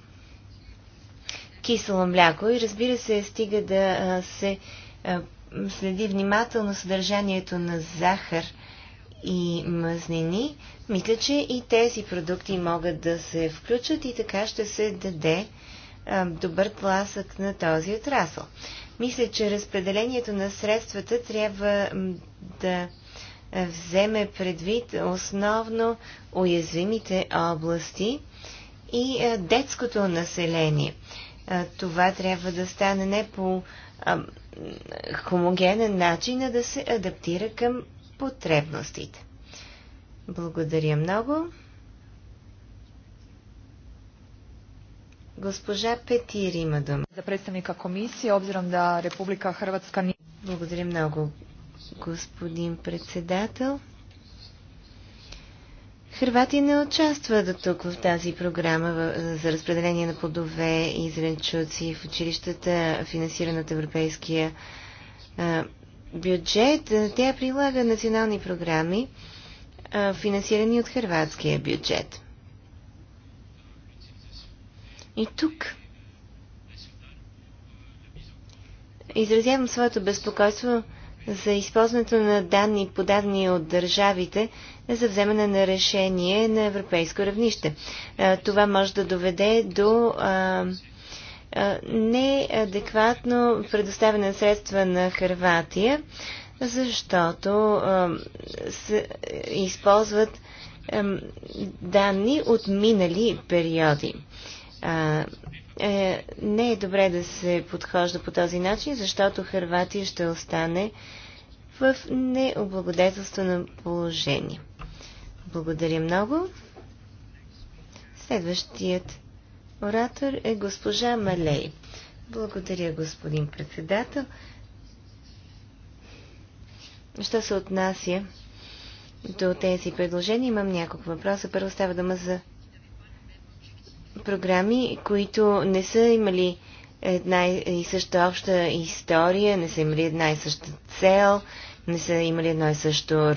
Speaker 2: кисело мляко и разбира се, стига да се следи внимателно съдържанието на захар и мазнини, мисля, че и тези продукти могат да се включат и така ще се даде добър тласък на този отрасъл. Мисля, че разпределението на средствата трябва да вземе предвид основно уязвимите области и детското население това трябва да стане не по а, хомогенен начин, а да се адаптира към потребностите. Благодаря много. Госпожа Петир има дума. За представника комисия, обзирам да Република Хрватска... Благодаря много, господин председател. Хрватия не участва до тук в тази програма за разпределение на плодове и зеленчуци в училищата, финансирана от Европейския бюджет. Тя прилага национални програми, финансирани от хрватския бюджет. И тук изразявам своето безпокойство за използването на данни, подадени от държавите, за вземане на решение на европейско равнище. Това може да доведе до неадекватно предоставяне на средства на Харватия, защото се използват данни от минали периоди е, не е добре да се подхожда по този начин, защото Харватия ще остане в необлагодетелствено положение. Благодаря много. Следващият оратор е госпожа Малей. Благодаря, господин председател. Що се отнася до тези предложения, имам няколко въпроса. Първо става дума за програми, които не са имали една и съща обща история, не са имали една и съща цел, не са имали едно и също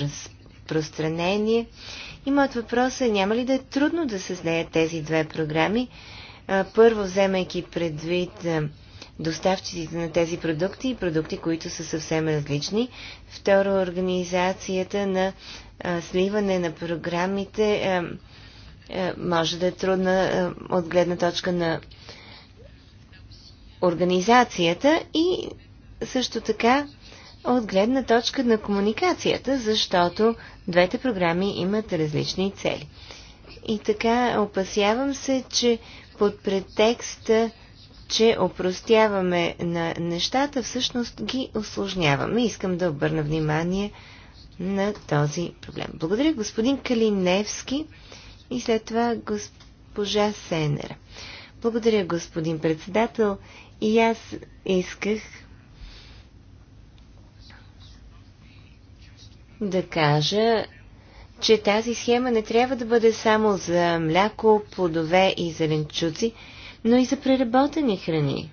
Speaker 2: разпространение. И моят въпрос е, няма ли да е трудно да създаят тези две програми, първо вземайки предвид доставчиците на тези продукти и продукти, които са съвсем различни. Второ, организацията на сливане на програмите е, може да е трудна е, от гледна точка на организацията и също така от гледна точка на комуникацията, защото двете програми имат различни цели. И така опасявам се, че под претекста, че опростяваме на нещата, всъщност ги осложняваме. Искам да обърна внимание на този проблем. Благодаря, господин Калиневски и след това госпожа Сенер. Благодаря, господин председател. И аз исках да кажа, че тази схема не трябва да бъде само за мляко, плодове и зеленчуци, но и за преработени храни.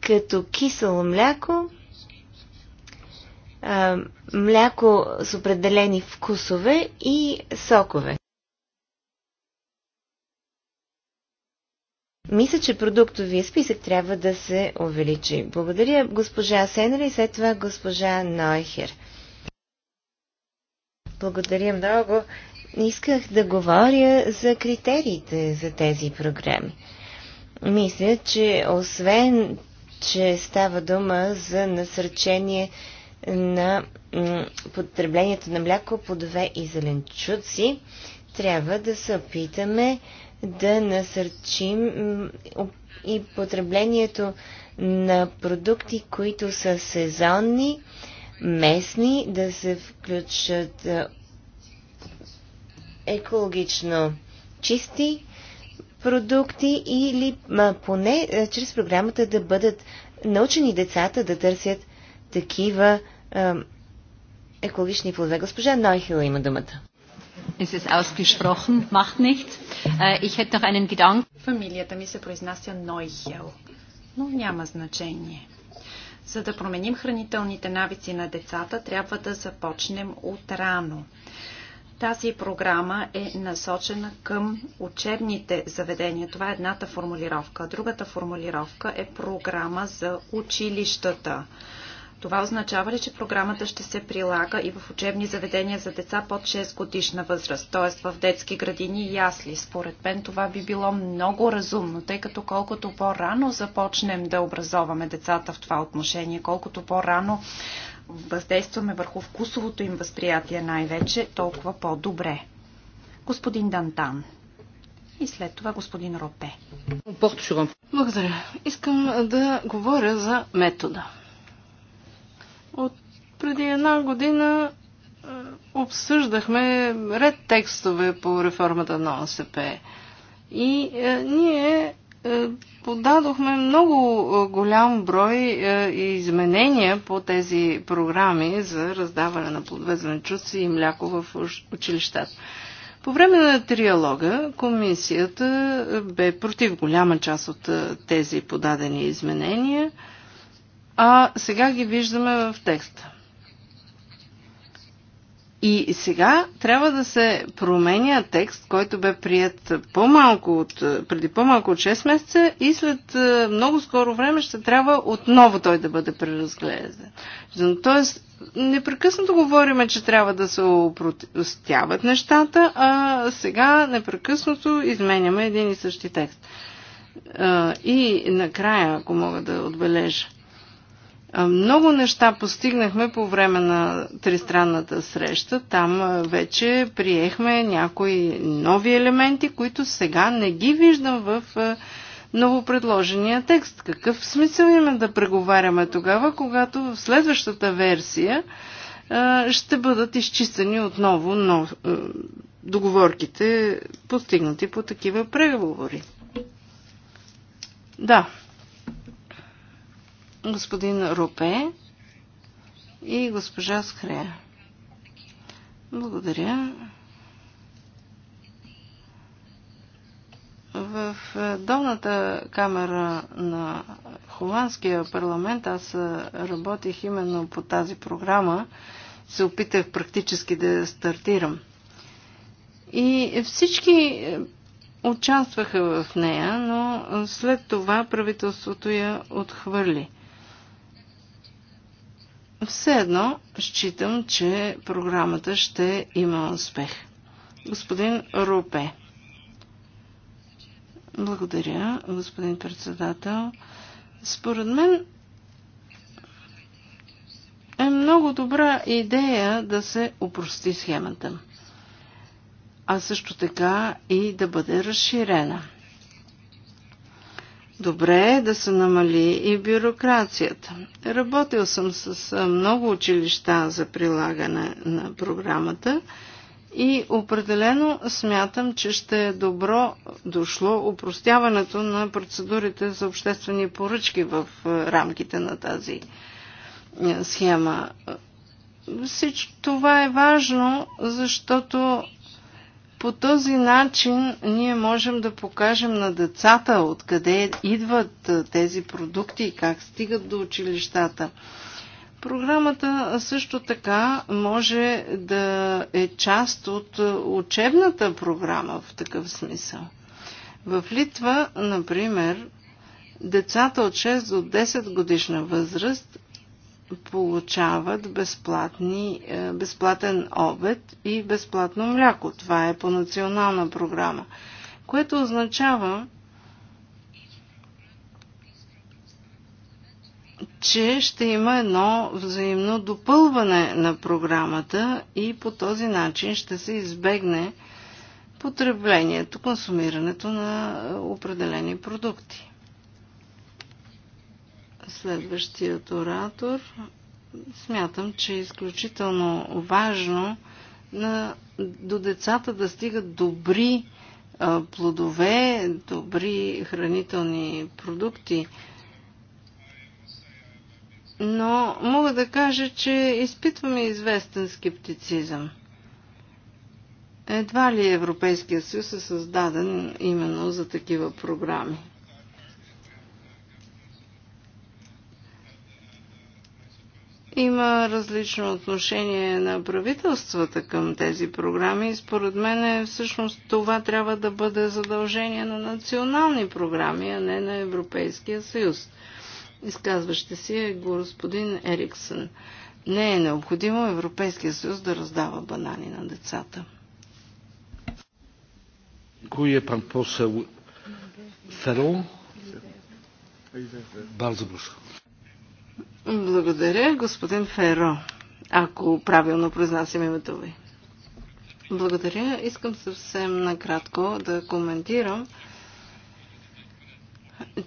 Speaker 2: Като кисело мляко, мляко с определени вкусове и сокове. Мисля, че продуктовия списък трябва да се увеличи. Благодаря госпожа Сенри и след това госпожа Нойхер. Благодаря много. Исках да говоря за критериите за тези програми. Мисля, че освен, че става дума за насърчение на потреблението на мляко, плодове и зеленчуци, трябва да се опитаме да насърчим и потреблението на продукти, които са сезонни, местни, да се включат екологично чисти продукти или поне чрез програмата да бъдат научени децата да търсят такива екологични плодове. Госпожа Нойхила има думата.
Speaker 3: Фамилията ми се произнася Нойхел, но няма значение. За да променим хранителните навици на децата, трябва да започнем от рано. Тази програма е насочена към учебните заведения. Това е едната формулировка. Другата формулировка е програма за училищата. Това означава ли, че програмата ще се прилага и в учебни заведения за деца под 6 годишна възраст, т.е. в детски градини и ясли? Според мен това би било много разумно, тъй като колкото по-рано започнем да образоваме децата в това отношение, колкото по-рано въздействаме върху вкусовото им възприятие най-вече, толкова по-добре. Господин Дантан
Speaker 4: и след това господин Ропе. Благодаря. Искам да говоря за метода. Преди една година е, обсъждахме ред текстове по реформата на ОСП. И е, ние е, подадохме много е, голям брой е, изменения по тези програми за раздаване на подвезване чувства и мляко в училищата. По време на триалога комисията е, бе против голяма част от тези подадени изменения, а сега ги виждаме в текста. И сега трябва да се променя текст, който бе прият по-малко от, преди по-малко от 6 месеца и след е, много скоро време ще трябва отново той да бъде преразгледан. Тоест, непрекъснато говориме, че трябва да се опростяват нещата, а сега непрекъснато изменяме един и същи текст. Е, и накрая, ако мога да отбележа, много неща постигнахме по време на тристранната среща. Там вече приехме някои нови елементи, които сега не ги виждам в новопредложения текст. Какъв смисъл има да преговаряме тогава, когато в следващата версия ще бъдат изчистени отново нов, договорките, постигнати по такива преговори? Да, господин Рупе и госпожа Скрея. Благодаря. В е, долната камера на Холандския парламент аз е, работих именно по тази програма. Се опитах практически да я стартирам. И всички е, участваха в нея, но след това правителството я отхвърли все едно считам, че програмата ще има успех. Господин Рупе. Благодаря, господин председател. Според мен е много добра идея да се упрости схемата, а също така и да бъде разширена – Добре е да се намали и бюрокрацията. Работил съм с много училища за прилагане на програмата и определено смятам, че ще е добро дошло упростяването на процедурите за обществени поръчки в рамките на тази схема. Всичко това е важно, защото по този начин ние можем да покажем на децата откъде идват тези продукти и как стигат до училищата. Програмата също така може да е част от учебната програма в такъв смисъл. В Литва, например, децата от 6 до 10 годишна възраст получават безплатни, е, безплатен обед и безплатно мляко. Това е по национална програма, което означава, че ще има едно взаимно допълване на програмата и по този начин ще се избегне потреблението, консумирането на е, определени продукти следващият оратор. Смятам, че е изключително важно на, до децата да стигат добри а, плодове, добри хранителни продукти. Но мога да кажа, че изпитваме известен скептицизъм. Едва ли Европейския съюз е създаден именно за такива програми. Има различно отношение на правителствата към тези програми и според мен всъщност това трябва да бъде задължение на национални програми, а не на Европейския съюз. Изказващи си е господин Ериксън. Не е необходимо Европейския съюз да раздава банани на децата.
Speaker 1: Кой е пан посел Ферон? Бързо,
Speaker 4: благодаря, господин Феро, ако правилно произнасям името ви. Благодаря. Искам съвсем накратко да коментирам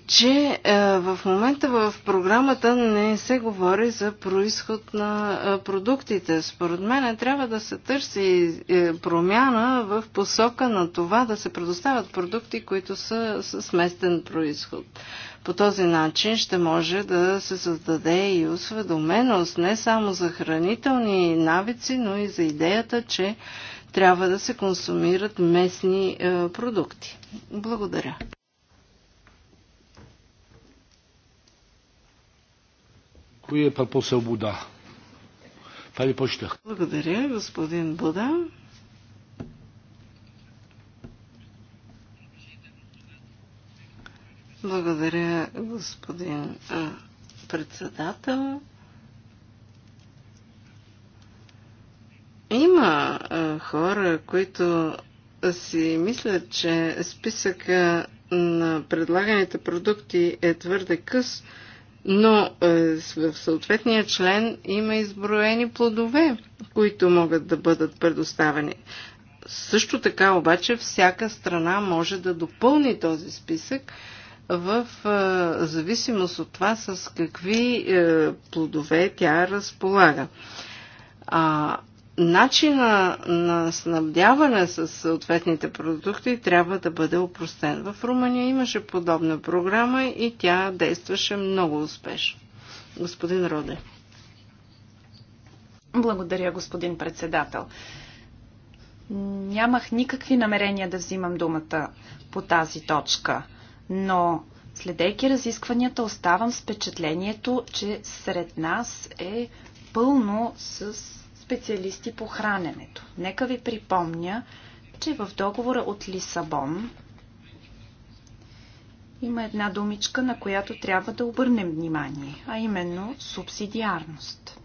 Speaker 4: че е, в момента в програмата не се говори за происход на е, продуктите. Според мен трябва да се търси е, промяна в посока на това да се предоставят продукти, които са с местен происход. По този начин ще може да се създаде и осведоменост не само за хранителни навици, но и за идеята, че трябва да се консумират местни продукти. Благодаря.
Speaker 1: Кой е посел Буда? Пали почтах.
Speaker 4: Благодаря, господин Буда. Благодаря, господин а, председател. Има а, хора, които си мислят, че списъка на предлаганите продукти е твърде къс, но е, в съответния член има изброени плодове, които могат да бъдат предоставени. Също така обаче всяка страна може да допълни този списък в е, зависимост от това с какви е, плодове тя разполага. А начина на снабдяване с съответните продукти трябва да бъде опростен. В Румъния имаше подобна програма и тя действаше много успешно. Господин Роде. Благодаря, господин
Speaker 3: председател. Нямах никакви намерения да взимам думата по тази точка, но следейки разискванията, оставам с впечатлението, че сред нас е пълно с специалисти по храненето. Нека ви припомня, че в договора от Лисабон има една думичка, на която трябва да обърнем внимание, а именно субсидиарност.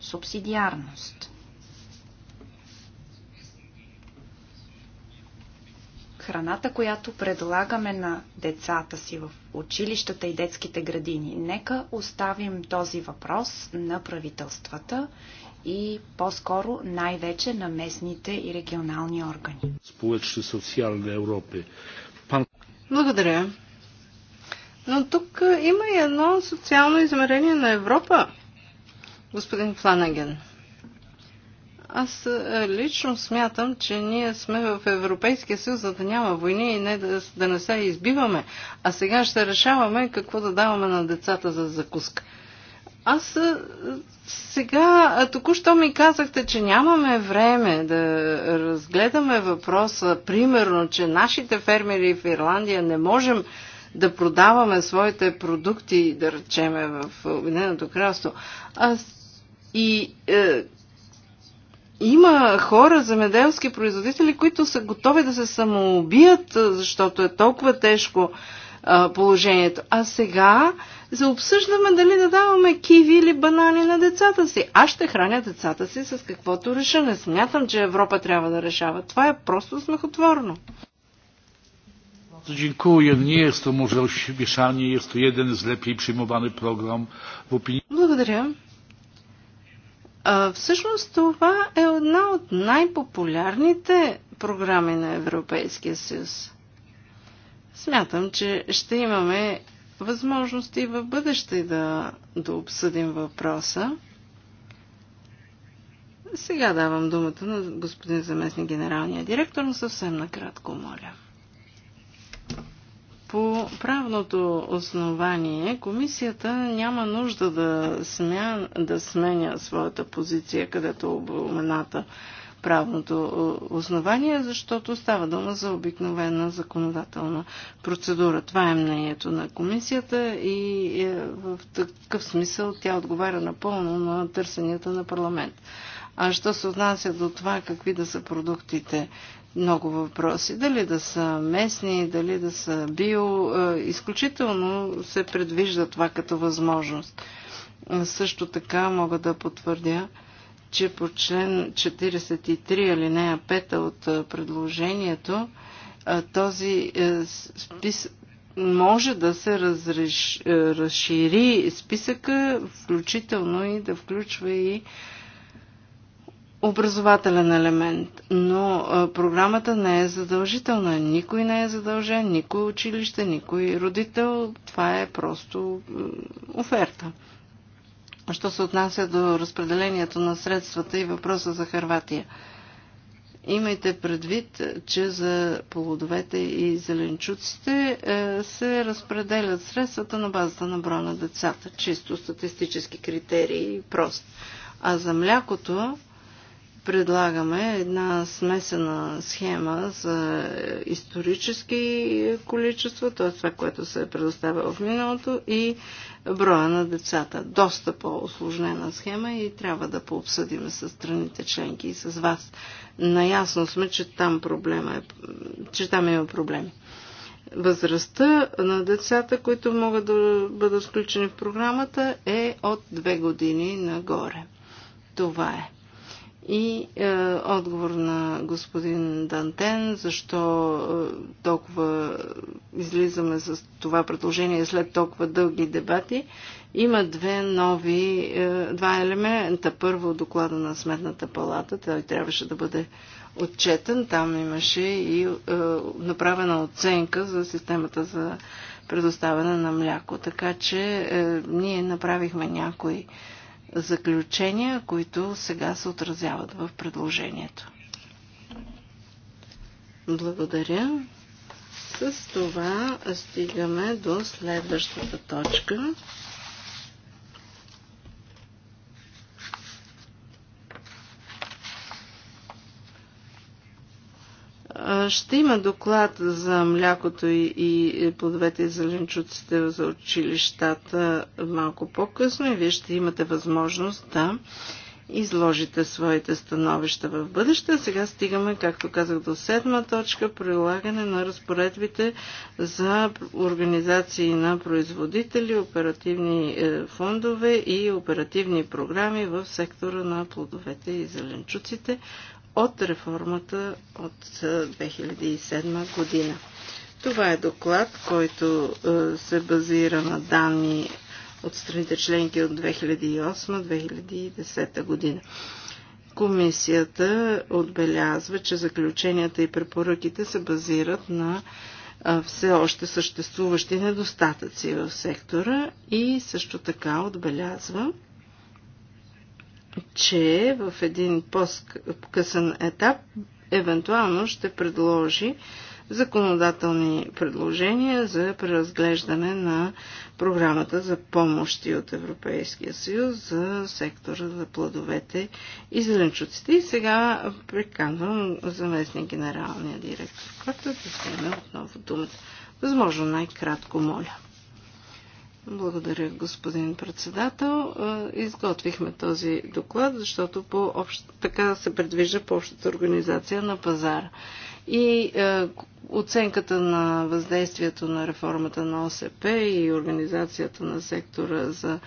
Speaker 3: Субсидиарност. храната, която предлагаме на децата си в училищата и детските градини. Нека оставим този въпрос на правителствата и по-скоро най-вече на местните и регионални органи.
Speaker 4: Благодаря. Но тук има и едно социално измерение на Европа, господин Фланаген. Аз е, лично смятам, че ние сме в Европейския съюз, за да няма войни и не да, да не се избиваме. А сега ще решаваме какво да даваме на децата за закуска. Аз е, сега, е, току-що ми казахте, че нямаме време да разгледаме въпроса, примерно, че нашите фермери в Ирландия не можем да продаваме своите продукти, да речеме, в Обединеното кралство. Аз и е, има хора, земеделски производители, които са готови да се самоубият, защото е толкова тежко положението. А сега се обсъждаме дали да даваме киви или банани на децата си. Аз ще храня децата си с каквото реша. Не смятам, че Европа трябва да решава. Това е просто смехотворно. Благодаря. А, всъщност това е една от най-популярните програми на Европейския съюз. Смятам, че ще имаме възможности в бъдеще да, да обсъдим въпроса. Сега давам думата на господин заместник генералния директор, но съвсем накратко моля. По правното основание комисията няма нужда да, смя, да сменя своята позиция, където обомената правното е, основание, защото става дума за обикновена законодателна процедура. Това е мнението на комисията и е, в такъв смисъл тя отговаря напълно на търсенията на парламент. А що се отнася до това какви да са продуктите много въпроси. Дали да са местни, дали да са био, е, изключително се предвижда това като възможност. Също така мога да потвърдя, че по член 43 алинея 5 от е, предложението е, този спис може да се разреш, разшири списъка, включително и да включва и образователен елемент, но а, програмата не е задължителна. Никой не е задължен, никой училище, никой родител. Това е просто оферта. Що се отнася до разпределението на средствата и въпроса за Харватия. Имайте предвид, че за плодовете и зеленчуците е, се разпределят средствата на базата на броя на децата. Чисто статистически критерии и прост. А за млякото предлагаме една смесена схема за исторически количества, т.е. това, което се е предоставя в миналото, и броя на децата. Доста по-осложнена схема и трябва да пообсъдим с страните членки и с вас. Наясно сме, че там, проблема е, че там има проблеми. Възрастта на децата, които могат да бъдат включени в програмата е от 2 години нагоре. Това е. И е, отговор на господин Дантен, защо е, толкова излизаме с това предложение след толкова дълги дебати, има две нови, е, два елемента. Първо доклада на Сметната палата, той трябваше да бъде отчетен, там имаше и е, направена оценка за системата за предоставяне на мляко. Така че е, ние направихме някои заключения, които сега се отразяват в предложението. Благодаря. С това стигаме до следващата точка. Ще има доклад за млякото и, плодовете и зеленчуците за училищата малко по-късно и вие ще имате възможност да изложите своите становища в бъдеще. Сега стигаме, както казах, до седма точка прилагане на разпоредбите за организации на производители, оперативни е, фондове и оперативни програми в сектора на плодовете и зеленчуците от реформата от 2007 е, година. Това е доклад, който е, се базира на данни от страните членки от 2008-2010 година. Комисията отбелязва, че заключенията и препоръките се базират на е, все още съществуващи недостатъци в сектора и също така отбелязва, че в един по-късен етап евентуално ще предложи законодателни предложения за преразглеждане на програмата за помощи от Европейския съюз за сектора за плодовете и зеленчуците. И сега приканвам заместник генералния директор, който да вземе отново думата. Възможно най-кратко, моля. Благодаря, господин председател. Изготвихме този доклад, защото по общ... така се предвижда по общата организация на пазара. И е, оценката на въздействието на реформата на ОСП и организацията на сектора за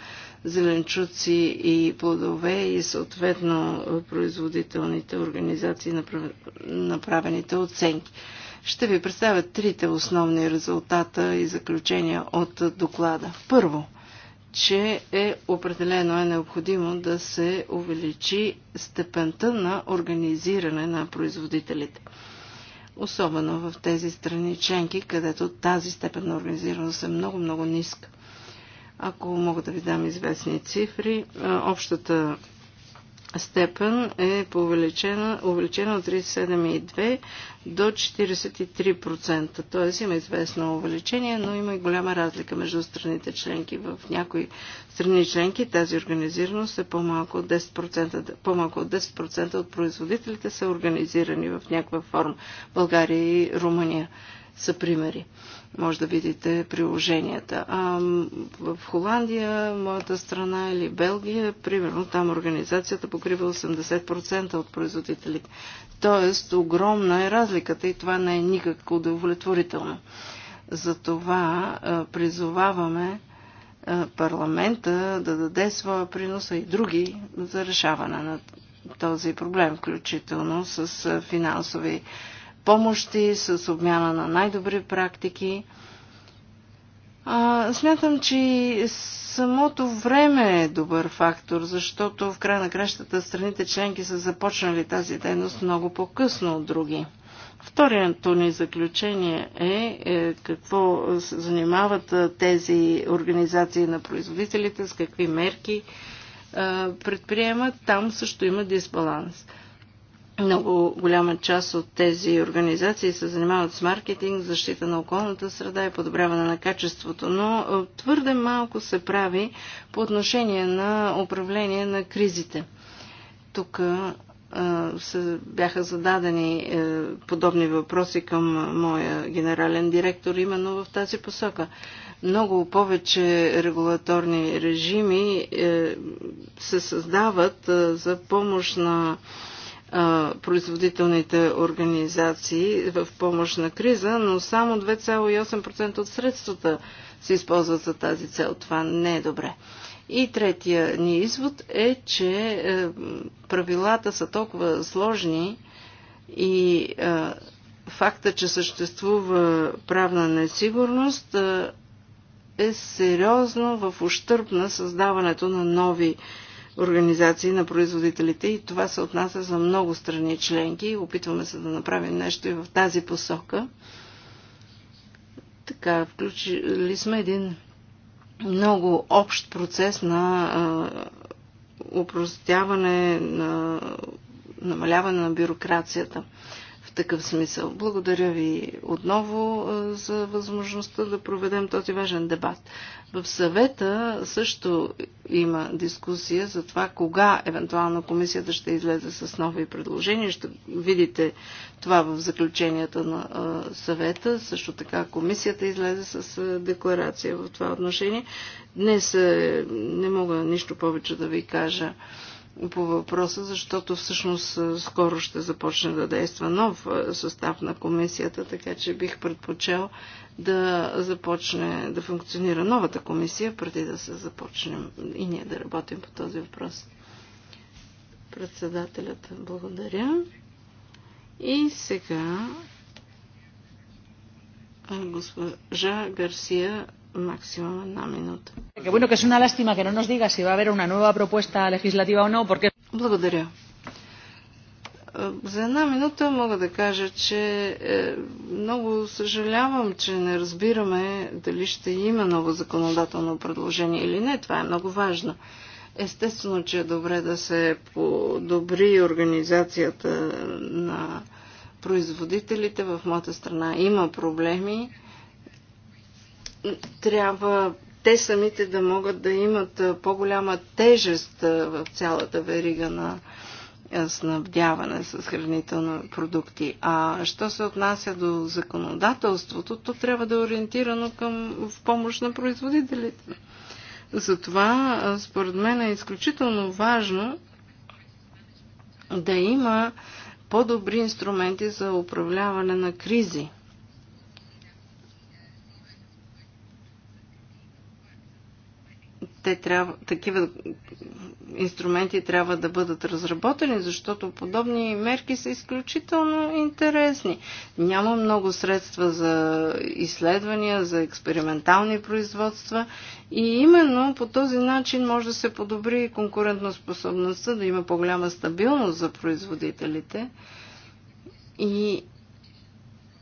Speaker 4: зеленчуци и плодове и съответно производителните организации, направените оценки ще ви представя трите основни резултата и заключения от доклада. Първо, че е определено е необходимо да се увеличи степента на организиране на производителите. Особено в тези страни членки, където тази степен на организираност е много-много ниска. Ако мога да ви дам известни цифри, е, общата степен е увеличена, увеличена от 37,2 до 43%. Т.е. има известно увеличение, но има и голяма разлика между страните членки. В някои страни членки тази организираност е по-малко от 10%. По-малко от 10% от производителите са организирани в някаква форма. България и Румъния са примери може да видите приложенията. А в Холандия, моята страна или Белгия, примерно там организацията покрива 80% от производителите. Тоест, огромна е разликата и това не е никак удовлетворително. Затова призоваваме парламента да даде своя приноса и други за решаване на този проблем, включително с финансови помощи, с обмяна на най-добри практики. А, смятам, че самото време е добър фактор, защото в край на кращата страните членки са започнали тази дейност много по-късно от други. Вторият ни заключение е, е какво се занимават тези организации на производителите, с какви мерки е, предприемат. Там също има дисбаланс. Е, много голяма част от тези организации се занимават с маркетинг, защита на околната среда и подобряване на качеството, но е, твърде малко се прави по отношение на управление на кризите. Тук е, се бяха зададени е, подобни въпроси към моя генерален директор именно в тази посока. Много повече регулаторни режими се създават за помощ на производителните организации в помощ на криза, но само 2,8% от средствата се използват за тази цел. Това не е добре. И третия ни извод е, че е, правилата са толкова сложни и е, факта, че съществува правна несигурност е, е сериозно в ущърб на създаването на нови организации на производителите и това се отнася за много страни членки. Опитваме се да направим нещо и в тази посока. Така, включили сме един много общ процес на упростяване, на намаляване на бюрокрацията такъв смисъл. Благодаря ви отново за възможността да проведем този важен дебат. В съвета също има дискусия за това кога евентуално комисията ще излезе с нови предложения. Ще видите това в заключенията на съвета. Също така комисията излезе с декларация в това отношение. Днес не мога нищо повече да ви кажа по въпроса, защото всъщност е, скоро ще започне да действа нов е, състав на комисията, така че бих предпочел да започне да функционира новата комисия, преди да се започнем и ние да работим по този въпрос. Председателят, благодаря. И сега е, госпожа Гарсия máximo una minuta. Qué bueno, que es
Speaker 3: una lástima que no nos diga si va a haber una nueva propuesta legislativa o no, porque... Благодаря.
Speaker 4: Е, за една минута мога да кажа, че е, много съжалявам, че не разбираме дали ще има ново законодателно предложение или не. Това е много важно. Естествено, че е добре да се подобри организацията на производителите. В моята страна има проблеми трябва те самите да могат да имат по-голяма тежест в цялата верига на снабдяване с хранителни продукти. А що се отнася до законодателството, то трябва да е ориентирано към, в помощ на производителите. Затова, според мен, е изключително важно да има по-добри инструменти за управляване на кризи. те трябва, такива инструменти трябва да бъдат разработени, защото подобни мерки са изключително интересни. Няма много средства за изследвания, за експериментални производства и именно по този начин може да се подобри конкурентоспособността, да има по-голяма стабилност за производителите и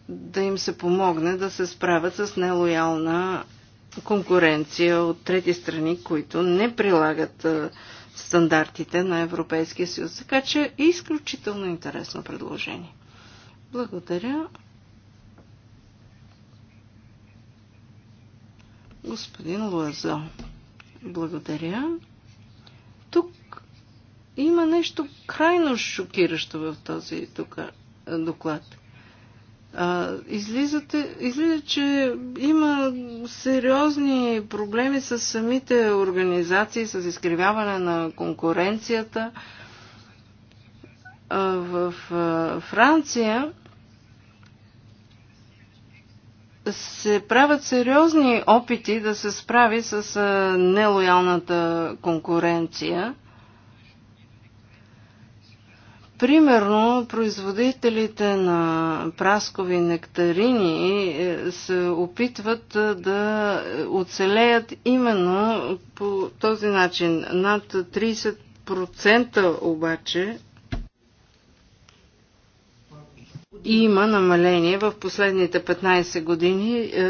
Speaker 4: да им се помогне да се справят с нелоялна конкуренция от трети страни, които не прилагат стандартите на Европейския съюз. Така че е изключително интересно предложение. Благодаря. Господин Луазо, благодаря. Тук има нещо крайно шокиращо в този доклад излизате, излиза, че има сериозни проблеми с самите организации, с изкривяване на конкуренцията. В Франция се правят сериозни опити да се справи с нелоялната конкуренция Примерно, производителите на праскови нектарини е, се опитват е, да оцелеят именно по този начин. Над 30% обаче има намаление в последните 15 години е,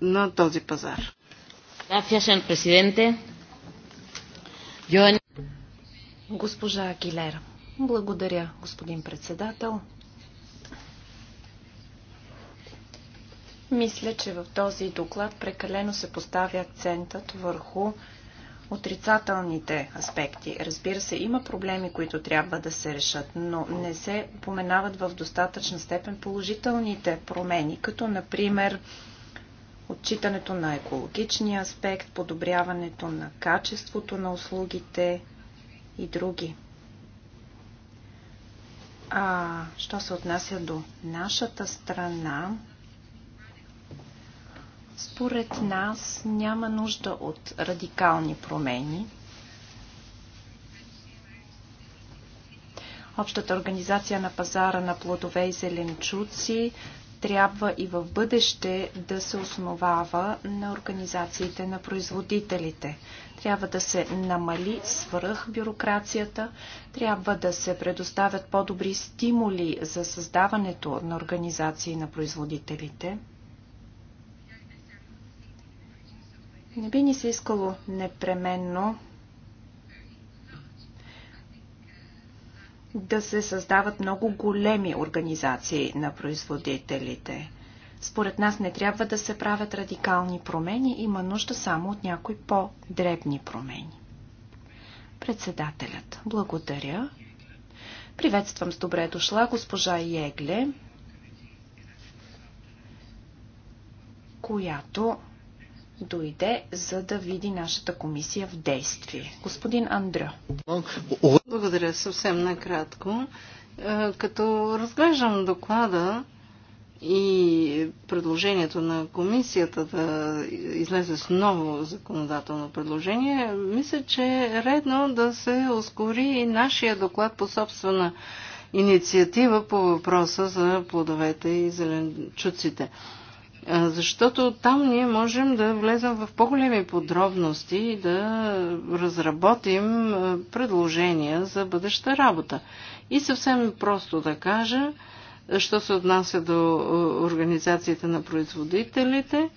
Speaker 4: на този пазар.
Speaker 3: Госпожа Акилера. Благодаря, господин председател. Мисля, че в този доклад прекалено се поставя акцентът върху отрицателните аспекти. Разбира се, има проблеми, които трябва да се решат, но не се упоменават в достатъчна степен положителните промени, като например отчитането на екологичния аспект, подобряването на качеството на услугите и други. А що се отнася до нашата страна, според нас няма нужда от радикални промени. Общата организация на пазара на плодове и зеленчуци трябва и в бъдеще да се основава на организациите на производителите. Трябва да се намали свръх бюрокрацията, трябва да се предоставят по-добри стимули за създаването на организации на производителите. Не би ни се искало непременно да се създават много големи организации на производителите. Според нас не трябва да се правят радикални промени, има нужда само от някои по-дребни промени. Председателят, благодаря. Приветствам с добре дошла госпожа Егле, която дойде, за да види нашата
Speaker 4: комисия в действие. Господин Андрю. Благодаря съвсем накратко. Е, като разглеждам доклада, и предложението на комисията да излезе с ново законодателно предложение, мисля, че е редно да се ускори и нашия доклад по собствена инициатива по въпроса за плодовете и зеленчуците. Защото там ние можем да влезем в по-големи подробности и да разработим предложения за бъдеща работа. И съвсем просто да кажа, що се отнася до е, организацията на производителите,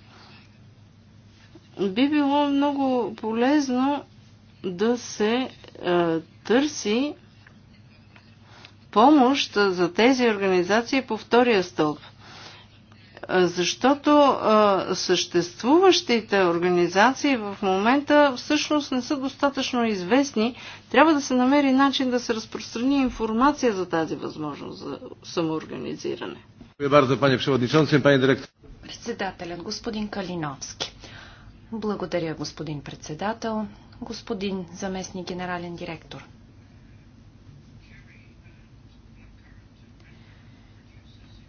Speaker 4: би било много полезно да се е, търси помощ за тези организации по втория стълб – защото съществуващите организации в момента всъщност не са достатъчно известни. Трябва да се намери начин да се разпространи информация за тази възможност за самоорганизиране.
Speaker 3: Председателят господин Калиновски. Благодаря, господин председател, господин заместник генерален директор.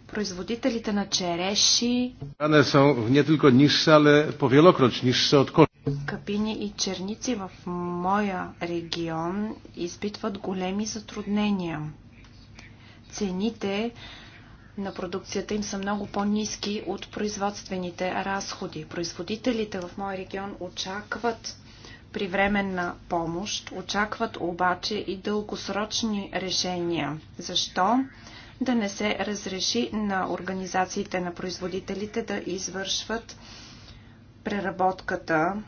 Speaker 3: производителите на череши капини и черници в моя регион изпитват големи затруднения. Цените на продукцията им са много по-низки от производствените разходи. Производителите в моя регион очакват привременна помощ, очакват обаче и дългосрочни решения. Защо? да не се разреши на организациите на производителите да извършват преработката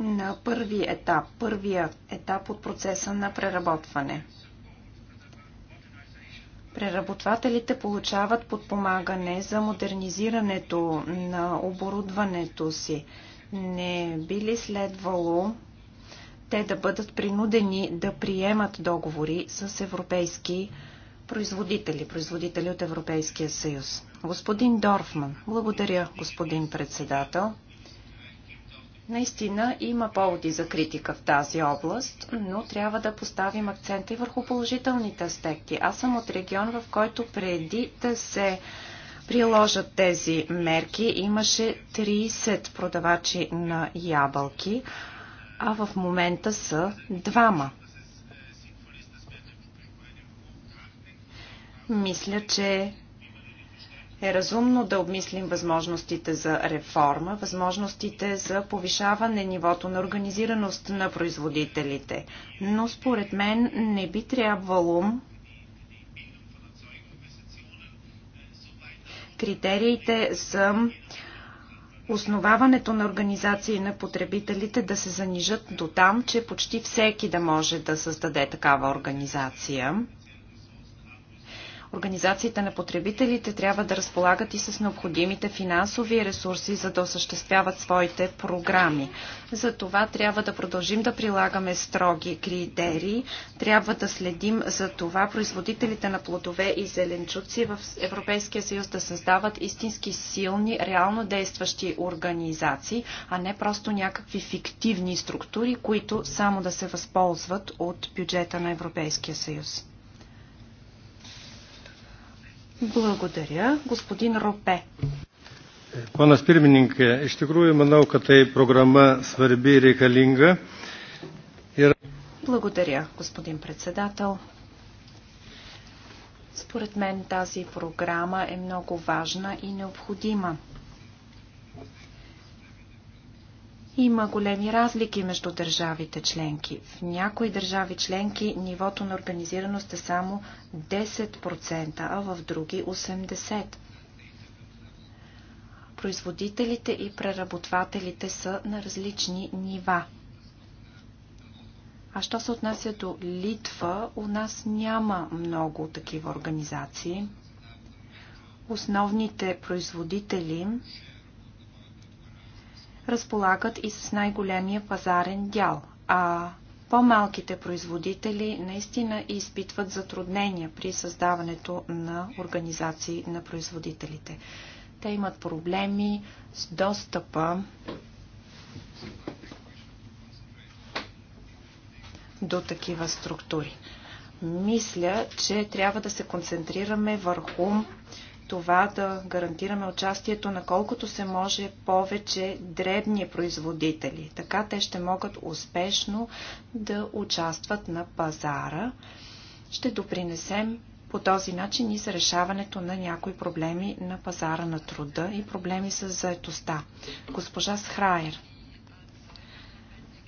Speaker 3: на първи етап, първия етап от процеса на преработване. Преработвателите получават подпомагане за модернизирането на оборудването си. Не би ли следвало те да бъдат принудени да приемат договори с европейски производители, производители от Европейския съюз. Господин Дорфман, благодаря, господин председател. Наистина има поводи за критика в тази област, но трябва да поставим акцента и върху положителните аспекти. Аз съм от регион, в който преди да се приложат тези мерки имаше 30 продавачи на ябълки, а в момента са двама. Мисля, че е разумно да обмислим възможностите за реформа, възможностите за повишаване нивото на организираност на производителите. Но според мен не би трябвало критериите за основаването на организации на потребителите да се занижат до там, че почти всеки да може да създаде такава организация. Организациите на потребителите трябва да разполагат и с необходимите финансови ресурси, за да осъществяват своите програми. За това трябва да продължим да прилагаме строги критерии. Трябва да следим за това производителите на плодове и зеленчуци в Европейския съюз да създават истински силни, реално действащи организации, а не просто някакви фиктивни структури, които само да се възползват от бюджета на Европейския съюз.
Speaker 4: Благодаря.
Speaker 3: Господин Ропе.
Speaker 1: Panas pirmininkė, iš tikrųjų manau, kad tai programa svarbi и reikalinga. Ir...
Speaker 3: Благодаря, господин председател. Според мен тази програма е много важна и необходима. Има големи разлики между държавите членки. В някои държави членки нивото на организираност е само 10%, а в други 80%. Производителите и преработвателите са на различни нива. А що се отнася до Литва, у нас няма много такива организации. Основните производители разполагат и с най-големия пазарен дял, а по-малките производители наистина изпитват затруднения при създаването на организации на производителите. Те имат проблеми с достъпа до такива структури. Мисля, че трябва да се концентрираме върху това да гарантираме участието на колкото се може повече дребни производители. Така те ще могат успешно да участват на пазара. Ще допринесем по този начин и за решаването на някои проблеми на пазара на труда и проблеми с заетостта. Госпожа Схраер.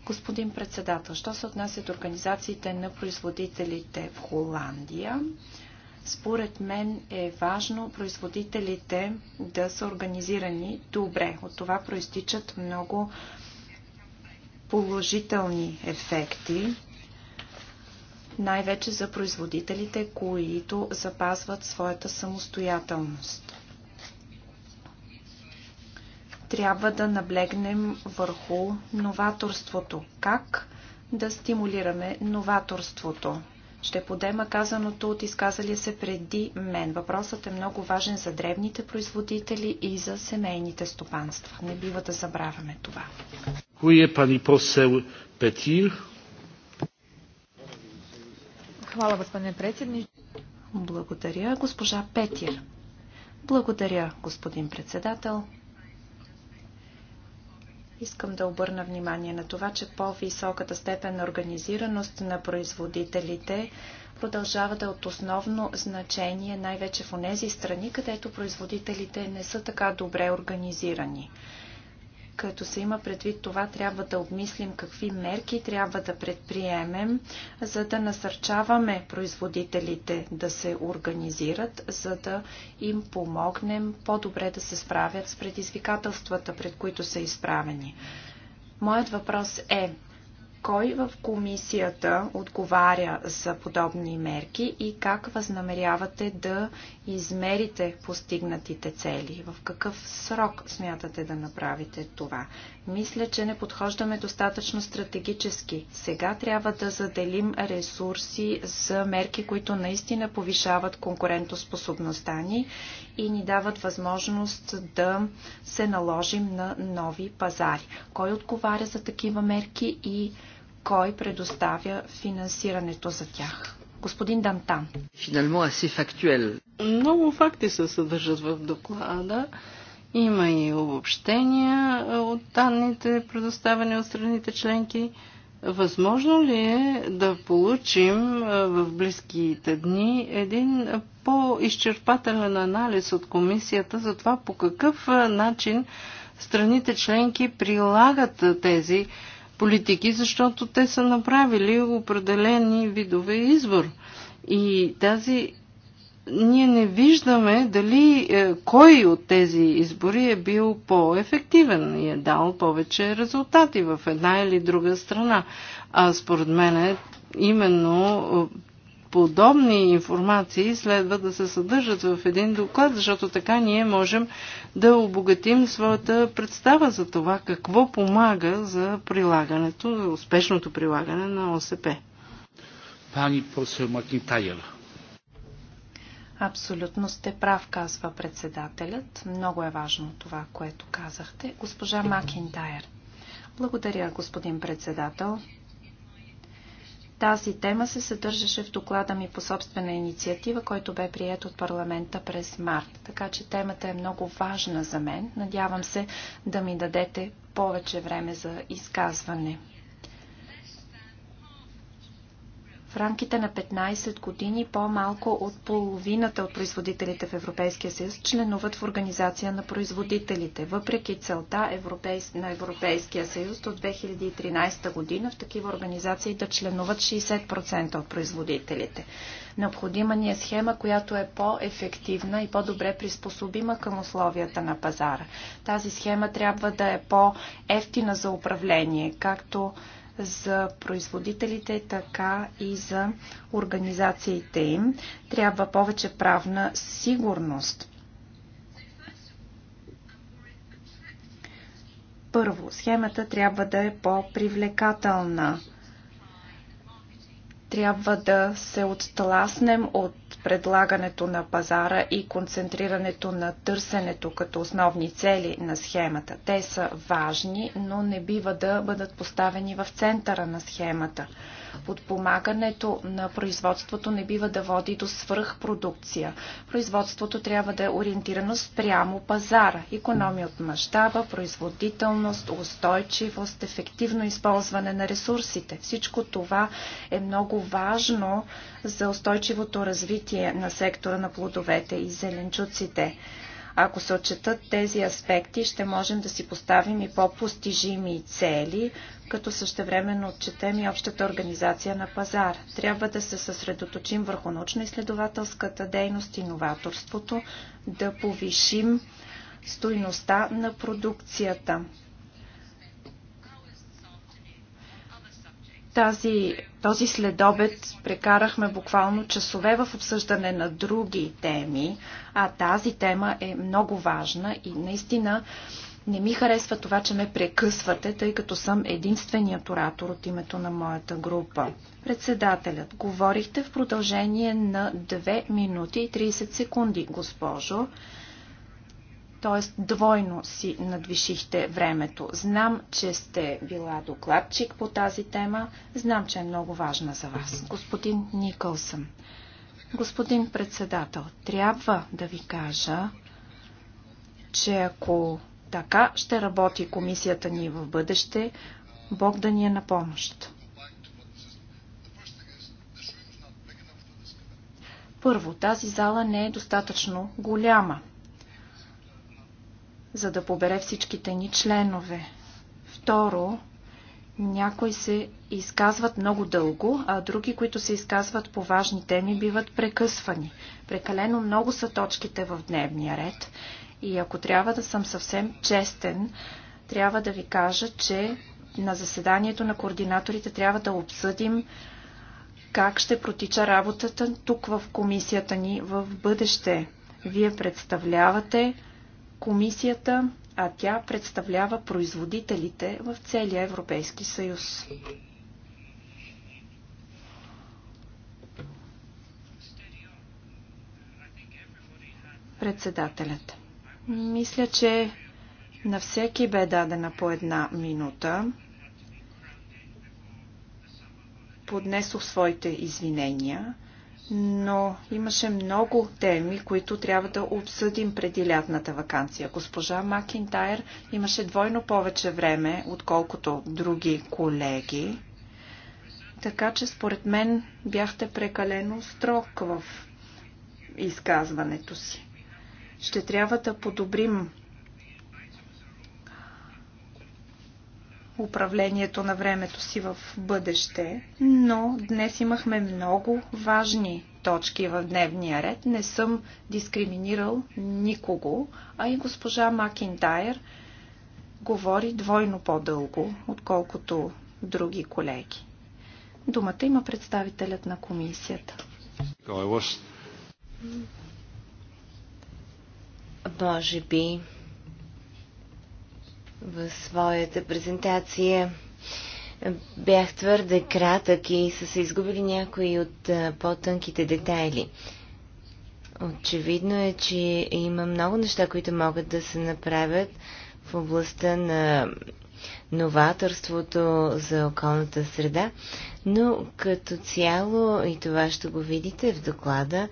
Speaker 3: Господин председател, що се отнася до организациите на производителите в Холандия? Според мен е важно производителите да са организирани добре. От това проистичат много положителни ефекти, най-вече за производителите, които запазват своята самостоятелност. Трябва да наблегнем върху новаторството. Как да стимулираме новаторството? Ще подема казаното от изказали се преди мен. Въпросът е много важен за древните производители и за семейните стопанства. Не бива да забравяме това.
Speaker 1: Кой е пани посел Петир?
Speaker 3: Хвала, господин председник. Благодаря, госпожа Петир. Благодаря, господин председател. Искам да обърна внимание на това, че по-високата степен на организираност на производителите продължава да е от основно значение най-вече в онези страни, където производителите не са така добре организирани. Като се има предвид това, трябва да обмислим какви мерки трябва да предприемем, за да насърчаваме производителите да се организират, за да им помогнем по-добре да се справят с предизвикателствата, пред които са изправени. Моят въпрос е, кой в комисията отговаря за подобни мерки и как възнамерявате да измерите постигнатите цели? В какъв срок смятате да направите това? Мисля, че не подхождаме достатъчно стратегически. Сега трябва да заделим ресурси за мерки, които наистина повишават конкурентоспособността ни и ни дават възможност да се наложим на нови пазари. Кой отговаря за такива мерки и кой предоставя финансирането за тях. Господин Дантан.
Speaker 4: Финално аси фактуел. Много факти се съдържат в доклада. Има и обобщения от данните, предоставени от страните членки. Възможно ли е да получим в близките дни един по-изчерпателен анализ от комисията за това по какъв начин страните членки прилагат тези политики, защото те са направили определени видове избор. И тази ние не виждаме дали е, кой от тези избори е бил по-ефективен и е дал повече резултати в една или друга страна. А според мен именно подобни информации следва да се съдържат в един доклад, защото така ние можем да обогатим своята представа за това какво помага за прилагането, за успешното прилагане на ОСП. Пани
Speaker 1: посел Макинтайер.
Speaker 4: Абсолютно
Speaker 3: сте прав, казва председателят. Много е важно това, което казахте. Госпожа е, Макинтайер. Благодаря, господин председател. Тази тема се съдържаше в доклада ми по собствена инициатива, който бе прият от парламента през март. Така че темата е много важна за мен. Надявам се да ми дадете повече време за изказване. В рамките на 15 години по-малко от половината от производителите в Европейския съюз членуват в Организация на производителите. Въпреки целта европейс... на Европейския съюз до 2013 година в такива организации да членуват 60% от производителите. Необходима ни е схема, която е по-ефективна и по-добре приспособима към условията на пазара. Тази схема трябва да е по-ефтина за управление, както за производителите, така и за организациите им. Трябва повече правна сигурност. Първо, схемата трябва да е по-привлекателна. Трябва да се оттласнем от предлагането на пазара и концентрирането на търсенето като основни цели на схемата. Те са важни, но не бива да бъдат поставени в центъра на схемата. Подпомагането на производството не бива да води до свръхпродукция. Производството трябва да е ориентирано спрямо пазара. Економия от мащаба, производителност, устойчивост, ефективно използване на ресурсите. Всичко това е много важно за устойчивото развитие на сектора на плодовете и зеленчуците. Ако се отчетат тези аспекти, ще можем да си поставим и по-постижими цели, като същевременно отчетем и общата организация на пазар. Трябва да се съсредоточим върху научно-изследователската дейност и новаторството, да повишим стойността на продукцията. Тази, този следобед прекарахме буквално часове в обсъждане на други теми, а тази тема е много важна и наистина не ми харесва това, че ме прекъсвате, тъй като съм единственият оратор от името на моята група. Председателят, говорихте в продължение на 2 минути и 30 секунди, госпожо. Т.е. двойно си надвишихте времето. Знам, че сте била докладчик по тази тема. Знам, че е много важна за вас. Господин Никълсън. Господин председател, трябва да ви кажа, че ако така ще работи комисията ни в бъдеще, Бог да ни е на помощ. Първо, тази зала не е достатъчно голяма за да побере всичките ни членове. Второ, някои се изказват много дълго, а други, които се изказват по важни теми, биват прекъсвани. Прекалено много са точките в дневния ред. И ако трябва да съм съвсем честен, трябва да ви кажа, че на заседанието на координаторите трябва да обсъдим как ще протича работата тук в комисията ни в бъдеще. Вие представлявате комисията, а тя представлява производителите в целия Европейски съюз. Председателят. Мисля, че на всеки бе дадена по една минута. Поднесох своите извинения но имаше много теми, които трябва да обсъдим преди лятната вакансия. Госпожа Макинтайр имаше двойно повече време, отколкото други колеги. Така че според мен бяхте прекалено строг в изказването си. Ще трябва да подобрим управлението на времето си в бъдеще, но днес имахме много важни точки в дневния ред. Не съм дискриминирал никого, а и госпожа Макинтайр говори двойно по-дълго, отколкото други колеги. Думата има представителят на комисията.
Speaker 2: Може би в своята презентация бях твърде кратък и са се изгубили някои от по-тънките детайли. Очевидно е, че има много неща, които могат да се направят в областта на новаторството за околната среда, но като цяло, и това ще го видите в доклада,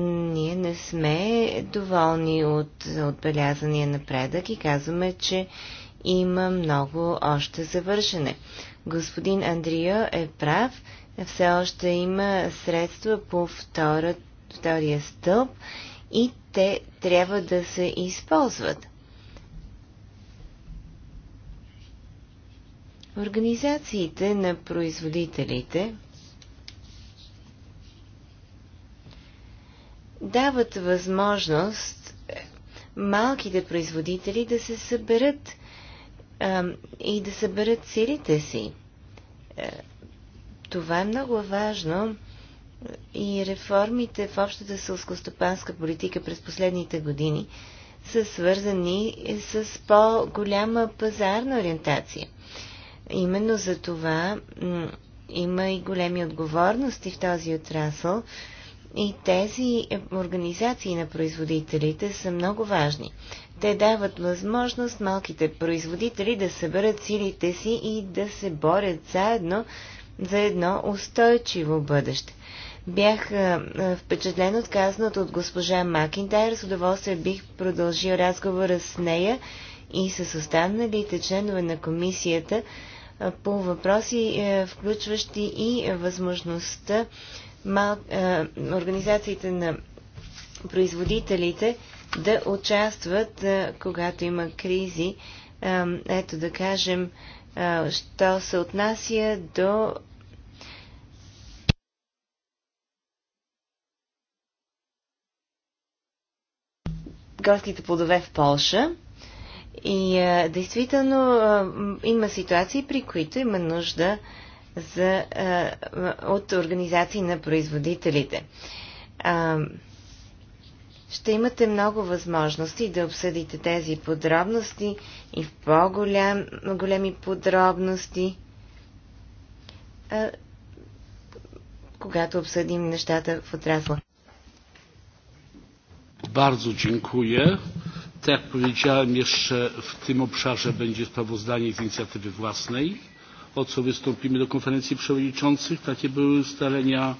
Speaker 2: ние не сме доволни от отбелязания напредък и казваме, че има много още завършене. Господин Андрио е прав, все още има средства по втора, втория стълб и те трябва да се използват. Организациите на производителите дават възможност малките производители да се съберат – а, и да съберат силите си. Е, това е много важно и реформите в общата сълскостопанска политика през последните години са свързани с по-голяма пазарна ориентация. Именно за това има и големи отговорности в този отрасъл и тези организации на производителите са много важни. Те дават възможност малките производители да съберат силите си и да се борят заедно за едно устойчиво бъдеще. Бях впечатлен от казаното от госпожа Макинтайр. С удоволствие бих продължил разговора с нея и с останалите членове на комисията по въпроси, включващи и възможността мал... организациите на производителите да участват, когато има кризи. Ето да кажем, що се отнася до горските плодове в Полша. И действително има ситуации, при които има нужда за, от организации на производителите ще имате много възможности да обсъдите тези подробности и в по-големи -голем, подробности, а, когато обсъдим нещата в отрасла.
Speaker 1: Bardzo dziękuję. Tak jak powiedziałem, jeszcze w tym obszarze będzie sprawozdanie z inicjatywy własnej, o co wystąpimy do konferencji przewodniczących. Takie były ustalenia.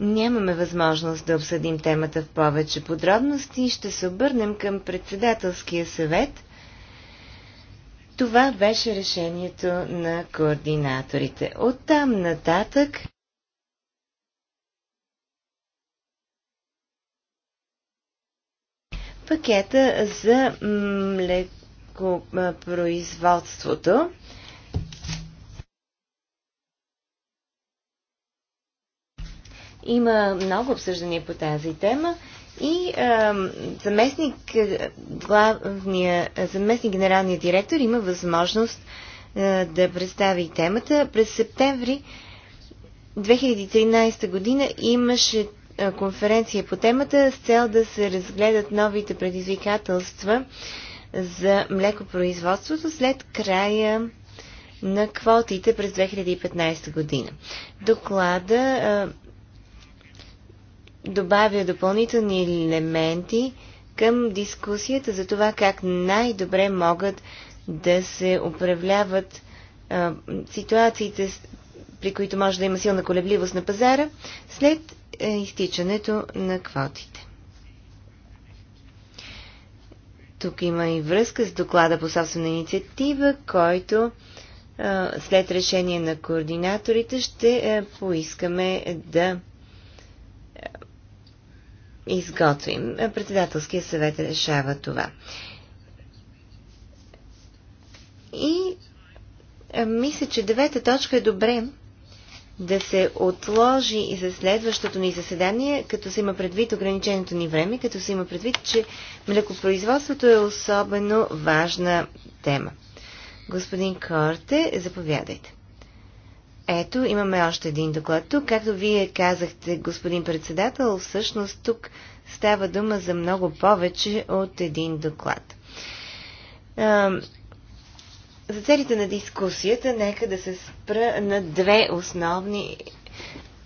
Speaker 2: Нямаме възможност да обсъдим темата в повече подробности и ще се обърнем към председателския съвет. Това беше решението на координаторите. Оттам нататък пакета за млекопроизводството. Има много обсъждания по тази тема и а, заместник, е, главния, е, заместник генералния директор има възможност а, е, да представи темата. През септември 2013 година имаше конференция по темата с цел да се разгледат новите предизвикателства за млекопроизводството след края на квотите през 2015 година. Доклада добавя допълнителни елементи към дискусията за това как най-добре могат да се управляват а, ситуациите, при които може да има силна колебливост на пазара, след а, е, изтичането на квотите. Тук има и връзка с доклада по собствена инициатива, който а, след решение на координаторите ще а, е, поискаме да изготвим. Председателския съвет решава това. И е, мисля, че девета точка е добре да се отложи и за следващото ни заседание, като се има предвид ограниченото ни време, като се има предвид, че млекопроизводството е особено важна тема. Господин Корте, заповядайте. Ето, имаме още един доклад тук. Както вие казахте, господин председател, всъщност тук става дума за много повече от един доклад. За целите на дискусията, нека да се спра на две основни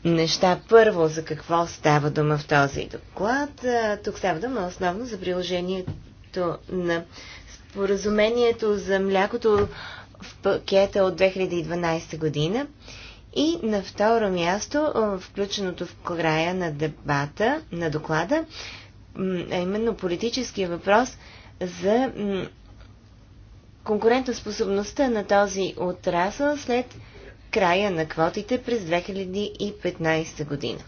Speaker 2: неща. Първо, за какво става дума в този доклад. Тук става дума основно за приложението на споразумението за млякото в пакета от 2012 година. И на второ място, включеното в края на дебата, на доклада, а именно политическия въпрос за конкурентоспособността на този отрасъл след края на квотите през 2015 година.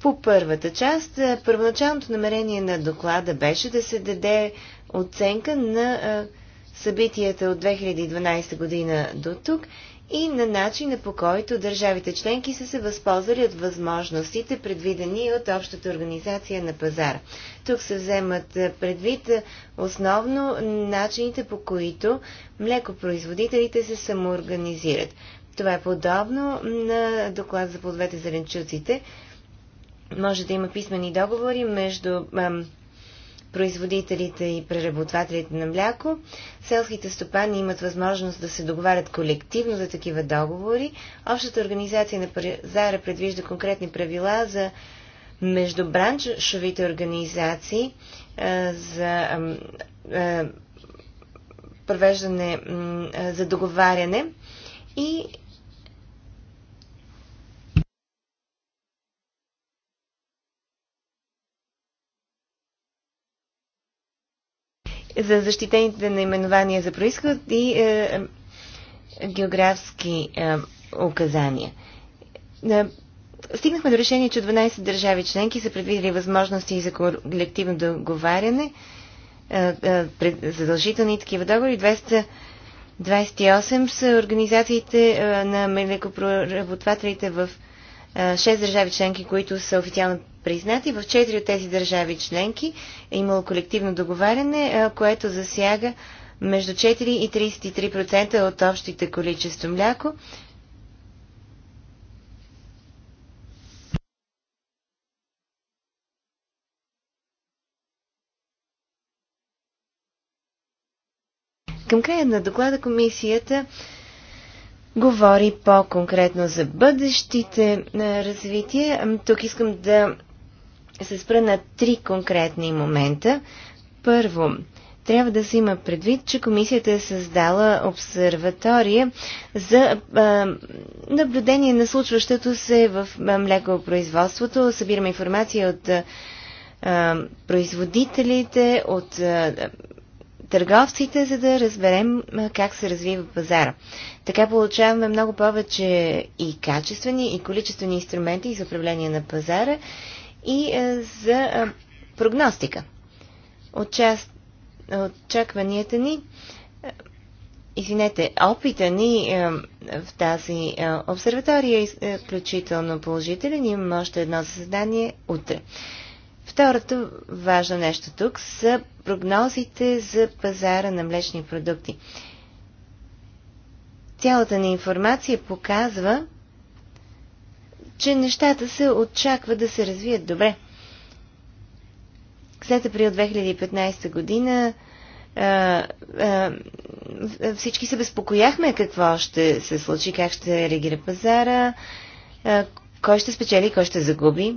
Speaker 2: По първата част, първоначалното намерение на доклада беше да се даде оценка на събитията от 2012 година до тук и на начина по който държавите членки са се възползвали от възможностите, предвидени от общата организация на пазара. Тук се вземат предвид основно начините по които млекопроизводителите се самоорганизират. Това е подобно на доклад за плодовете зеленчуците. Може да има писмени договори между ам, производителите и преработвателите на мляко, селските стопани имат възможност да се договарят колективно за такива договори. Общата организация на пазара предвижда конкретни правила за междубраншовите организации за провеждане, за договаряне и за защитените наименования за происход и е, е, географски е, указания. Е, стигнахме до решение, че 12 държави членки са предвидили възможности за колективно договаряне, е, е, задължителни такива договори. 228 са организациите на мелекопроработвателите в 6 държави членки, които са официално признати. В четири от тези държави членки е имало колективно договаряне, което засяга между 4 и 33% от общите количество мляко. Към края на доклада комисията говори по-конкретно за бъдещите развития. Тук искам да се спра на три конкретни момента. Първо, трябва да се има предвид, че комисията е създала обсерватория за а, наблюдение на случващото се в млекопроизводството. Събираме информация от а, производителите, от а, търговците, за да разберем как се развива пазара. Така получаваме много повече и качествени, и количествени инструменти за управление на пазара и е, за е, прогностика. Очакванията ни, е, извинете, опита ни в тази обсерватория е изключително положителен. Имам още едно заседание утре. Второто важно нещо тук са прогнозите за пазара на млечни продукти. Цялата ни информация показва, че нещата се очаква да се развият добре. След април 2015 година а, а, всички се безпокояхме какво ще се случи, как ще реагира пазара, а, кой ще спечели, кой ще загуби,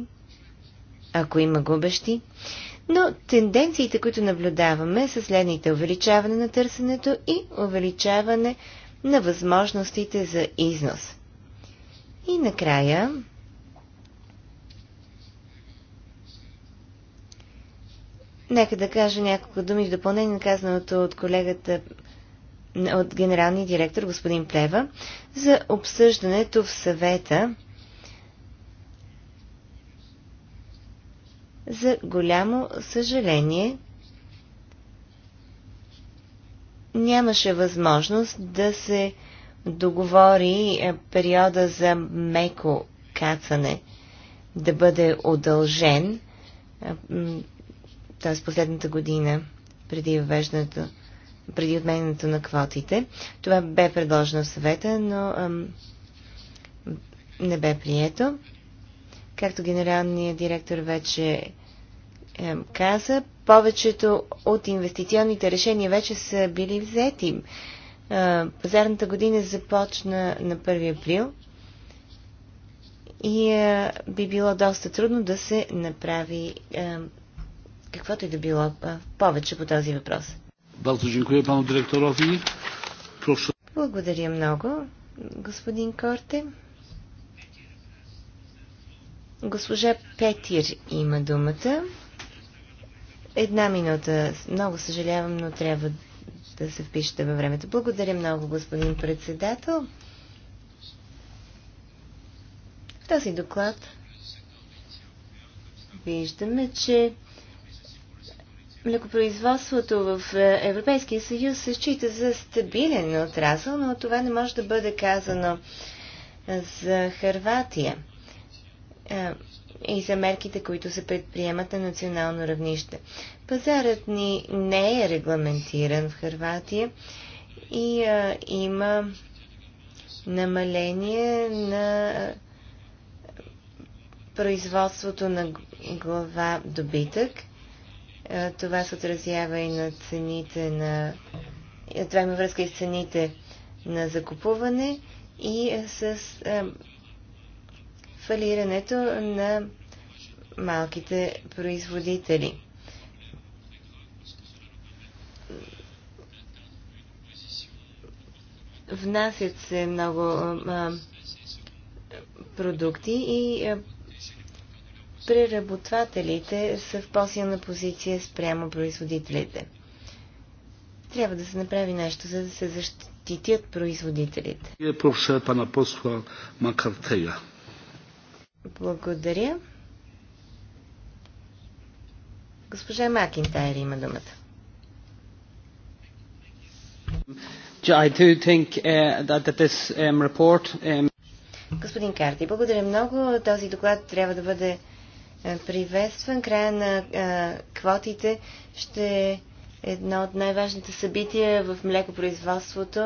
Speaker 2: ако има губещи. Но тенденциите, които наблюдаваме, са следните увеличаване на търсенето и увеличаване на възможностите за износ. И накрая Нека да кажа няколко думи в допълнение на казаното от колегата от генералния директор господин Плева за обсъждането в съвета за голямо съжаление нямаше възможност да се договори е, периода за меко кацане да бъде удължен, е, т.е. последната година преди въвеждането, преди отменянето на квотите. Това бе предложено в съвета, но ам, не бе прието. Както генералният директор вече каза, повечето от инвестиционните решения вече са били взети пазарната година започна на 1 април и би било доста трудно да се направи каквото и да било повече по този въпрос. Благодаря много, господин Корте. Госпожа Петир има думата. Една минута. Много съжалявам, но трябва да да се впишете във времето. Благодаря много, господин председател. В този доклад виждаме, че млекопроизводството в Европейския съюз се счита за стабилен отрасъл, но това не може да бъде казано за Харватия и за мерките, които се предприемат на национално равнище. Пазарът ни не е регламентиран в Харватия и а, има намаление на производството на глава добитък. А, това се отразява и на цените на... Това има връзка и с цените на закупуване и с а, фалирането на малките производители. внасят се много а, продукти и а, преработвателите са в по-силна позиция спрямо производителите. Трябва да се направи нещо, за да се защитят производителите. Е, Благодаря. Госпожа Макинтайр има думата. I do think
Speaker 1: uh, that, that this um, report... Um...
Speaker 2: Господин Карти, благодаря много. Този доклад трябва да бъде е, приветстван. Края на е, квотите ще е едно от най-важните събития в млекопроизводството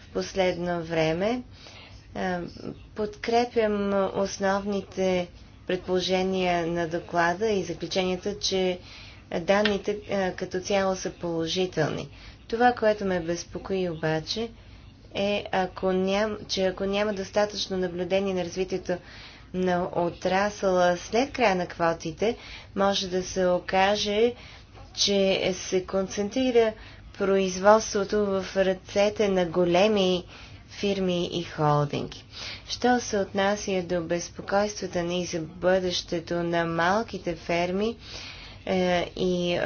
Speaker 2: в последно време. Е, подкрепям основните предположения на доклада и заключенията, че данните като цяло са положителни. Това, което ме безпокои обаче, е, ако ням, че ако няма достатъчно наблюдение на развитието на отрасъла след края на квотите, може да се окаже, че се концентрира производството в ръцете на големи фирми и холдинги. Що се отнася до безпокойствата ни за бъдещето на малките ферми, е, и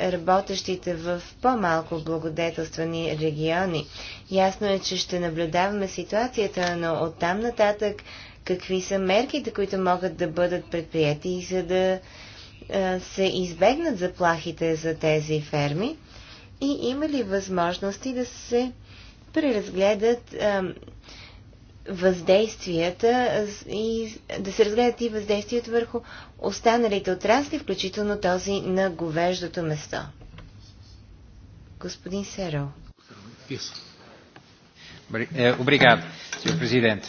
Speaker 2: работещите в по-малко благодетелствани региони. Ясно е, че ще наблюдаваме ситуацията, но оттам нататък какви са мерките, които могат да бъдат предприяти, за да се избегнат заплахите за тези ферми и има ли възможности да се преразгледат въздействията и да се разгледат и въздействията върху останалите отрасли, включително този на говеждото место. Господин Серо.
Speaker 1: Е, обригад, сега президент.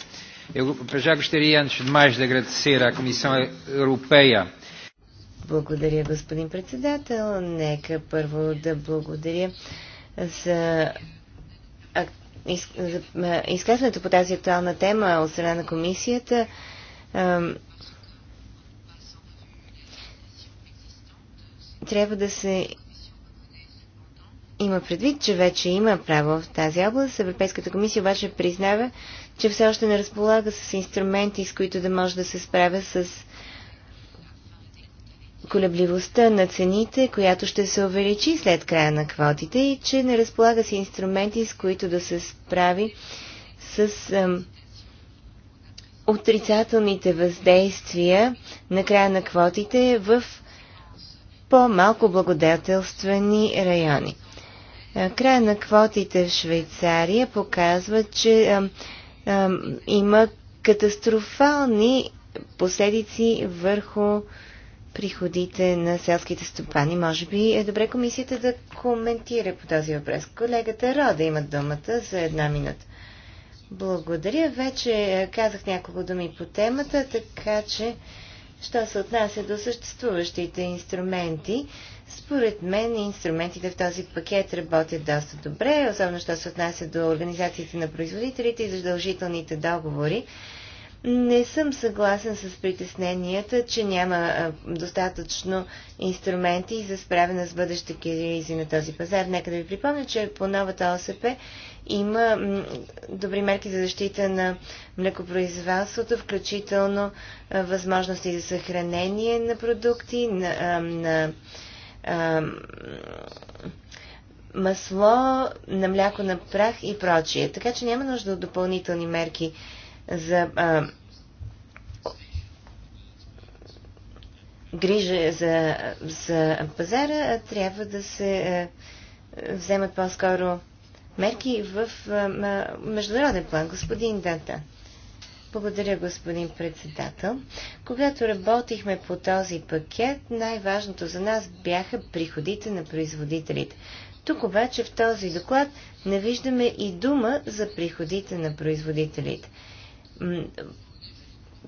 Speaker 1: Eu já gostaria, antes de mais, de agradecer à Comissão Europeia.
Speaker 2: Благодаря, господин председател. Нека първо да благодаря за изказването по тази актуална тема от страна на комисията трябва да се има предвид, че вече има право в тази област. Европейската комисия обаче признава, че все още не разполага с инструменти, с които да може да се справя с колебливостта на цените, която ще се увеличи след края на квотите и че не разполага с инструменти, с които да се справи с ам, отрицателните въздействия на края на квотите в по-малко благодателствени райони. Края на квотите в Швейцария показва, че ам, ам, има катастрофални последици върху приходите на селските стопани. Може би е добре комисията да коментира по този въпрос. Колегата Рода има думата за една минута. Благодаря. Вече е, казах няколко думи по темата, така че, що се отнася до съществуващите инструменти, според мен инструментите в този пакет работят доста добре, особено що се отнася до организациите на производителите и задължителните договори. Не съм съгласен с притесненията, че няма достатъчно инструменти за справяне с бъдещите кризи на този пазар. Нека да ви припомня, че по новата ОСП има добри мерки за защита на млекопроизводството, включително възможности за съхранение на продукти, на, на, на масло, на мляко на прах и прочие. Така че няма нужда от допълнителни мерки за а, грижа за, за пазара, трябва да се а, вземат по-скоро мерки в а, международен план. Господин Дата, Благодаря, господин председател. Когато работихме по този пакет, най-важното за нас бяха приходите на производителите. Тук обаче в този доклад не виждаме и дума за приходите на производителите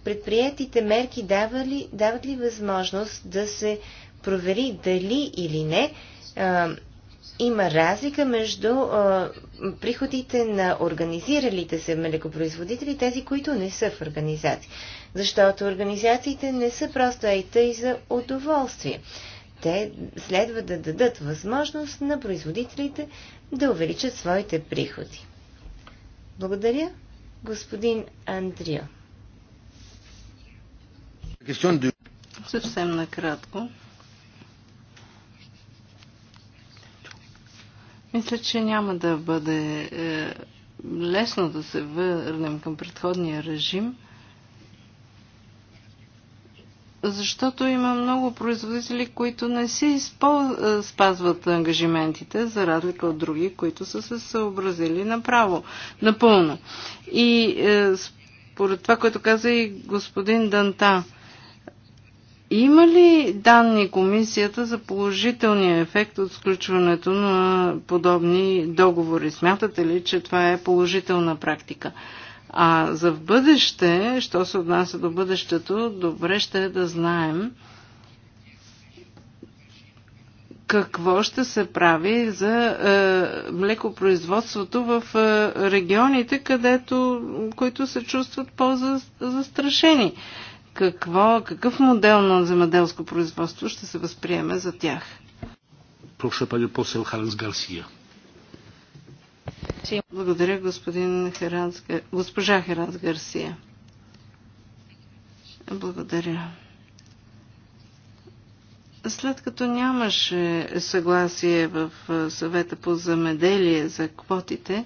Speaker 2: предприятите мерки дават ли, дават ли възможност да се провери дали или не а, има разлика между а, приходите на организиралите се млекопроизводители и тези, които не са в организации. Защото организациите не са просто ей тъй за удоволствие. Те следва да дадат възможност на производителите да увеличат своите приходи. Благодаря. Господин Андрио.
Speaker 4: Съвсем накратко. Мисля, че няма да бъде е, лесно да се върнем към предходния режим защото има много производители, които не си спол... Е, спазват ангажиментите, за разлика от други, които са се съобразили направо, напълно. И е, според това, което каза и господин Данта, има ли данни комисията за положителния ефект от сключването на подобни договори? Смятате ли, че това е положителна практика? А за в бъдеще, що се отнася до бъдещето, добре ще е да знаем какво ще се прави за е, млекопроизводството в е, регионите, където, които се чувстват по-застрашени. Какво, какъв модел на земеделско производство ще се възприеме за тях?
Speaker 1: Прошу, пани посел Ханс Гарсия.
Speaker 4: Благодаря, господин Херанс, госпожа Херанс Гарсия. Благодаря. След като нямаше съгласие в съвета по замеделие за квотите,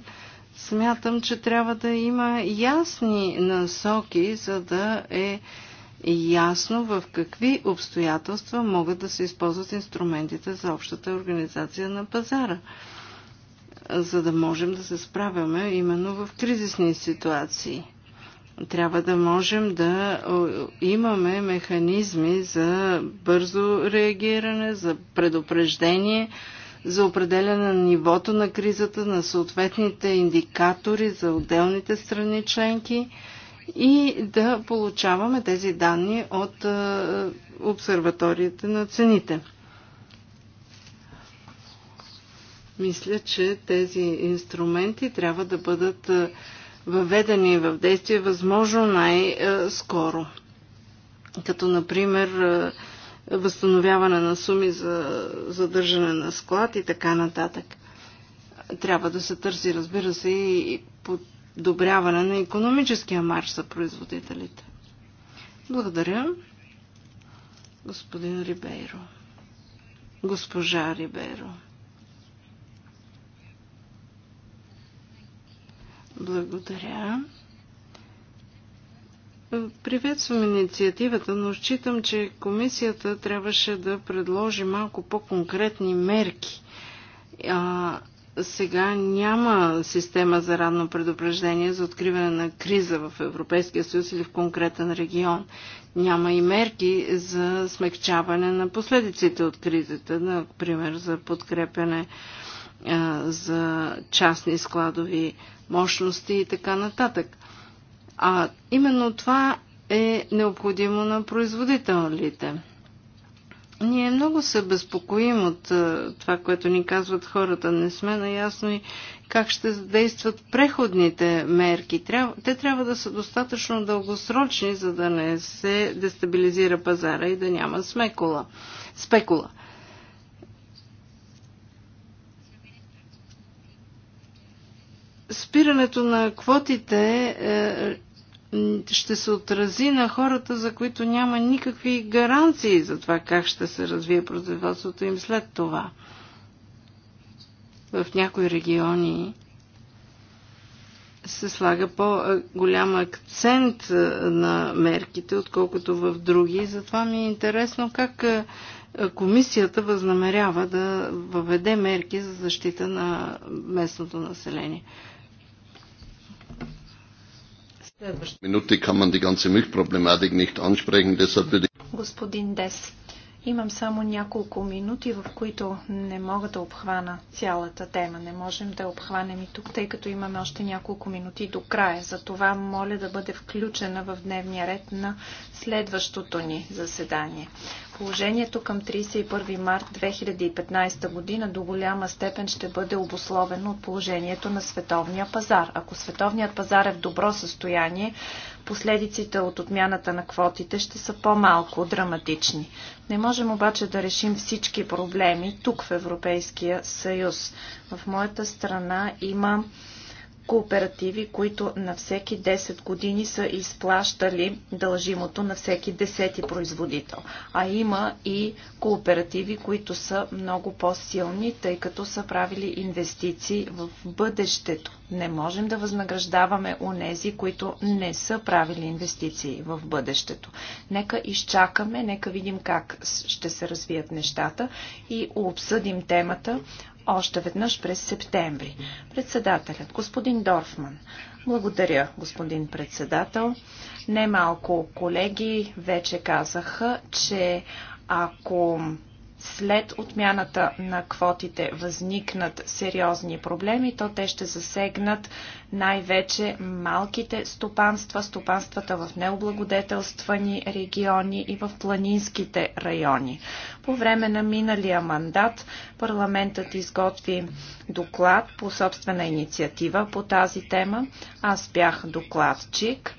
Speaker 4: смятам, че трябва да има ясни насоки, за да е ясно в какви обстоятелства могат да се използват инструментите за общата организация на пазара за да можем да се справяме именно в кризисни ситуации. Трябва да можем да имаме механизми за бързо реагиране, за предупреждение, за определяне на нивото на кризата, на съответните индикатори за отделните страни членки и да получаваме тези данни от е, обсерваторията на цените. Мисля, че тези инструменти трябва да бъдат е, въведени в действие възможно най-скоро. Като, например, е, възстановяване на суми за задържане на склад и така нататък. Трябва да се търси, разбира се, и подобряване на економическия марш за производителите. Благодаря, господин Рибейро. Госпожа Рибейро. Благодаря. Приветствам инициативата, но считам, че комисията трябваше да предложи малко по-конкретни мерки. А, сега няма система за ранно предупреждение за откриване на криза в Европейския съюз или в конкретен регион. Няма и мерки за смягчаване на последиците от кризата, например за подкрепяне за частни складови мощности и така нататък. А именно това е необходимо на производителите. Ние много се безпокоим от това, което ни казват хората. Не сме наясно и как ще действат преходните мерки. Те трябва да са достатъчно дългосрочни, за да не се дестабилизира пазара и да няма смекула. спекула. спирането на квотите е, ще се отрази на хората, за които няма никакви гаранции за това как ще се развие производството им след това. В някои региони се слага по-голям акцент е, на мерките, отколкото в други. Затова ми е интересно как е, комисията възнамерява да въведе мерки за защита на местното население. Минути
Speaker 1: Следващ.
Speaker 3: Господин Дес. Имам само няколко минути, в които не мога да обхвана цялата тема. Не можем да обхванем и тук, тъй като имаме още няколко минути до края. Затова моля да бъде включена в дневния ред на следващото ни заседание. Положението към 31 март 2015 година до голяма степен ще бъде обусловено от положението на световния пазар. Ако световният пазар е в добро състояние, последиците от отмяната на квотите ще са по-малко драматични. Не можем обаче да решим всички проблеми тук в Европейския съюз. В моята страна има кооперативи, които на всеки 10 години са изплащали дължимото на всеки 10 производител. А има и кооперативи, които са много по-силни, тъй като са правили инвестиции в бъдещето. Не можем да възнаграждаваме онези, които не са правили инвестиции в бъдещето. Нека изчакаме, нека видим как ще се развият нещата и обсъдим темата още веднъж през септември. Председателят, господин Дорфман. Благодаря, господин председател. Немалко колеги вече казаха, че ако след отмяната на квотите възникнат сериозни проблеми, то те ще засегнат най-вече малките стопанства, стопанствата в необлагодетелствани региони и в планинските райони. По време на миналия мандат парламентът изготви доклад по собствена инициатива по тази тема. Аз бях докладчик.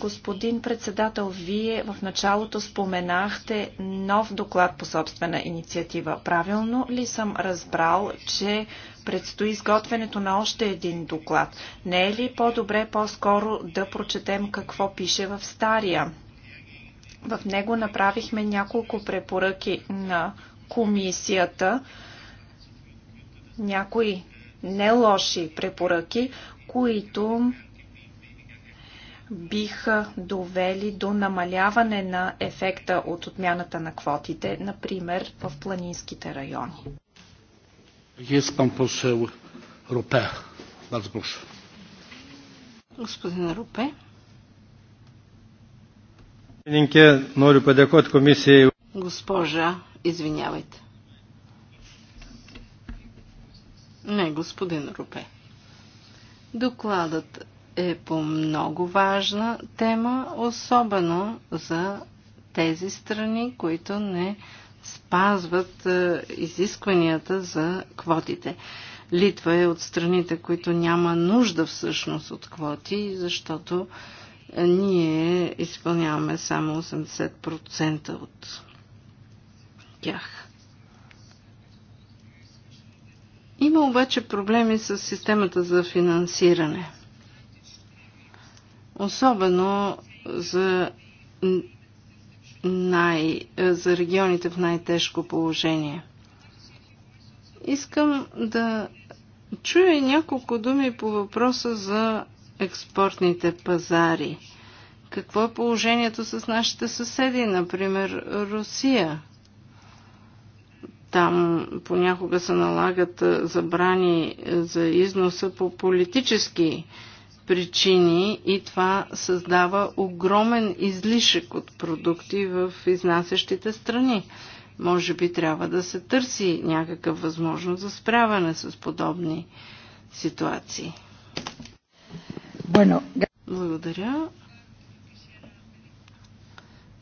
Speaker 3: Господин председател, вие в началото споменахте нов доклад по собствена инициатива. Правилно ли съм разбрал, че предстои изготвянето на още един доклад? Не е ли по-добре по-скоро да прочетем какво пише в стария? В него направихме няколко препоръки на комисията, някои не лоши препоръки, които биха довели до намаляване на ефекта от отмяната на квотите, например в планинските райони?
Speaker 1: Jest pan poseł Ropé. Bardzo proszę.
Speaker 4: Господин Рупе. Госпожа, извинявайте. Не, господин Рупе. Докладът е по много важна тема, особено за тези страни, които не спазват е, изискванията за квотите. Литва е от страните, които няма нужда всъщност от квоти, защото е, ние изпълняваме само 80% от тях. Има обаче проблеми с системата за финансиране особено за, най, за регионите в най-тежко положение. Искам да чуя няколко думи по въпроса за експортните пазари. Какво е положението с нашите съседи, например Русия? Там понякога се налагат забрани за износа по политически причини и това създава огромен излишък от продукти в изнасящите страни. Може би трябва да се търси някакъв възможност за справяне с подобни ситуации. Благодаря.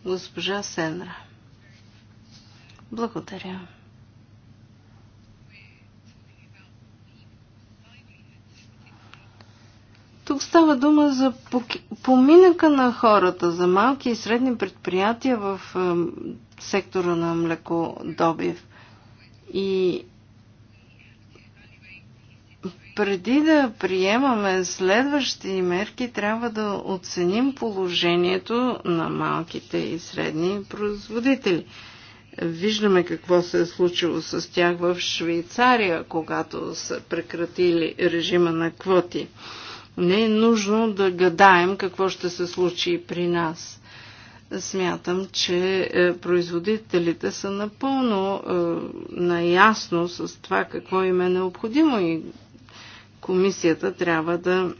Speaker 4: Госпожа Сенра. Благодаря. Тук става дума за поминъка на хората, за малки и средни предприятия в сектора на млекодобив. И преди да приемаме следващи мерки, трябва да оценим положението на малките и средни производители. Виждаме какво се е случило с тях в Швейцария, когато са прекратили режима на квоти. Не е нужно да гадаем какво ще се случи при нас. Смятам, че е, производителите са напълно е, наясно с това какво им е необходимо и комисията трябва да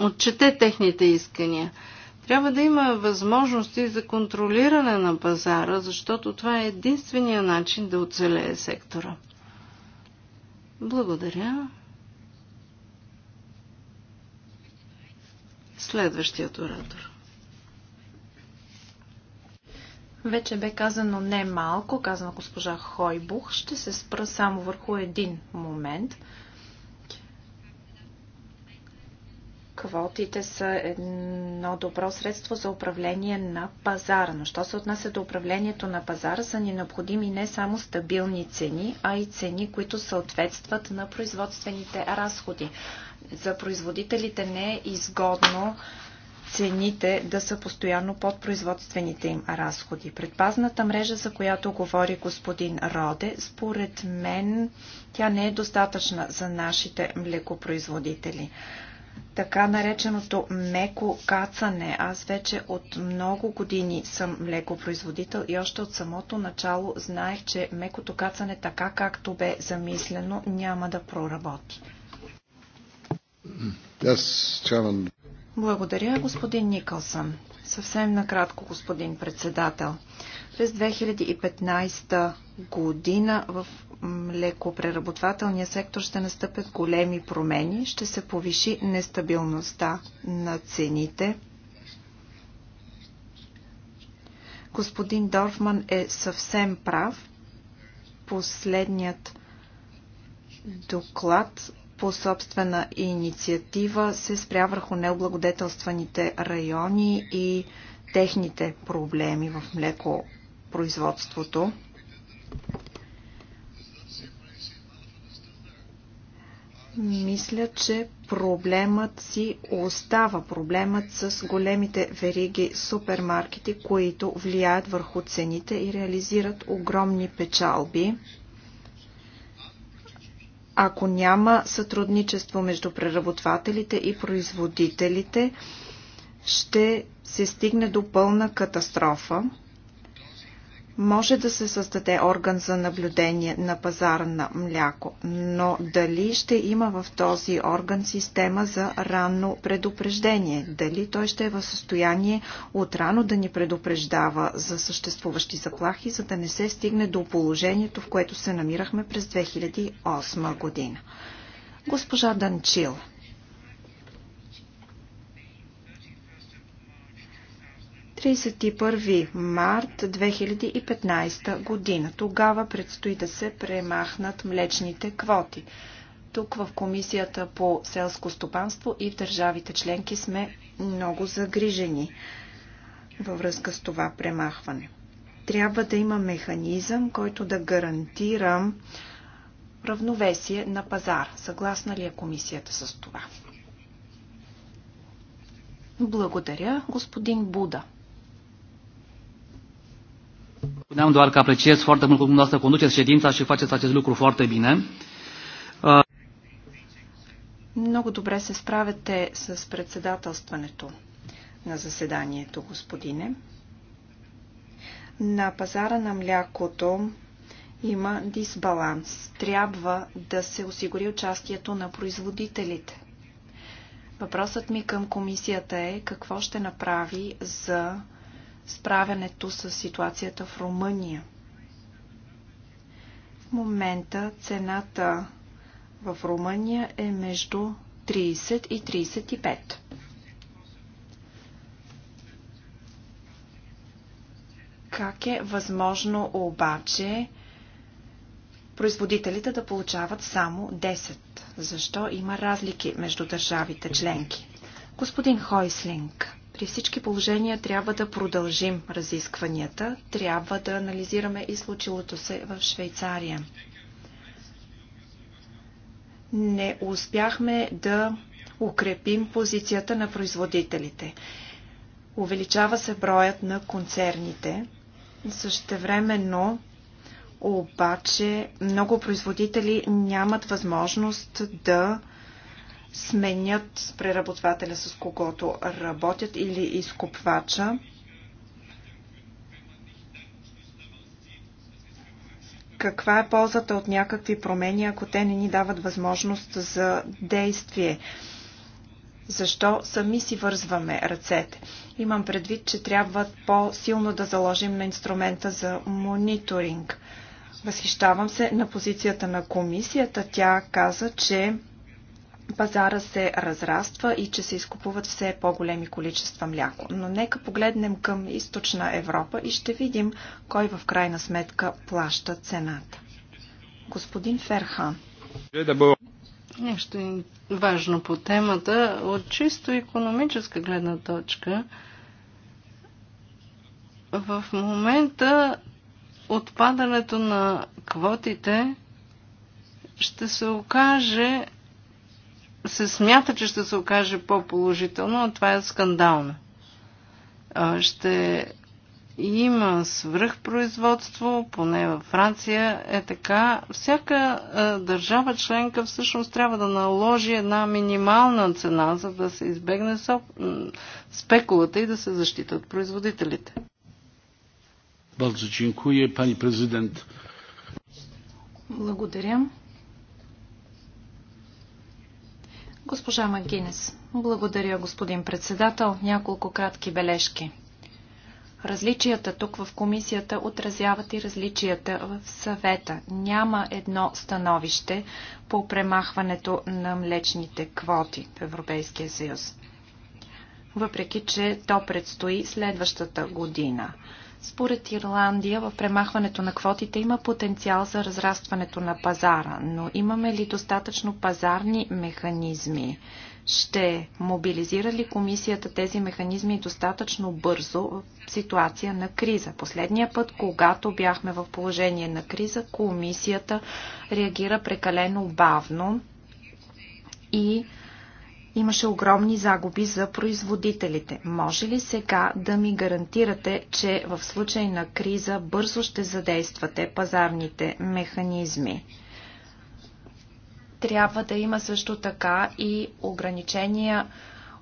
Speaker 4: отчете техните искания. Трябва да има възможности за контролиране на пазара, защото това е единствения начин да оцелее сектора. Благодаря. Следващият оратор.
Speaker 3: Вече бе казано не малко, казва госпожа Хойбух. Ще се спра само върху един момент. Квотите са едно добро средство за управление на пазара, но що се отнася до управлението на пазара, са ни необходими не само стабилни цени, а и цени, които съответстват на производствените разходи. За производителите не е изгодно цените да са постоянно под производствените им разходи. Предпазната мрежа, за която говори господин Роде, според мен тя не е достатъчна за нашите млекопроизводители. Така нареченото меко кацане. Аз вече от много години съм млекопроизводител и още от самото начало знаех, че мекото кацане така както бе замислено няма да проработи. Благодаря, господин Никълсън. Съвсем накратко, господин председател. През 2015 година в лекопреработвателния сектор ще настъпят големи промени, ще се повиши нестабилността на цените. Господин Дорфман е съвсем прав. Последният доклад по собствена инициатива се спря върху необлагодетелстваните райони и техните проблеми в млекопроизводството. Мисля, че проблемът си остава. Проблемът с големите вериги супермаркети, които влияят върху цените и реализират огромни печалби. Ако няма сътрудничество между преработвателите и производителите, ще се стигне до пълна катастрофа. Може да се създаде орган за наблюдение на пазара на мляко, но дали ще има в този орган система за ранно предупреждение? Дали той ще е в състояние от рано да ни предупреждава за съществуващи заплахи, за да не се стигне до положението, в което се намирахме през 2008 година? Госпожа Данчила. 31 март 2015 година. Тогава предстои да се премахнат млечните квоти. Тук в Комисията по селско стопанство и в държавите членки сме много загрижени във връзка с това премахване. Трябва да има механизъм, който да гарантира равновесие на пазар. Съгласна ли е комисията с това? Благодаря, господин Буда.
Speaker 1: Spuneam doar că apreciez foarte mult cum dumneavoastră conduceți ședința și faceți acest lucru foarte bine. Uh,
Speaker 3: Много добре се справяте с председателстването на заседанието, господине. На пазара на млякото има дисбаланс. Трябва да се осигури участието на производителите. Въпросът ми към комисията е какво ще направи за справянето с ситуацията в Румъния. В момента цената в Румъния е между 30 и 35. Как е възможно обаче производителите да получават само 10? Защо има разлики между държавите членки? Господин Хойслинг, при всички положения трябва да продължим разискванията, трябва да анализираме и случилото се в Швейцария. Не успяхме да укрепим позицията на производителите. Увеличава се броят на концерните. Същевременно обаче много производители нямат възможност да сменят преработвателя с когото работят или изкупвача. каква е ползата от някакви промени, ако те не ни дават възможност за действие? Защо сами си вързваме ръцете? Имам предвид, че трябва по-силно да заложим на инструмента за мониторинг. Възхищавам се на позицията на комисията. Тя каза, че пазара се разраства и че се изкупуват все по-големи количества мляко. Но нека погледнем към източна Европа и ще видим кой в крайна сметка плаща цената. Господин
Speaker 4: Ферхан. Нещо важно по темата. От чисто економическа гледна точка, в момента отпадането на квотите ще се окаже се смята, че ще се окаже по-положително, а това е скандално. Ще има свръхпроизводство, поне във Франция е така. Всяка държава членка всъщност трябва да наложи една минимална цена, за да се избегне спекулата и да се защитат производителите.
Speaker 1: Благодаря.
Speaker 3: Госпожа Магинес, благодаря, господин председател. Няколко кратки бележки. Различията тук в комисията отразяват и различията в съвета. Няма едно становище по премахването на млечните квоти в Европейския съюз. Въпреки, че то предстои следващата година. Според Ирландия, в премахването на квотите има потенциал за разрастването на пазара, но имаме ли достатъчно пазарни механизми? Ще мобилизира ли комисията тези механизми достатъчно бързо в ситуация на криза? Последния път, когато бяхме в положение на криза, комисията реагира прекалено бавно и имаше огромни загуби за производителите. Може ли сега да ми гарантирате, че в случай на криза бързо ще задействате пазарните механизми? Трябва да има също така и ограничения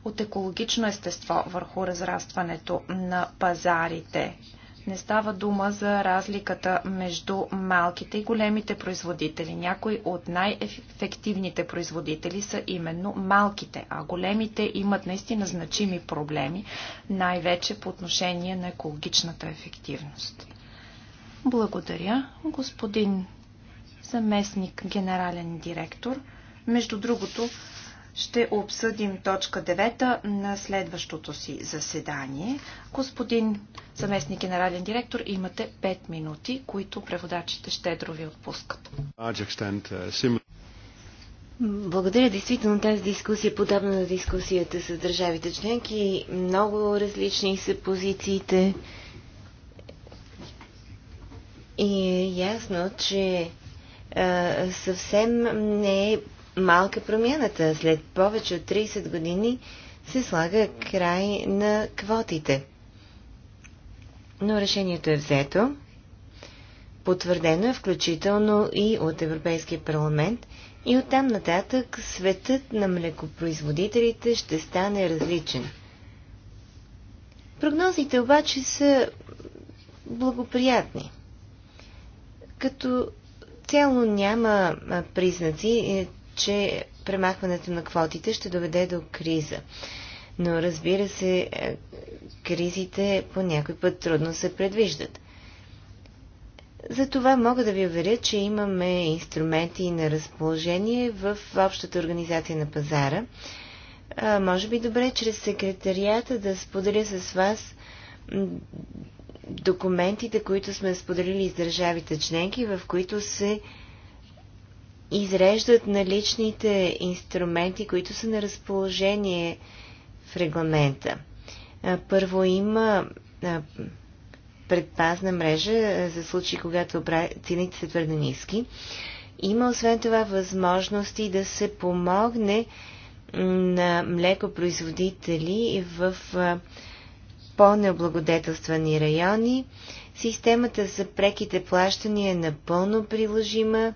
Speaker 3: от екологично естество върху разрастването на пазарите. Не става дума за разликата между малките и големите производители. Някои от най-ефективните производители са именно малките, а големите имат наистина значими проблеми, най-вече по отношение на екологичната ефективност. Благодаря, господин заместник генерален директор. Между другото, ще обсъдим точка 9 на следващото си заседание. Господин заместник генерален директор, имате 5 минути, които преводачите щедро ви отпускат.
Speaker 2: Благодаря. Действително тази дискусия, е подобна на дискусията с държавите членки, много различни са позициите. И е ясно, че съвсем не е малка промяната. След повече от 30 години се слага край на квотите. Но решението е взето. Потвърдено е включително и от Европейския парламент и оттам нататък светът на млекопроизводителите ще стане различен. Прогнозите обаче са благоприятни. Като цяло няма признаци, е, че премахването на квотите ще доведе до криза. Но разбира се, е, кризите по някой път трудно се предвиждат. Затова мога да ви уверя, че имаме инструменти на разположение в общата организация на пазара. А, може би добре чрез секретарията да споделя с вас документите, които сме споделили с държавите членки, в които се изреждат наличните инструменти, които са на разположение в регламента. Първо има предпазна мрежа за случаи, когато цените са твърде ниски. Има освен това възможности да се помогне на млекопроизводители в по-необлагодетелствани райони. Системата за преките плащания е напълно приложима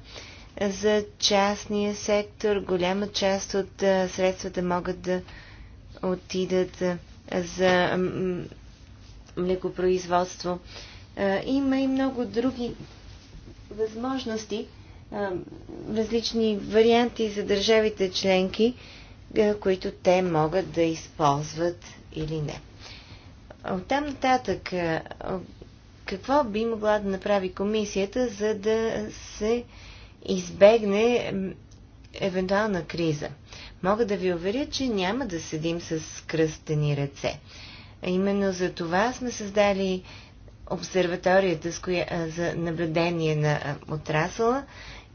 Speaker 2: за частния сектор. Голяма част от средствата могат да отидат за млекопроизводство. Има и много други възможности, различни варианти за държавите членки, които те могат да използват или не. От там нататък, какво би могла да направи комисията, за да се избегне евентуална криза. Мога да ви уверя, че няма да седим с кръстени ръце. Именно за това сме създали обсерваторията с коя, за наблюдение на отрасъла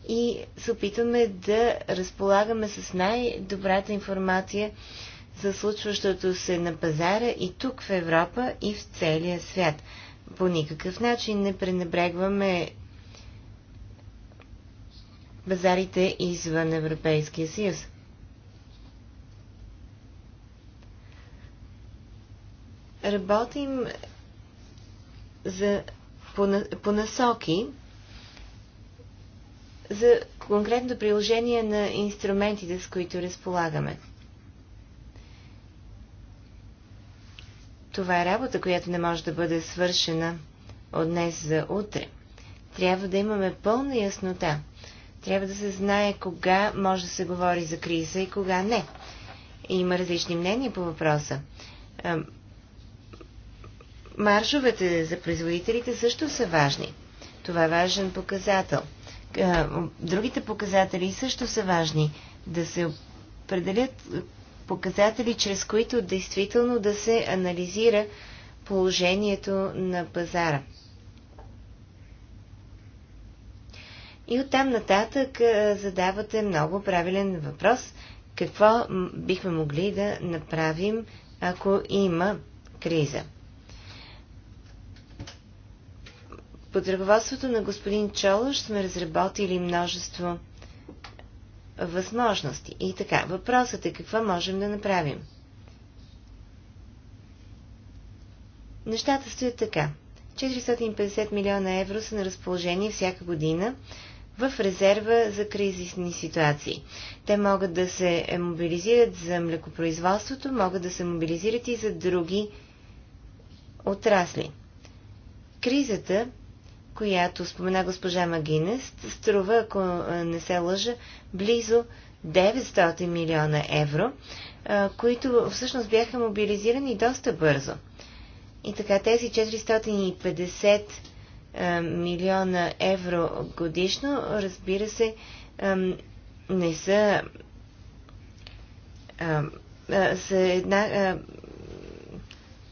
Speaker 2: и се опитваме да разполагаме с най-добрата информация за случващото се на пазара и тук в Европа и в целия свят. По никакъв начин не пренебрегваме Базарите извън Европейския съюз. Работим за, по, по насоки за конкретно приложение на инструментите, с които разполагаме. Това е работа, която не може да бъде свършена от днес за утре. Трябва да имаме пълна яснота трябва да се знае кога може да се говори за криза и кога не. Има различни мнения по въпроса. Маржовете за производителите също са важни. Това е важен показател. Другите показатели също са важни. Да се определят показатели, чрез които действително да се анализира положението на пазара. И оттам нататък задавате много правилен въпрос. Какво бихме могли да направим, ако има криза? Под ръководството на господин Чолош сме разработили множество възможности. И така, въпросът е какво можем да направим. Нещата стоят така. 450 милиона евро са на разположение всяка година в резерва за кризисни ситуации. Те могат да се мобилизират за млекопроизводството, могат да се мобилизират и за други отрасли. Кризата, която спомена госпожа Магинес, струва, ако не се лъжа, близо 900 милиона евро, които всъщност бяха мобилизирани доста бързо. И така тези 450 е, милиона евро годишно, разбира се, не са с една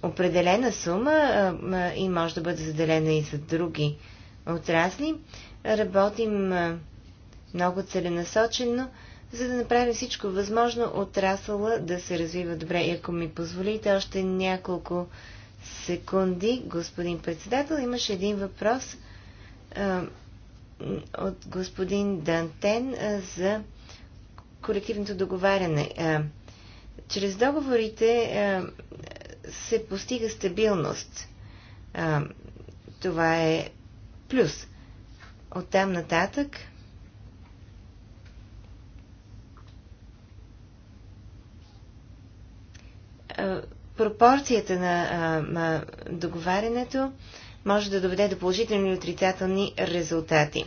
Speaker 2: определена сума и може да бъде заделена и за други отрасли. Работим много целенасочено, за да направим всичко възможно отрасъла да се развива добре. И ако ми позволите още няколко секунди, господин председател. Имаше един въпрос а, от господин Дантен а, за колективното договаряне. А, чрез договорите а, се постига стабилност. А, това е плюс. От там нататък а, пропорцията на а, договарянето може да доведе до положителни и отрицателни резултати.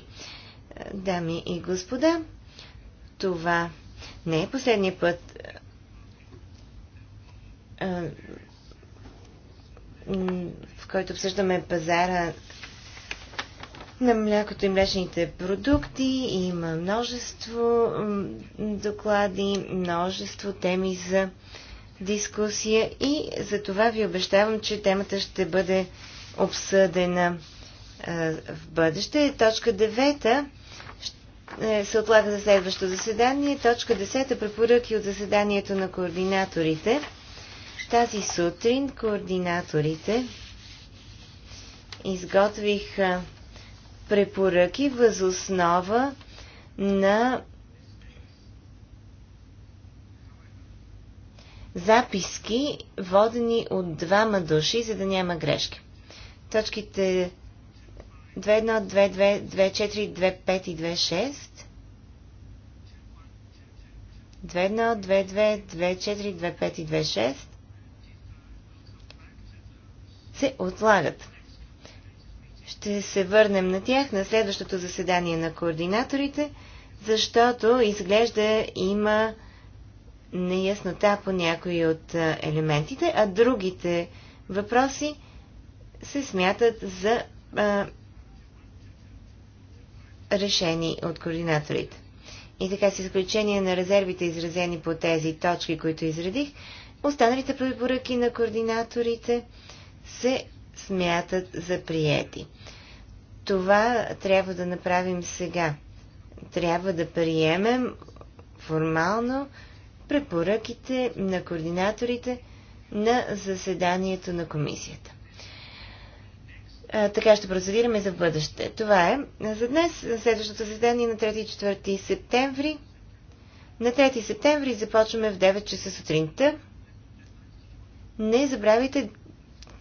Speaker 2: Дами и господа, това не е последния път, в който обсъждаме пазара на млякото и млечните продукти. Има множество доклади, множество теми за дискусия и за това ви обещавам, че темата ще бъде обсъдена е, в бъдеще. Точка 9 е, се отлага за следващо заседание. Точка 10 препоръки от заседанието на координаторите. Тази сутрин координаторите изготвих препоръки възоснова на записки, водени от двама души, за да няма грешки. Точките 2, 1 2, 2 и 2.6. 2 5 2 6 и се отлагат. Ще се върнем на тях на следващото заседание на координаторите, защото изглежда има неяснота по някои от елементите, а другите въпроси се смятат за а, решени от координаторите. И така, с изключение на резервите, изразени по тези точки, които изредих, останалите препоръки на координаторите се смятат за приети. Това трябва да направим сега. Трябва да приемем формално препоръките на координаторите на заседанието на комисията. А, така ще процедираме за бъдеще. Това е за днес. Следващото заседание на 3 и 4 септември. На 3 септември започваме в 9 часа сутринта. Не забравяйте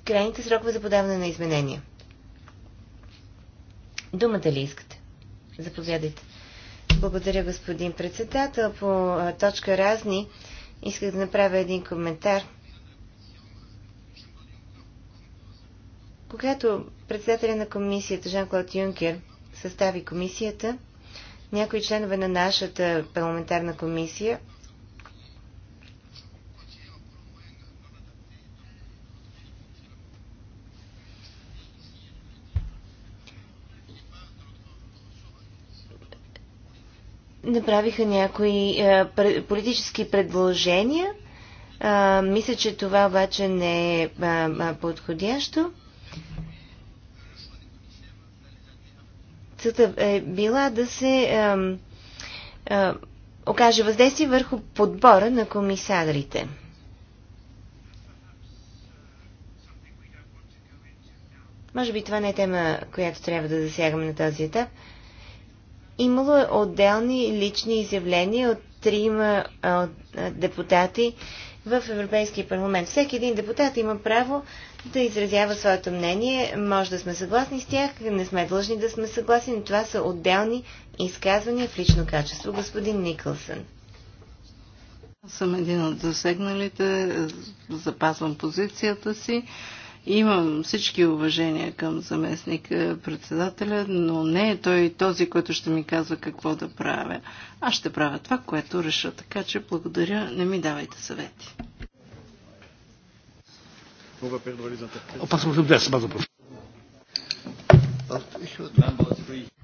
Speaker 2: крайните срокове за подаване на изменения. Думата ли искате? Заповядайте. Благодаря, господин председател. По точка разни исках да направя един коментар. Когато председателя на комисията Жан-Клод Юнкер състави комисията, някои членове на нашата парламентарна комисия направиха някои е, политически предложения. мисля, че това обаче не е подходящо. Целта е била да се а, а, окаже въздействие върху подбора на комисарите. Може би това не е тема, която трябва да засягаме на този етап. Имало е отделни лични изявления от трима депутати в Европейския парламент. Всеки един депутат има право да изразява своето мнение. Може да сме съгласни с тях, не сме длъжни да сме съгласни, но това са отделни изказвания в лично качество.
Speaker 4: Господин Никълсън. Аз съм един от засегналите, запазвам позицията си. Имам всички уважения към заместник е, председателя, но не е той този, който ще ми казва какво да правя. Аз ще правя това, което реша. Така че благодаря, не ми давайте съвети.
Speaker 1: Е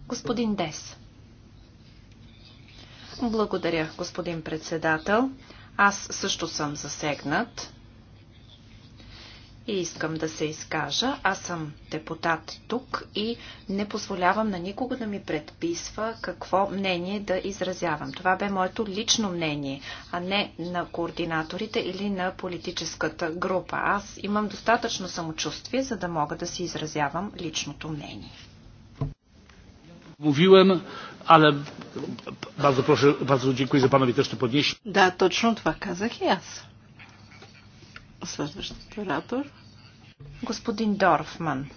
Speaker 3: господин Дес. Благодаря, господин председател. Аз също съм засегнат и искам да се изкажа. Аз съм депутат тук и не позволявам на никого да ми предписва какво мнение да изразявам. Това бе моето лично мнение, а не на координаторите или на политическата група. Аз имам достатъчно самочувствие, за да мога да си изразявам личното
Speaker 1: мнение. Мовилен, але bardzo proszę, bardzo dziękuję za panowie też to podnieść.
Speaker 4: Да, точно това казах и аз. Следващият оператор. Господин Дорфман,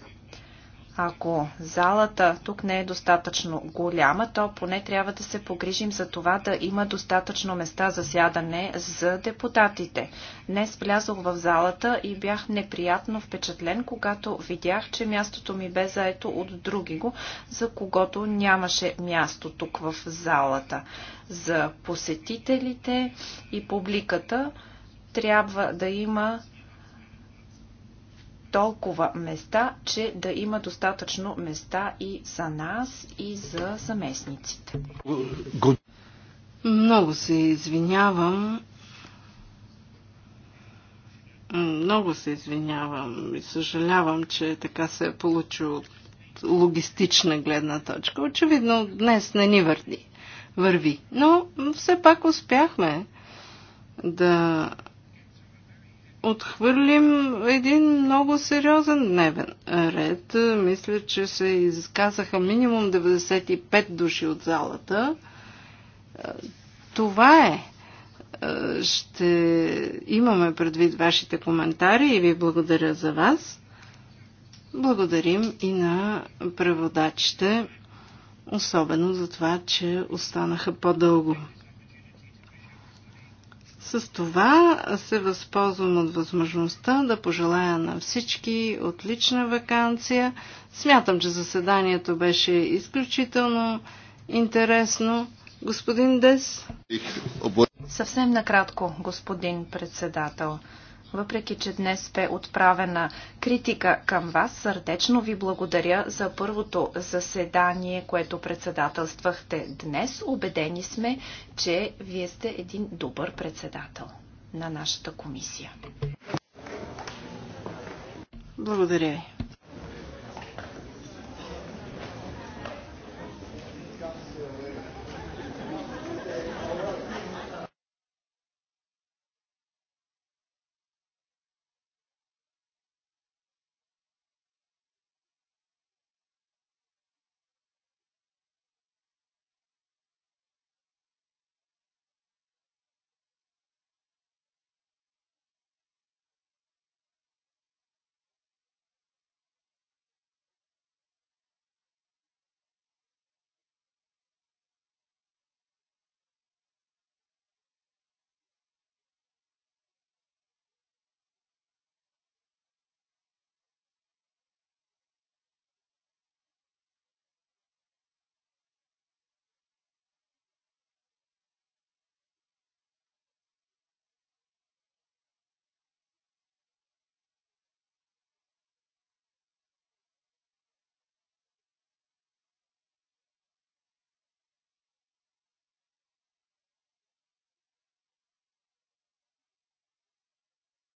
Speaker 4: ако
Speaker 3: залата тук не е достатъчно голяма, то поне трябва да се погрижим за това да има достатъчно места за сядане за депутатите. Днес влязох в залата и бях неприятно впечатлен, когато видях, че мястото ми бе заето от други го, за когото нямаше място тук в залата. За посетителите и публиката трябва да има толкова места, че да има достатъчно места и за нас, и за заместниците.
Speaker 4: Много се извинявам. Много се извинявам и съжалявам, че така се е получило от логистична гледна точка. Очевидно, днес не ни върви. Но все пак успяхме да отхвърлим един много сериозен дневен ред. Мисля, че се изказаха минимум 95 души от залата. Това е. Ще имаме предвид вашите коментари и ви благодаря за вас. Благодарим и на преводачите, особено за това, че останаха по-дълго. С това се възползвам от възможността да пожелая на всички отлична вакансия. Смятам, че заседанието беше изключително интересно. Господин Дес. Съвсем накратко, господин председател.
Speaker 3: Въпреки, че днес бе отправена критика към вас, сърдечно ви благодаря за първото заседание, което председателствахте днес. Обедени сме, че вие сте един добър председател на нашата комисия.
Speaker 4: Благодаря ви.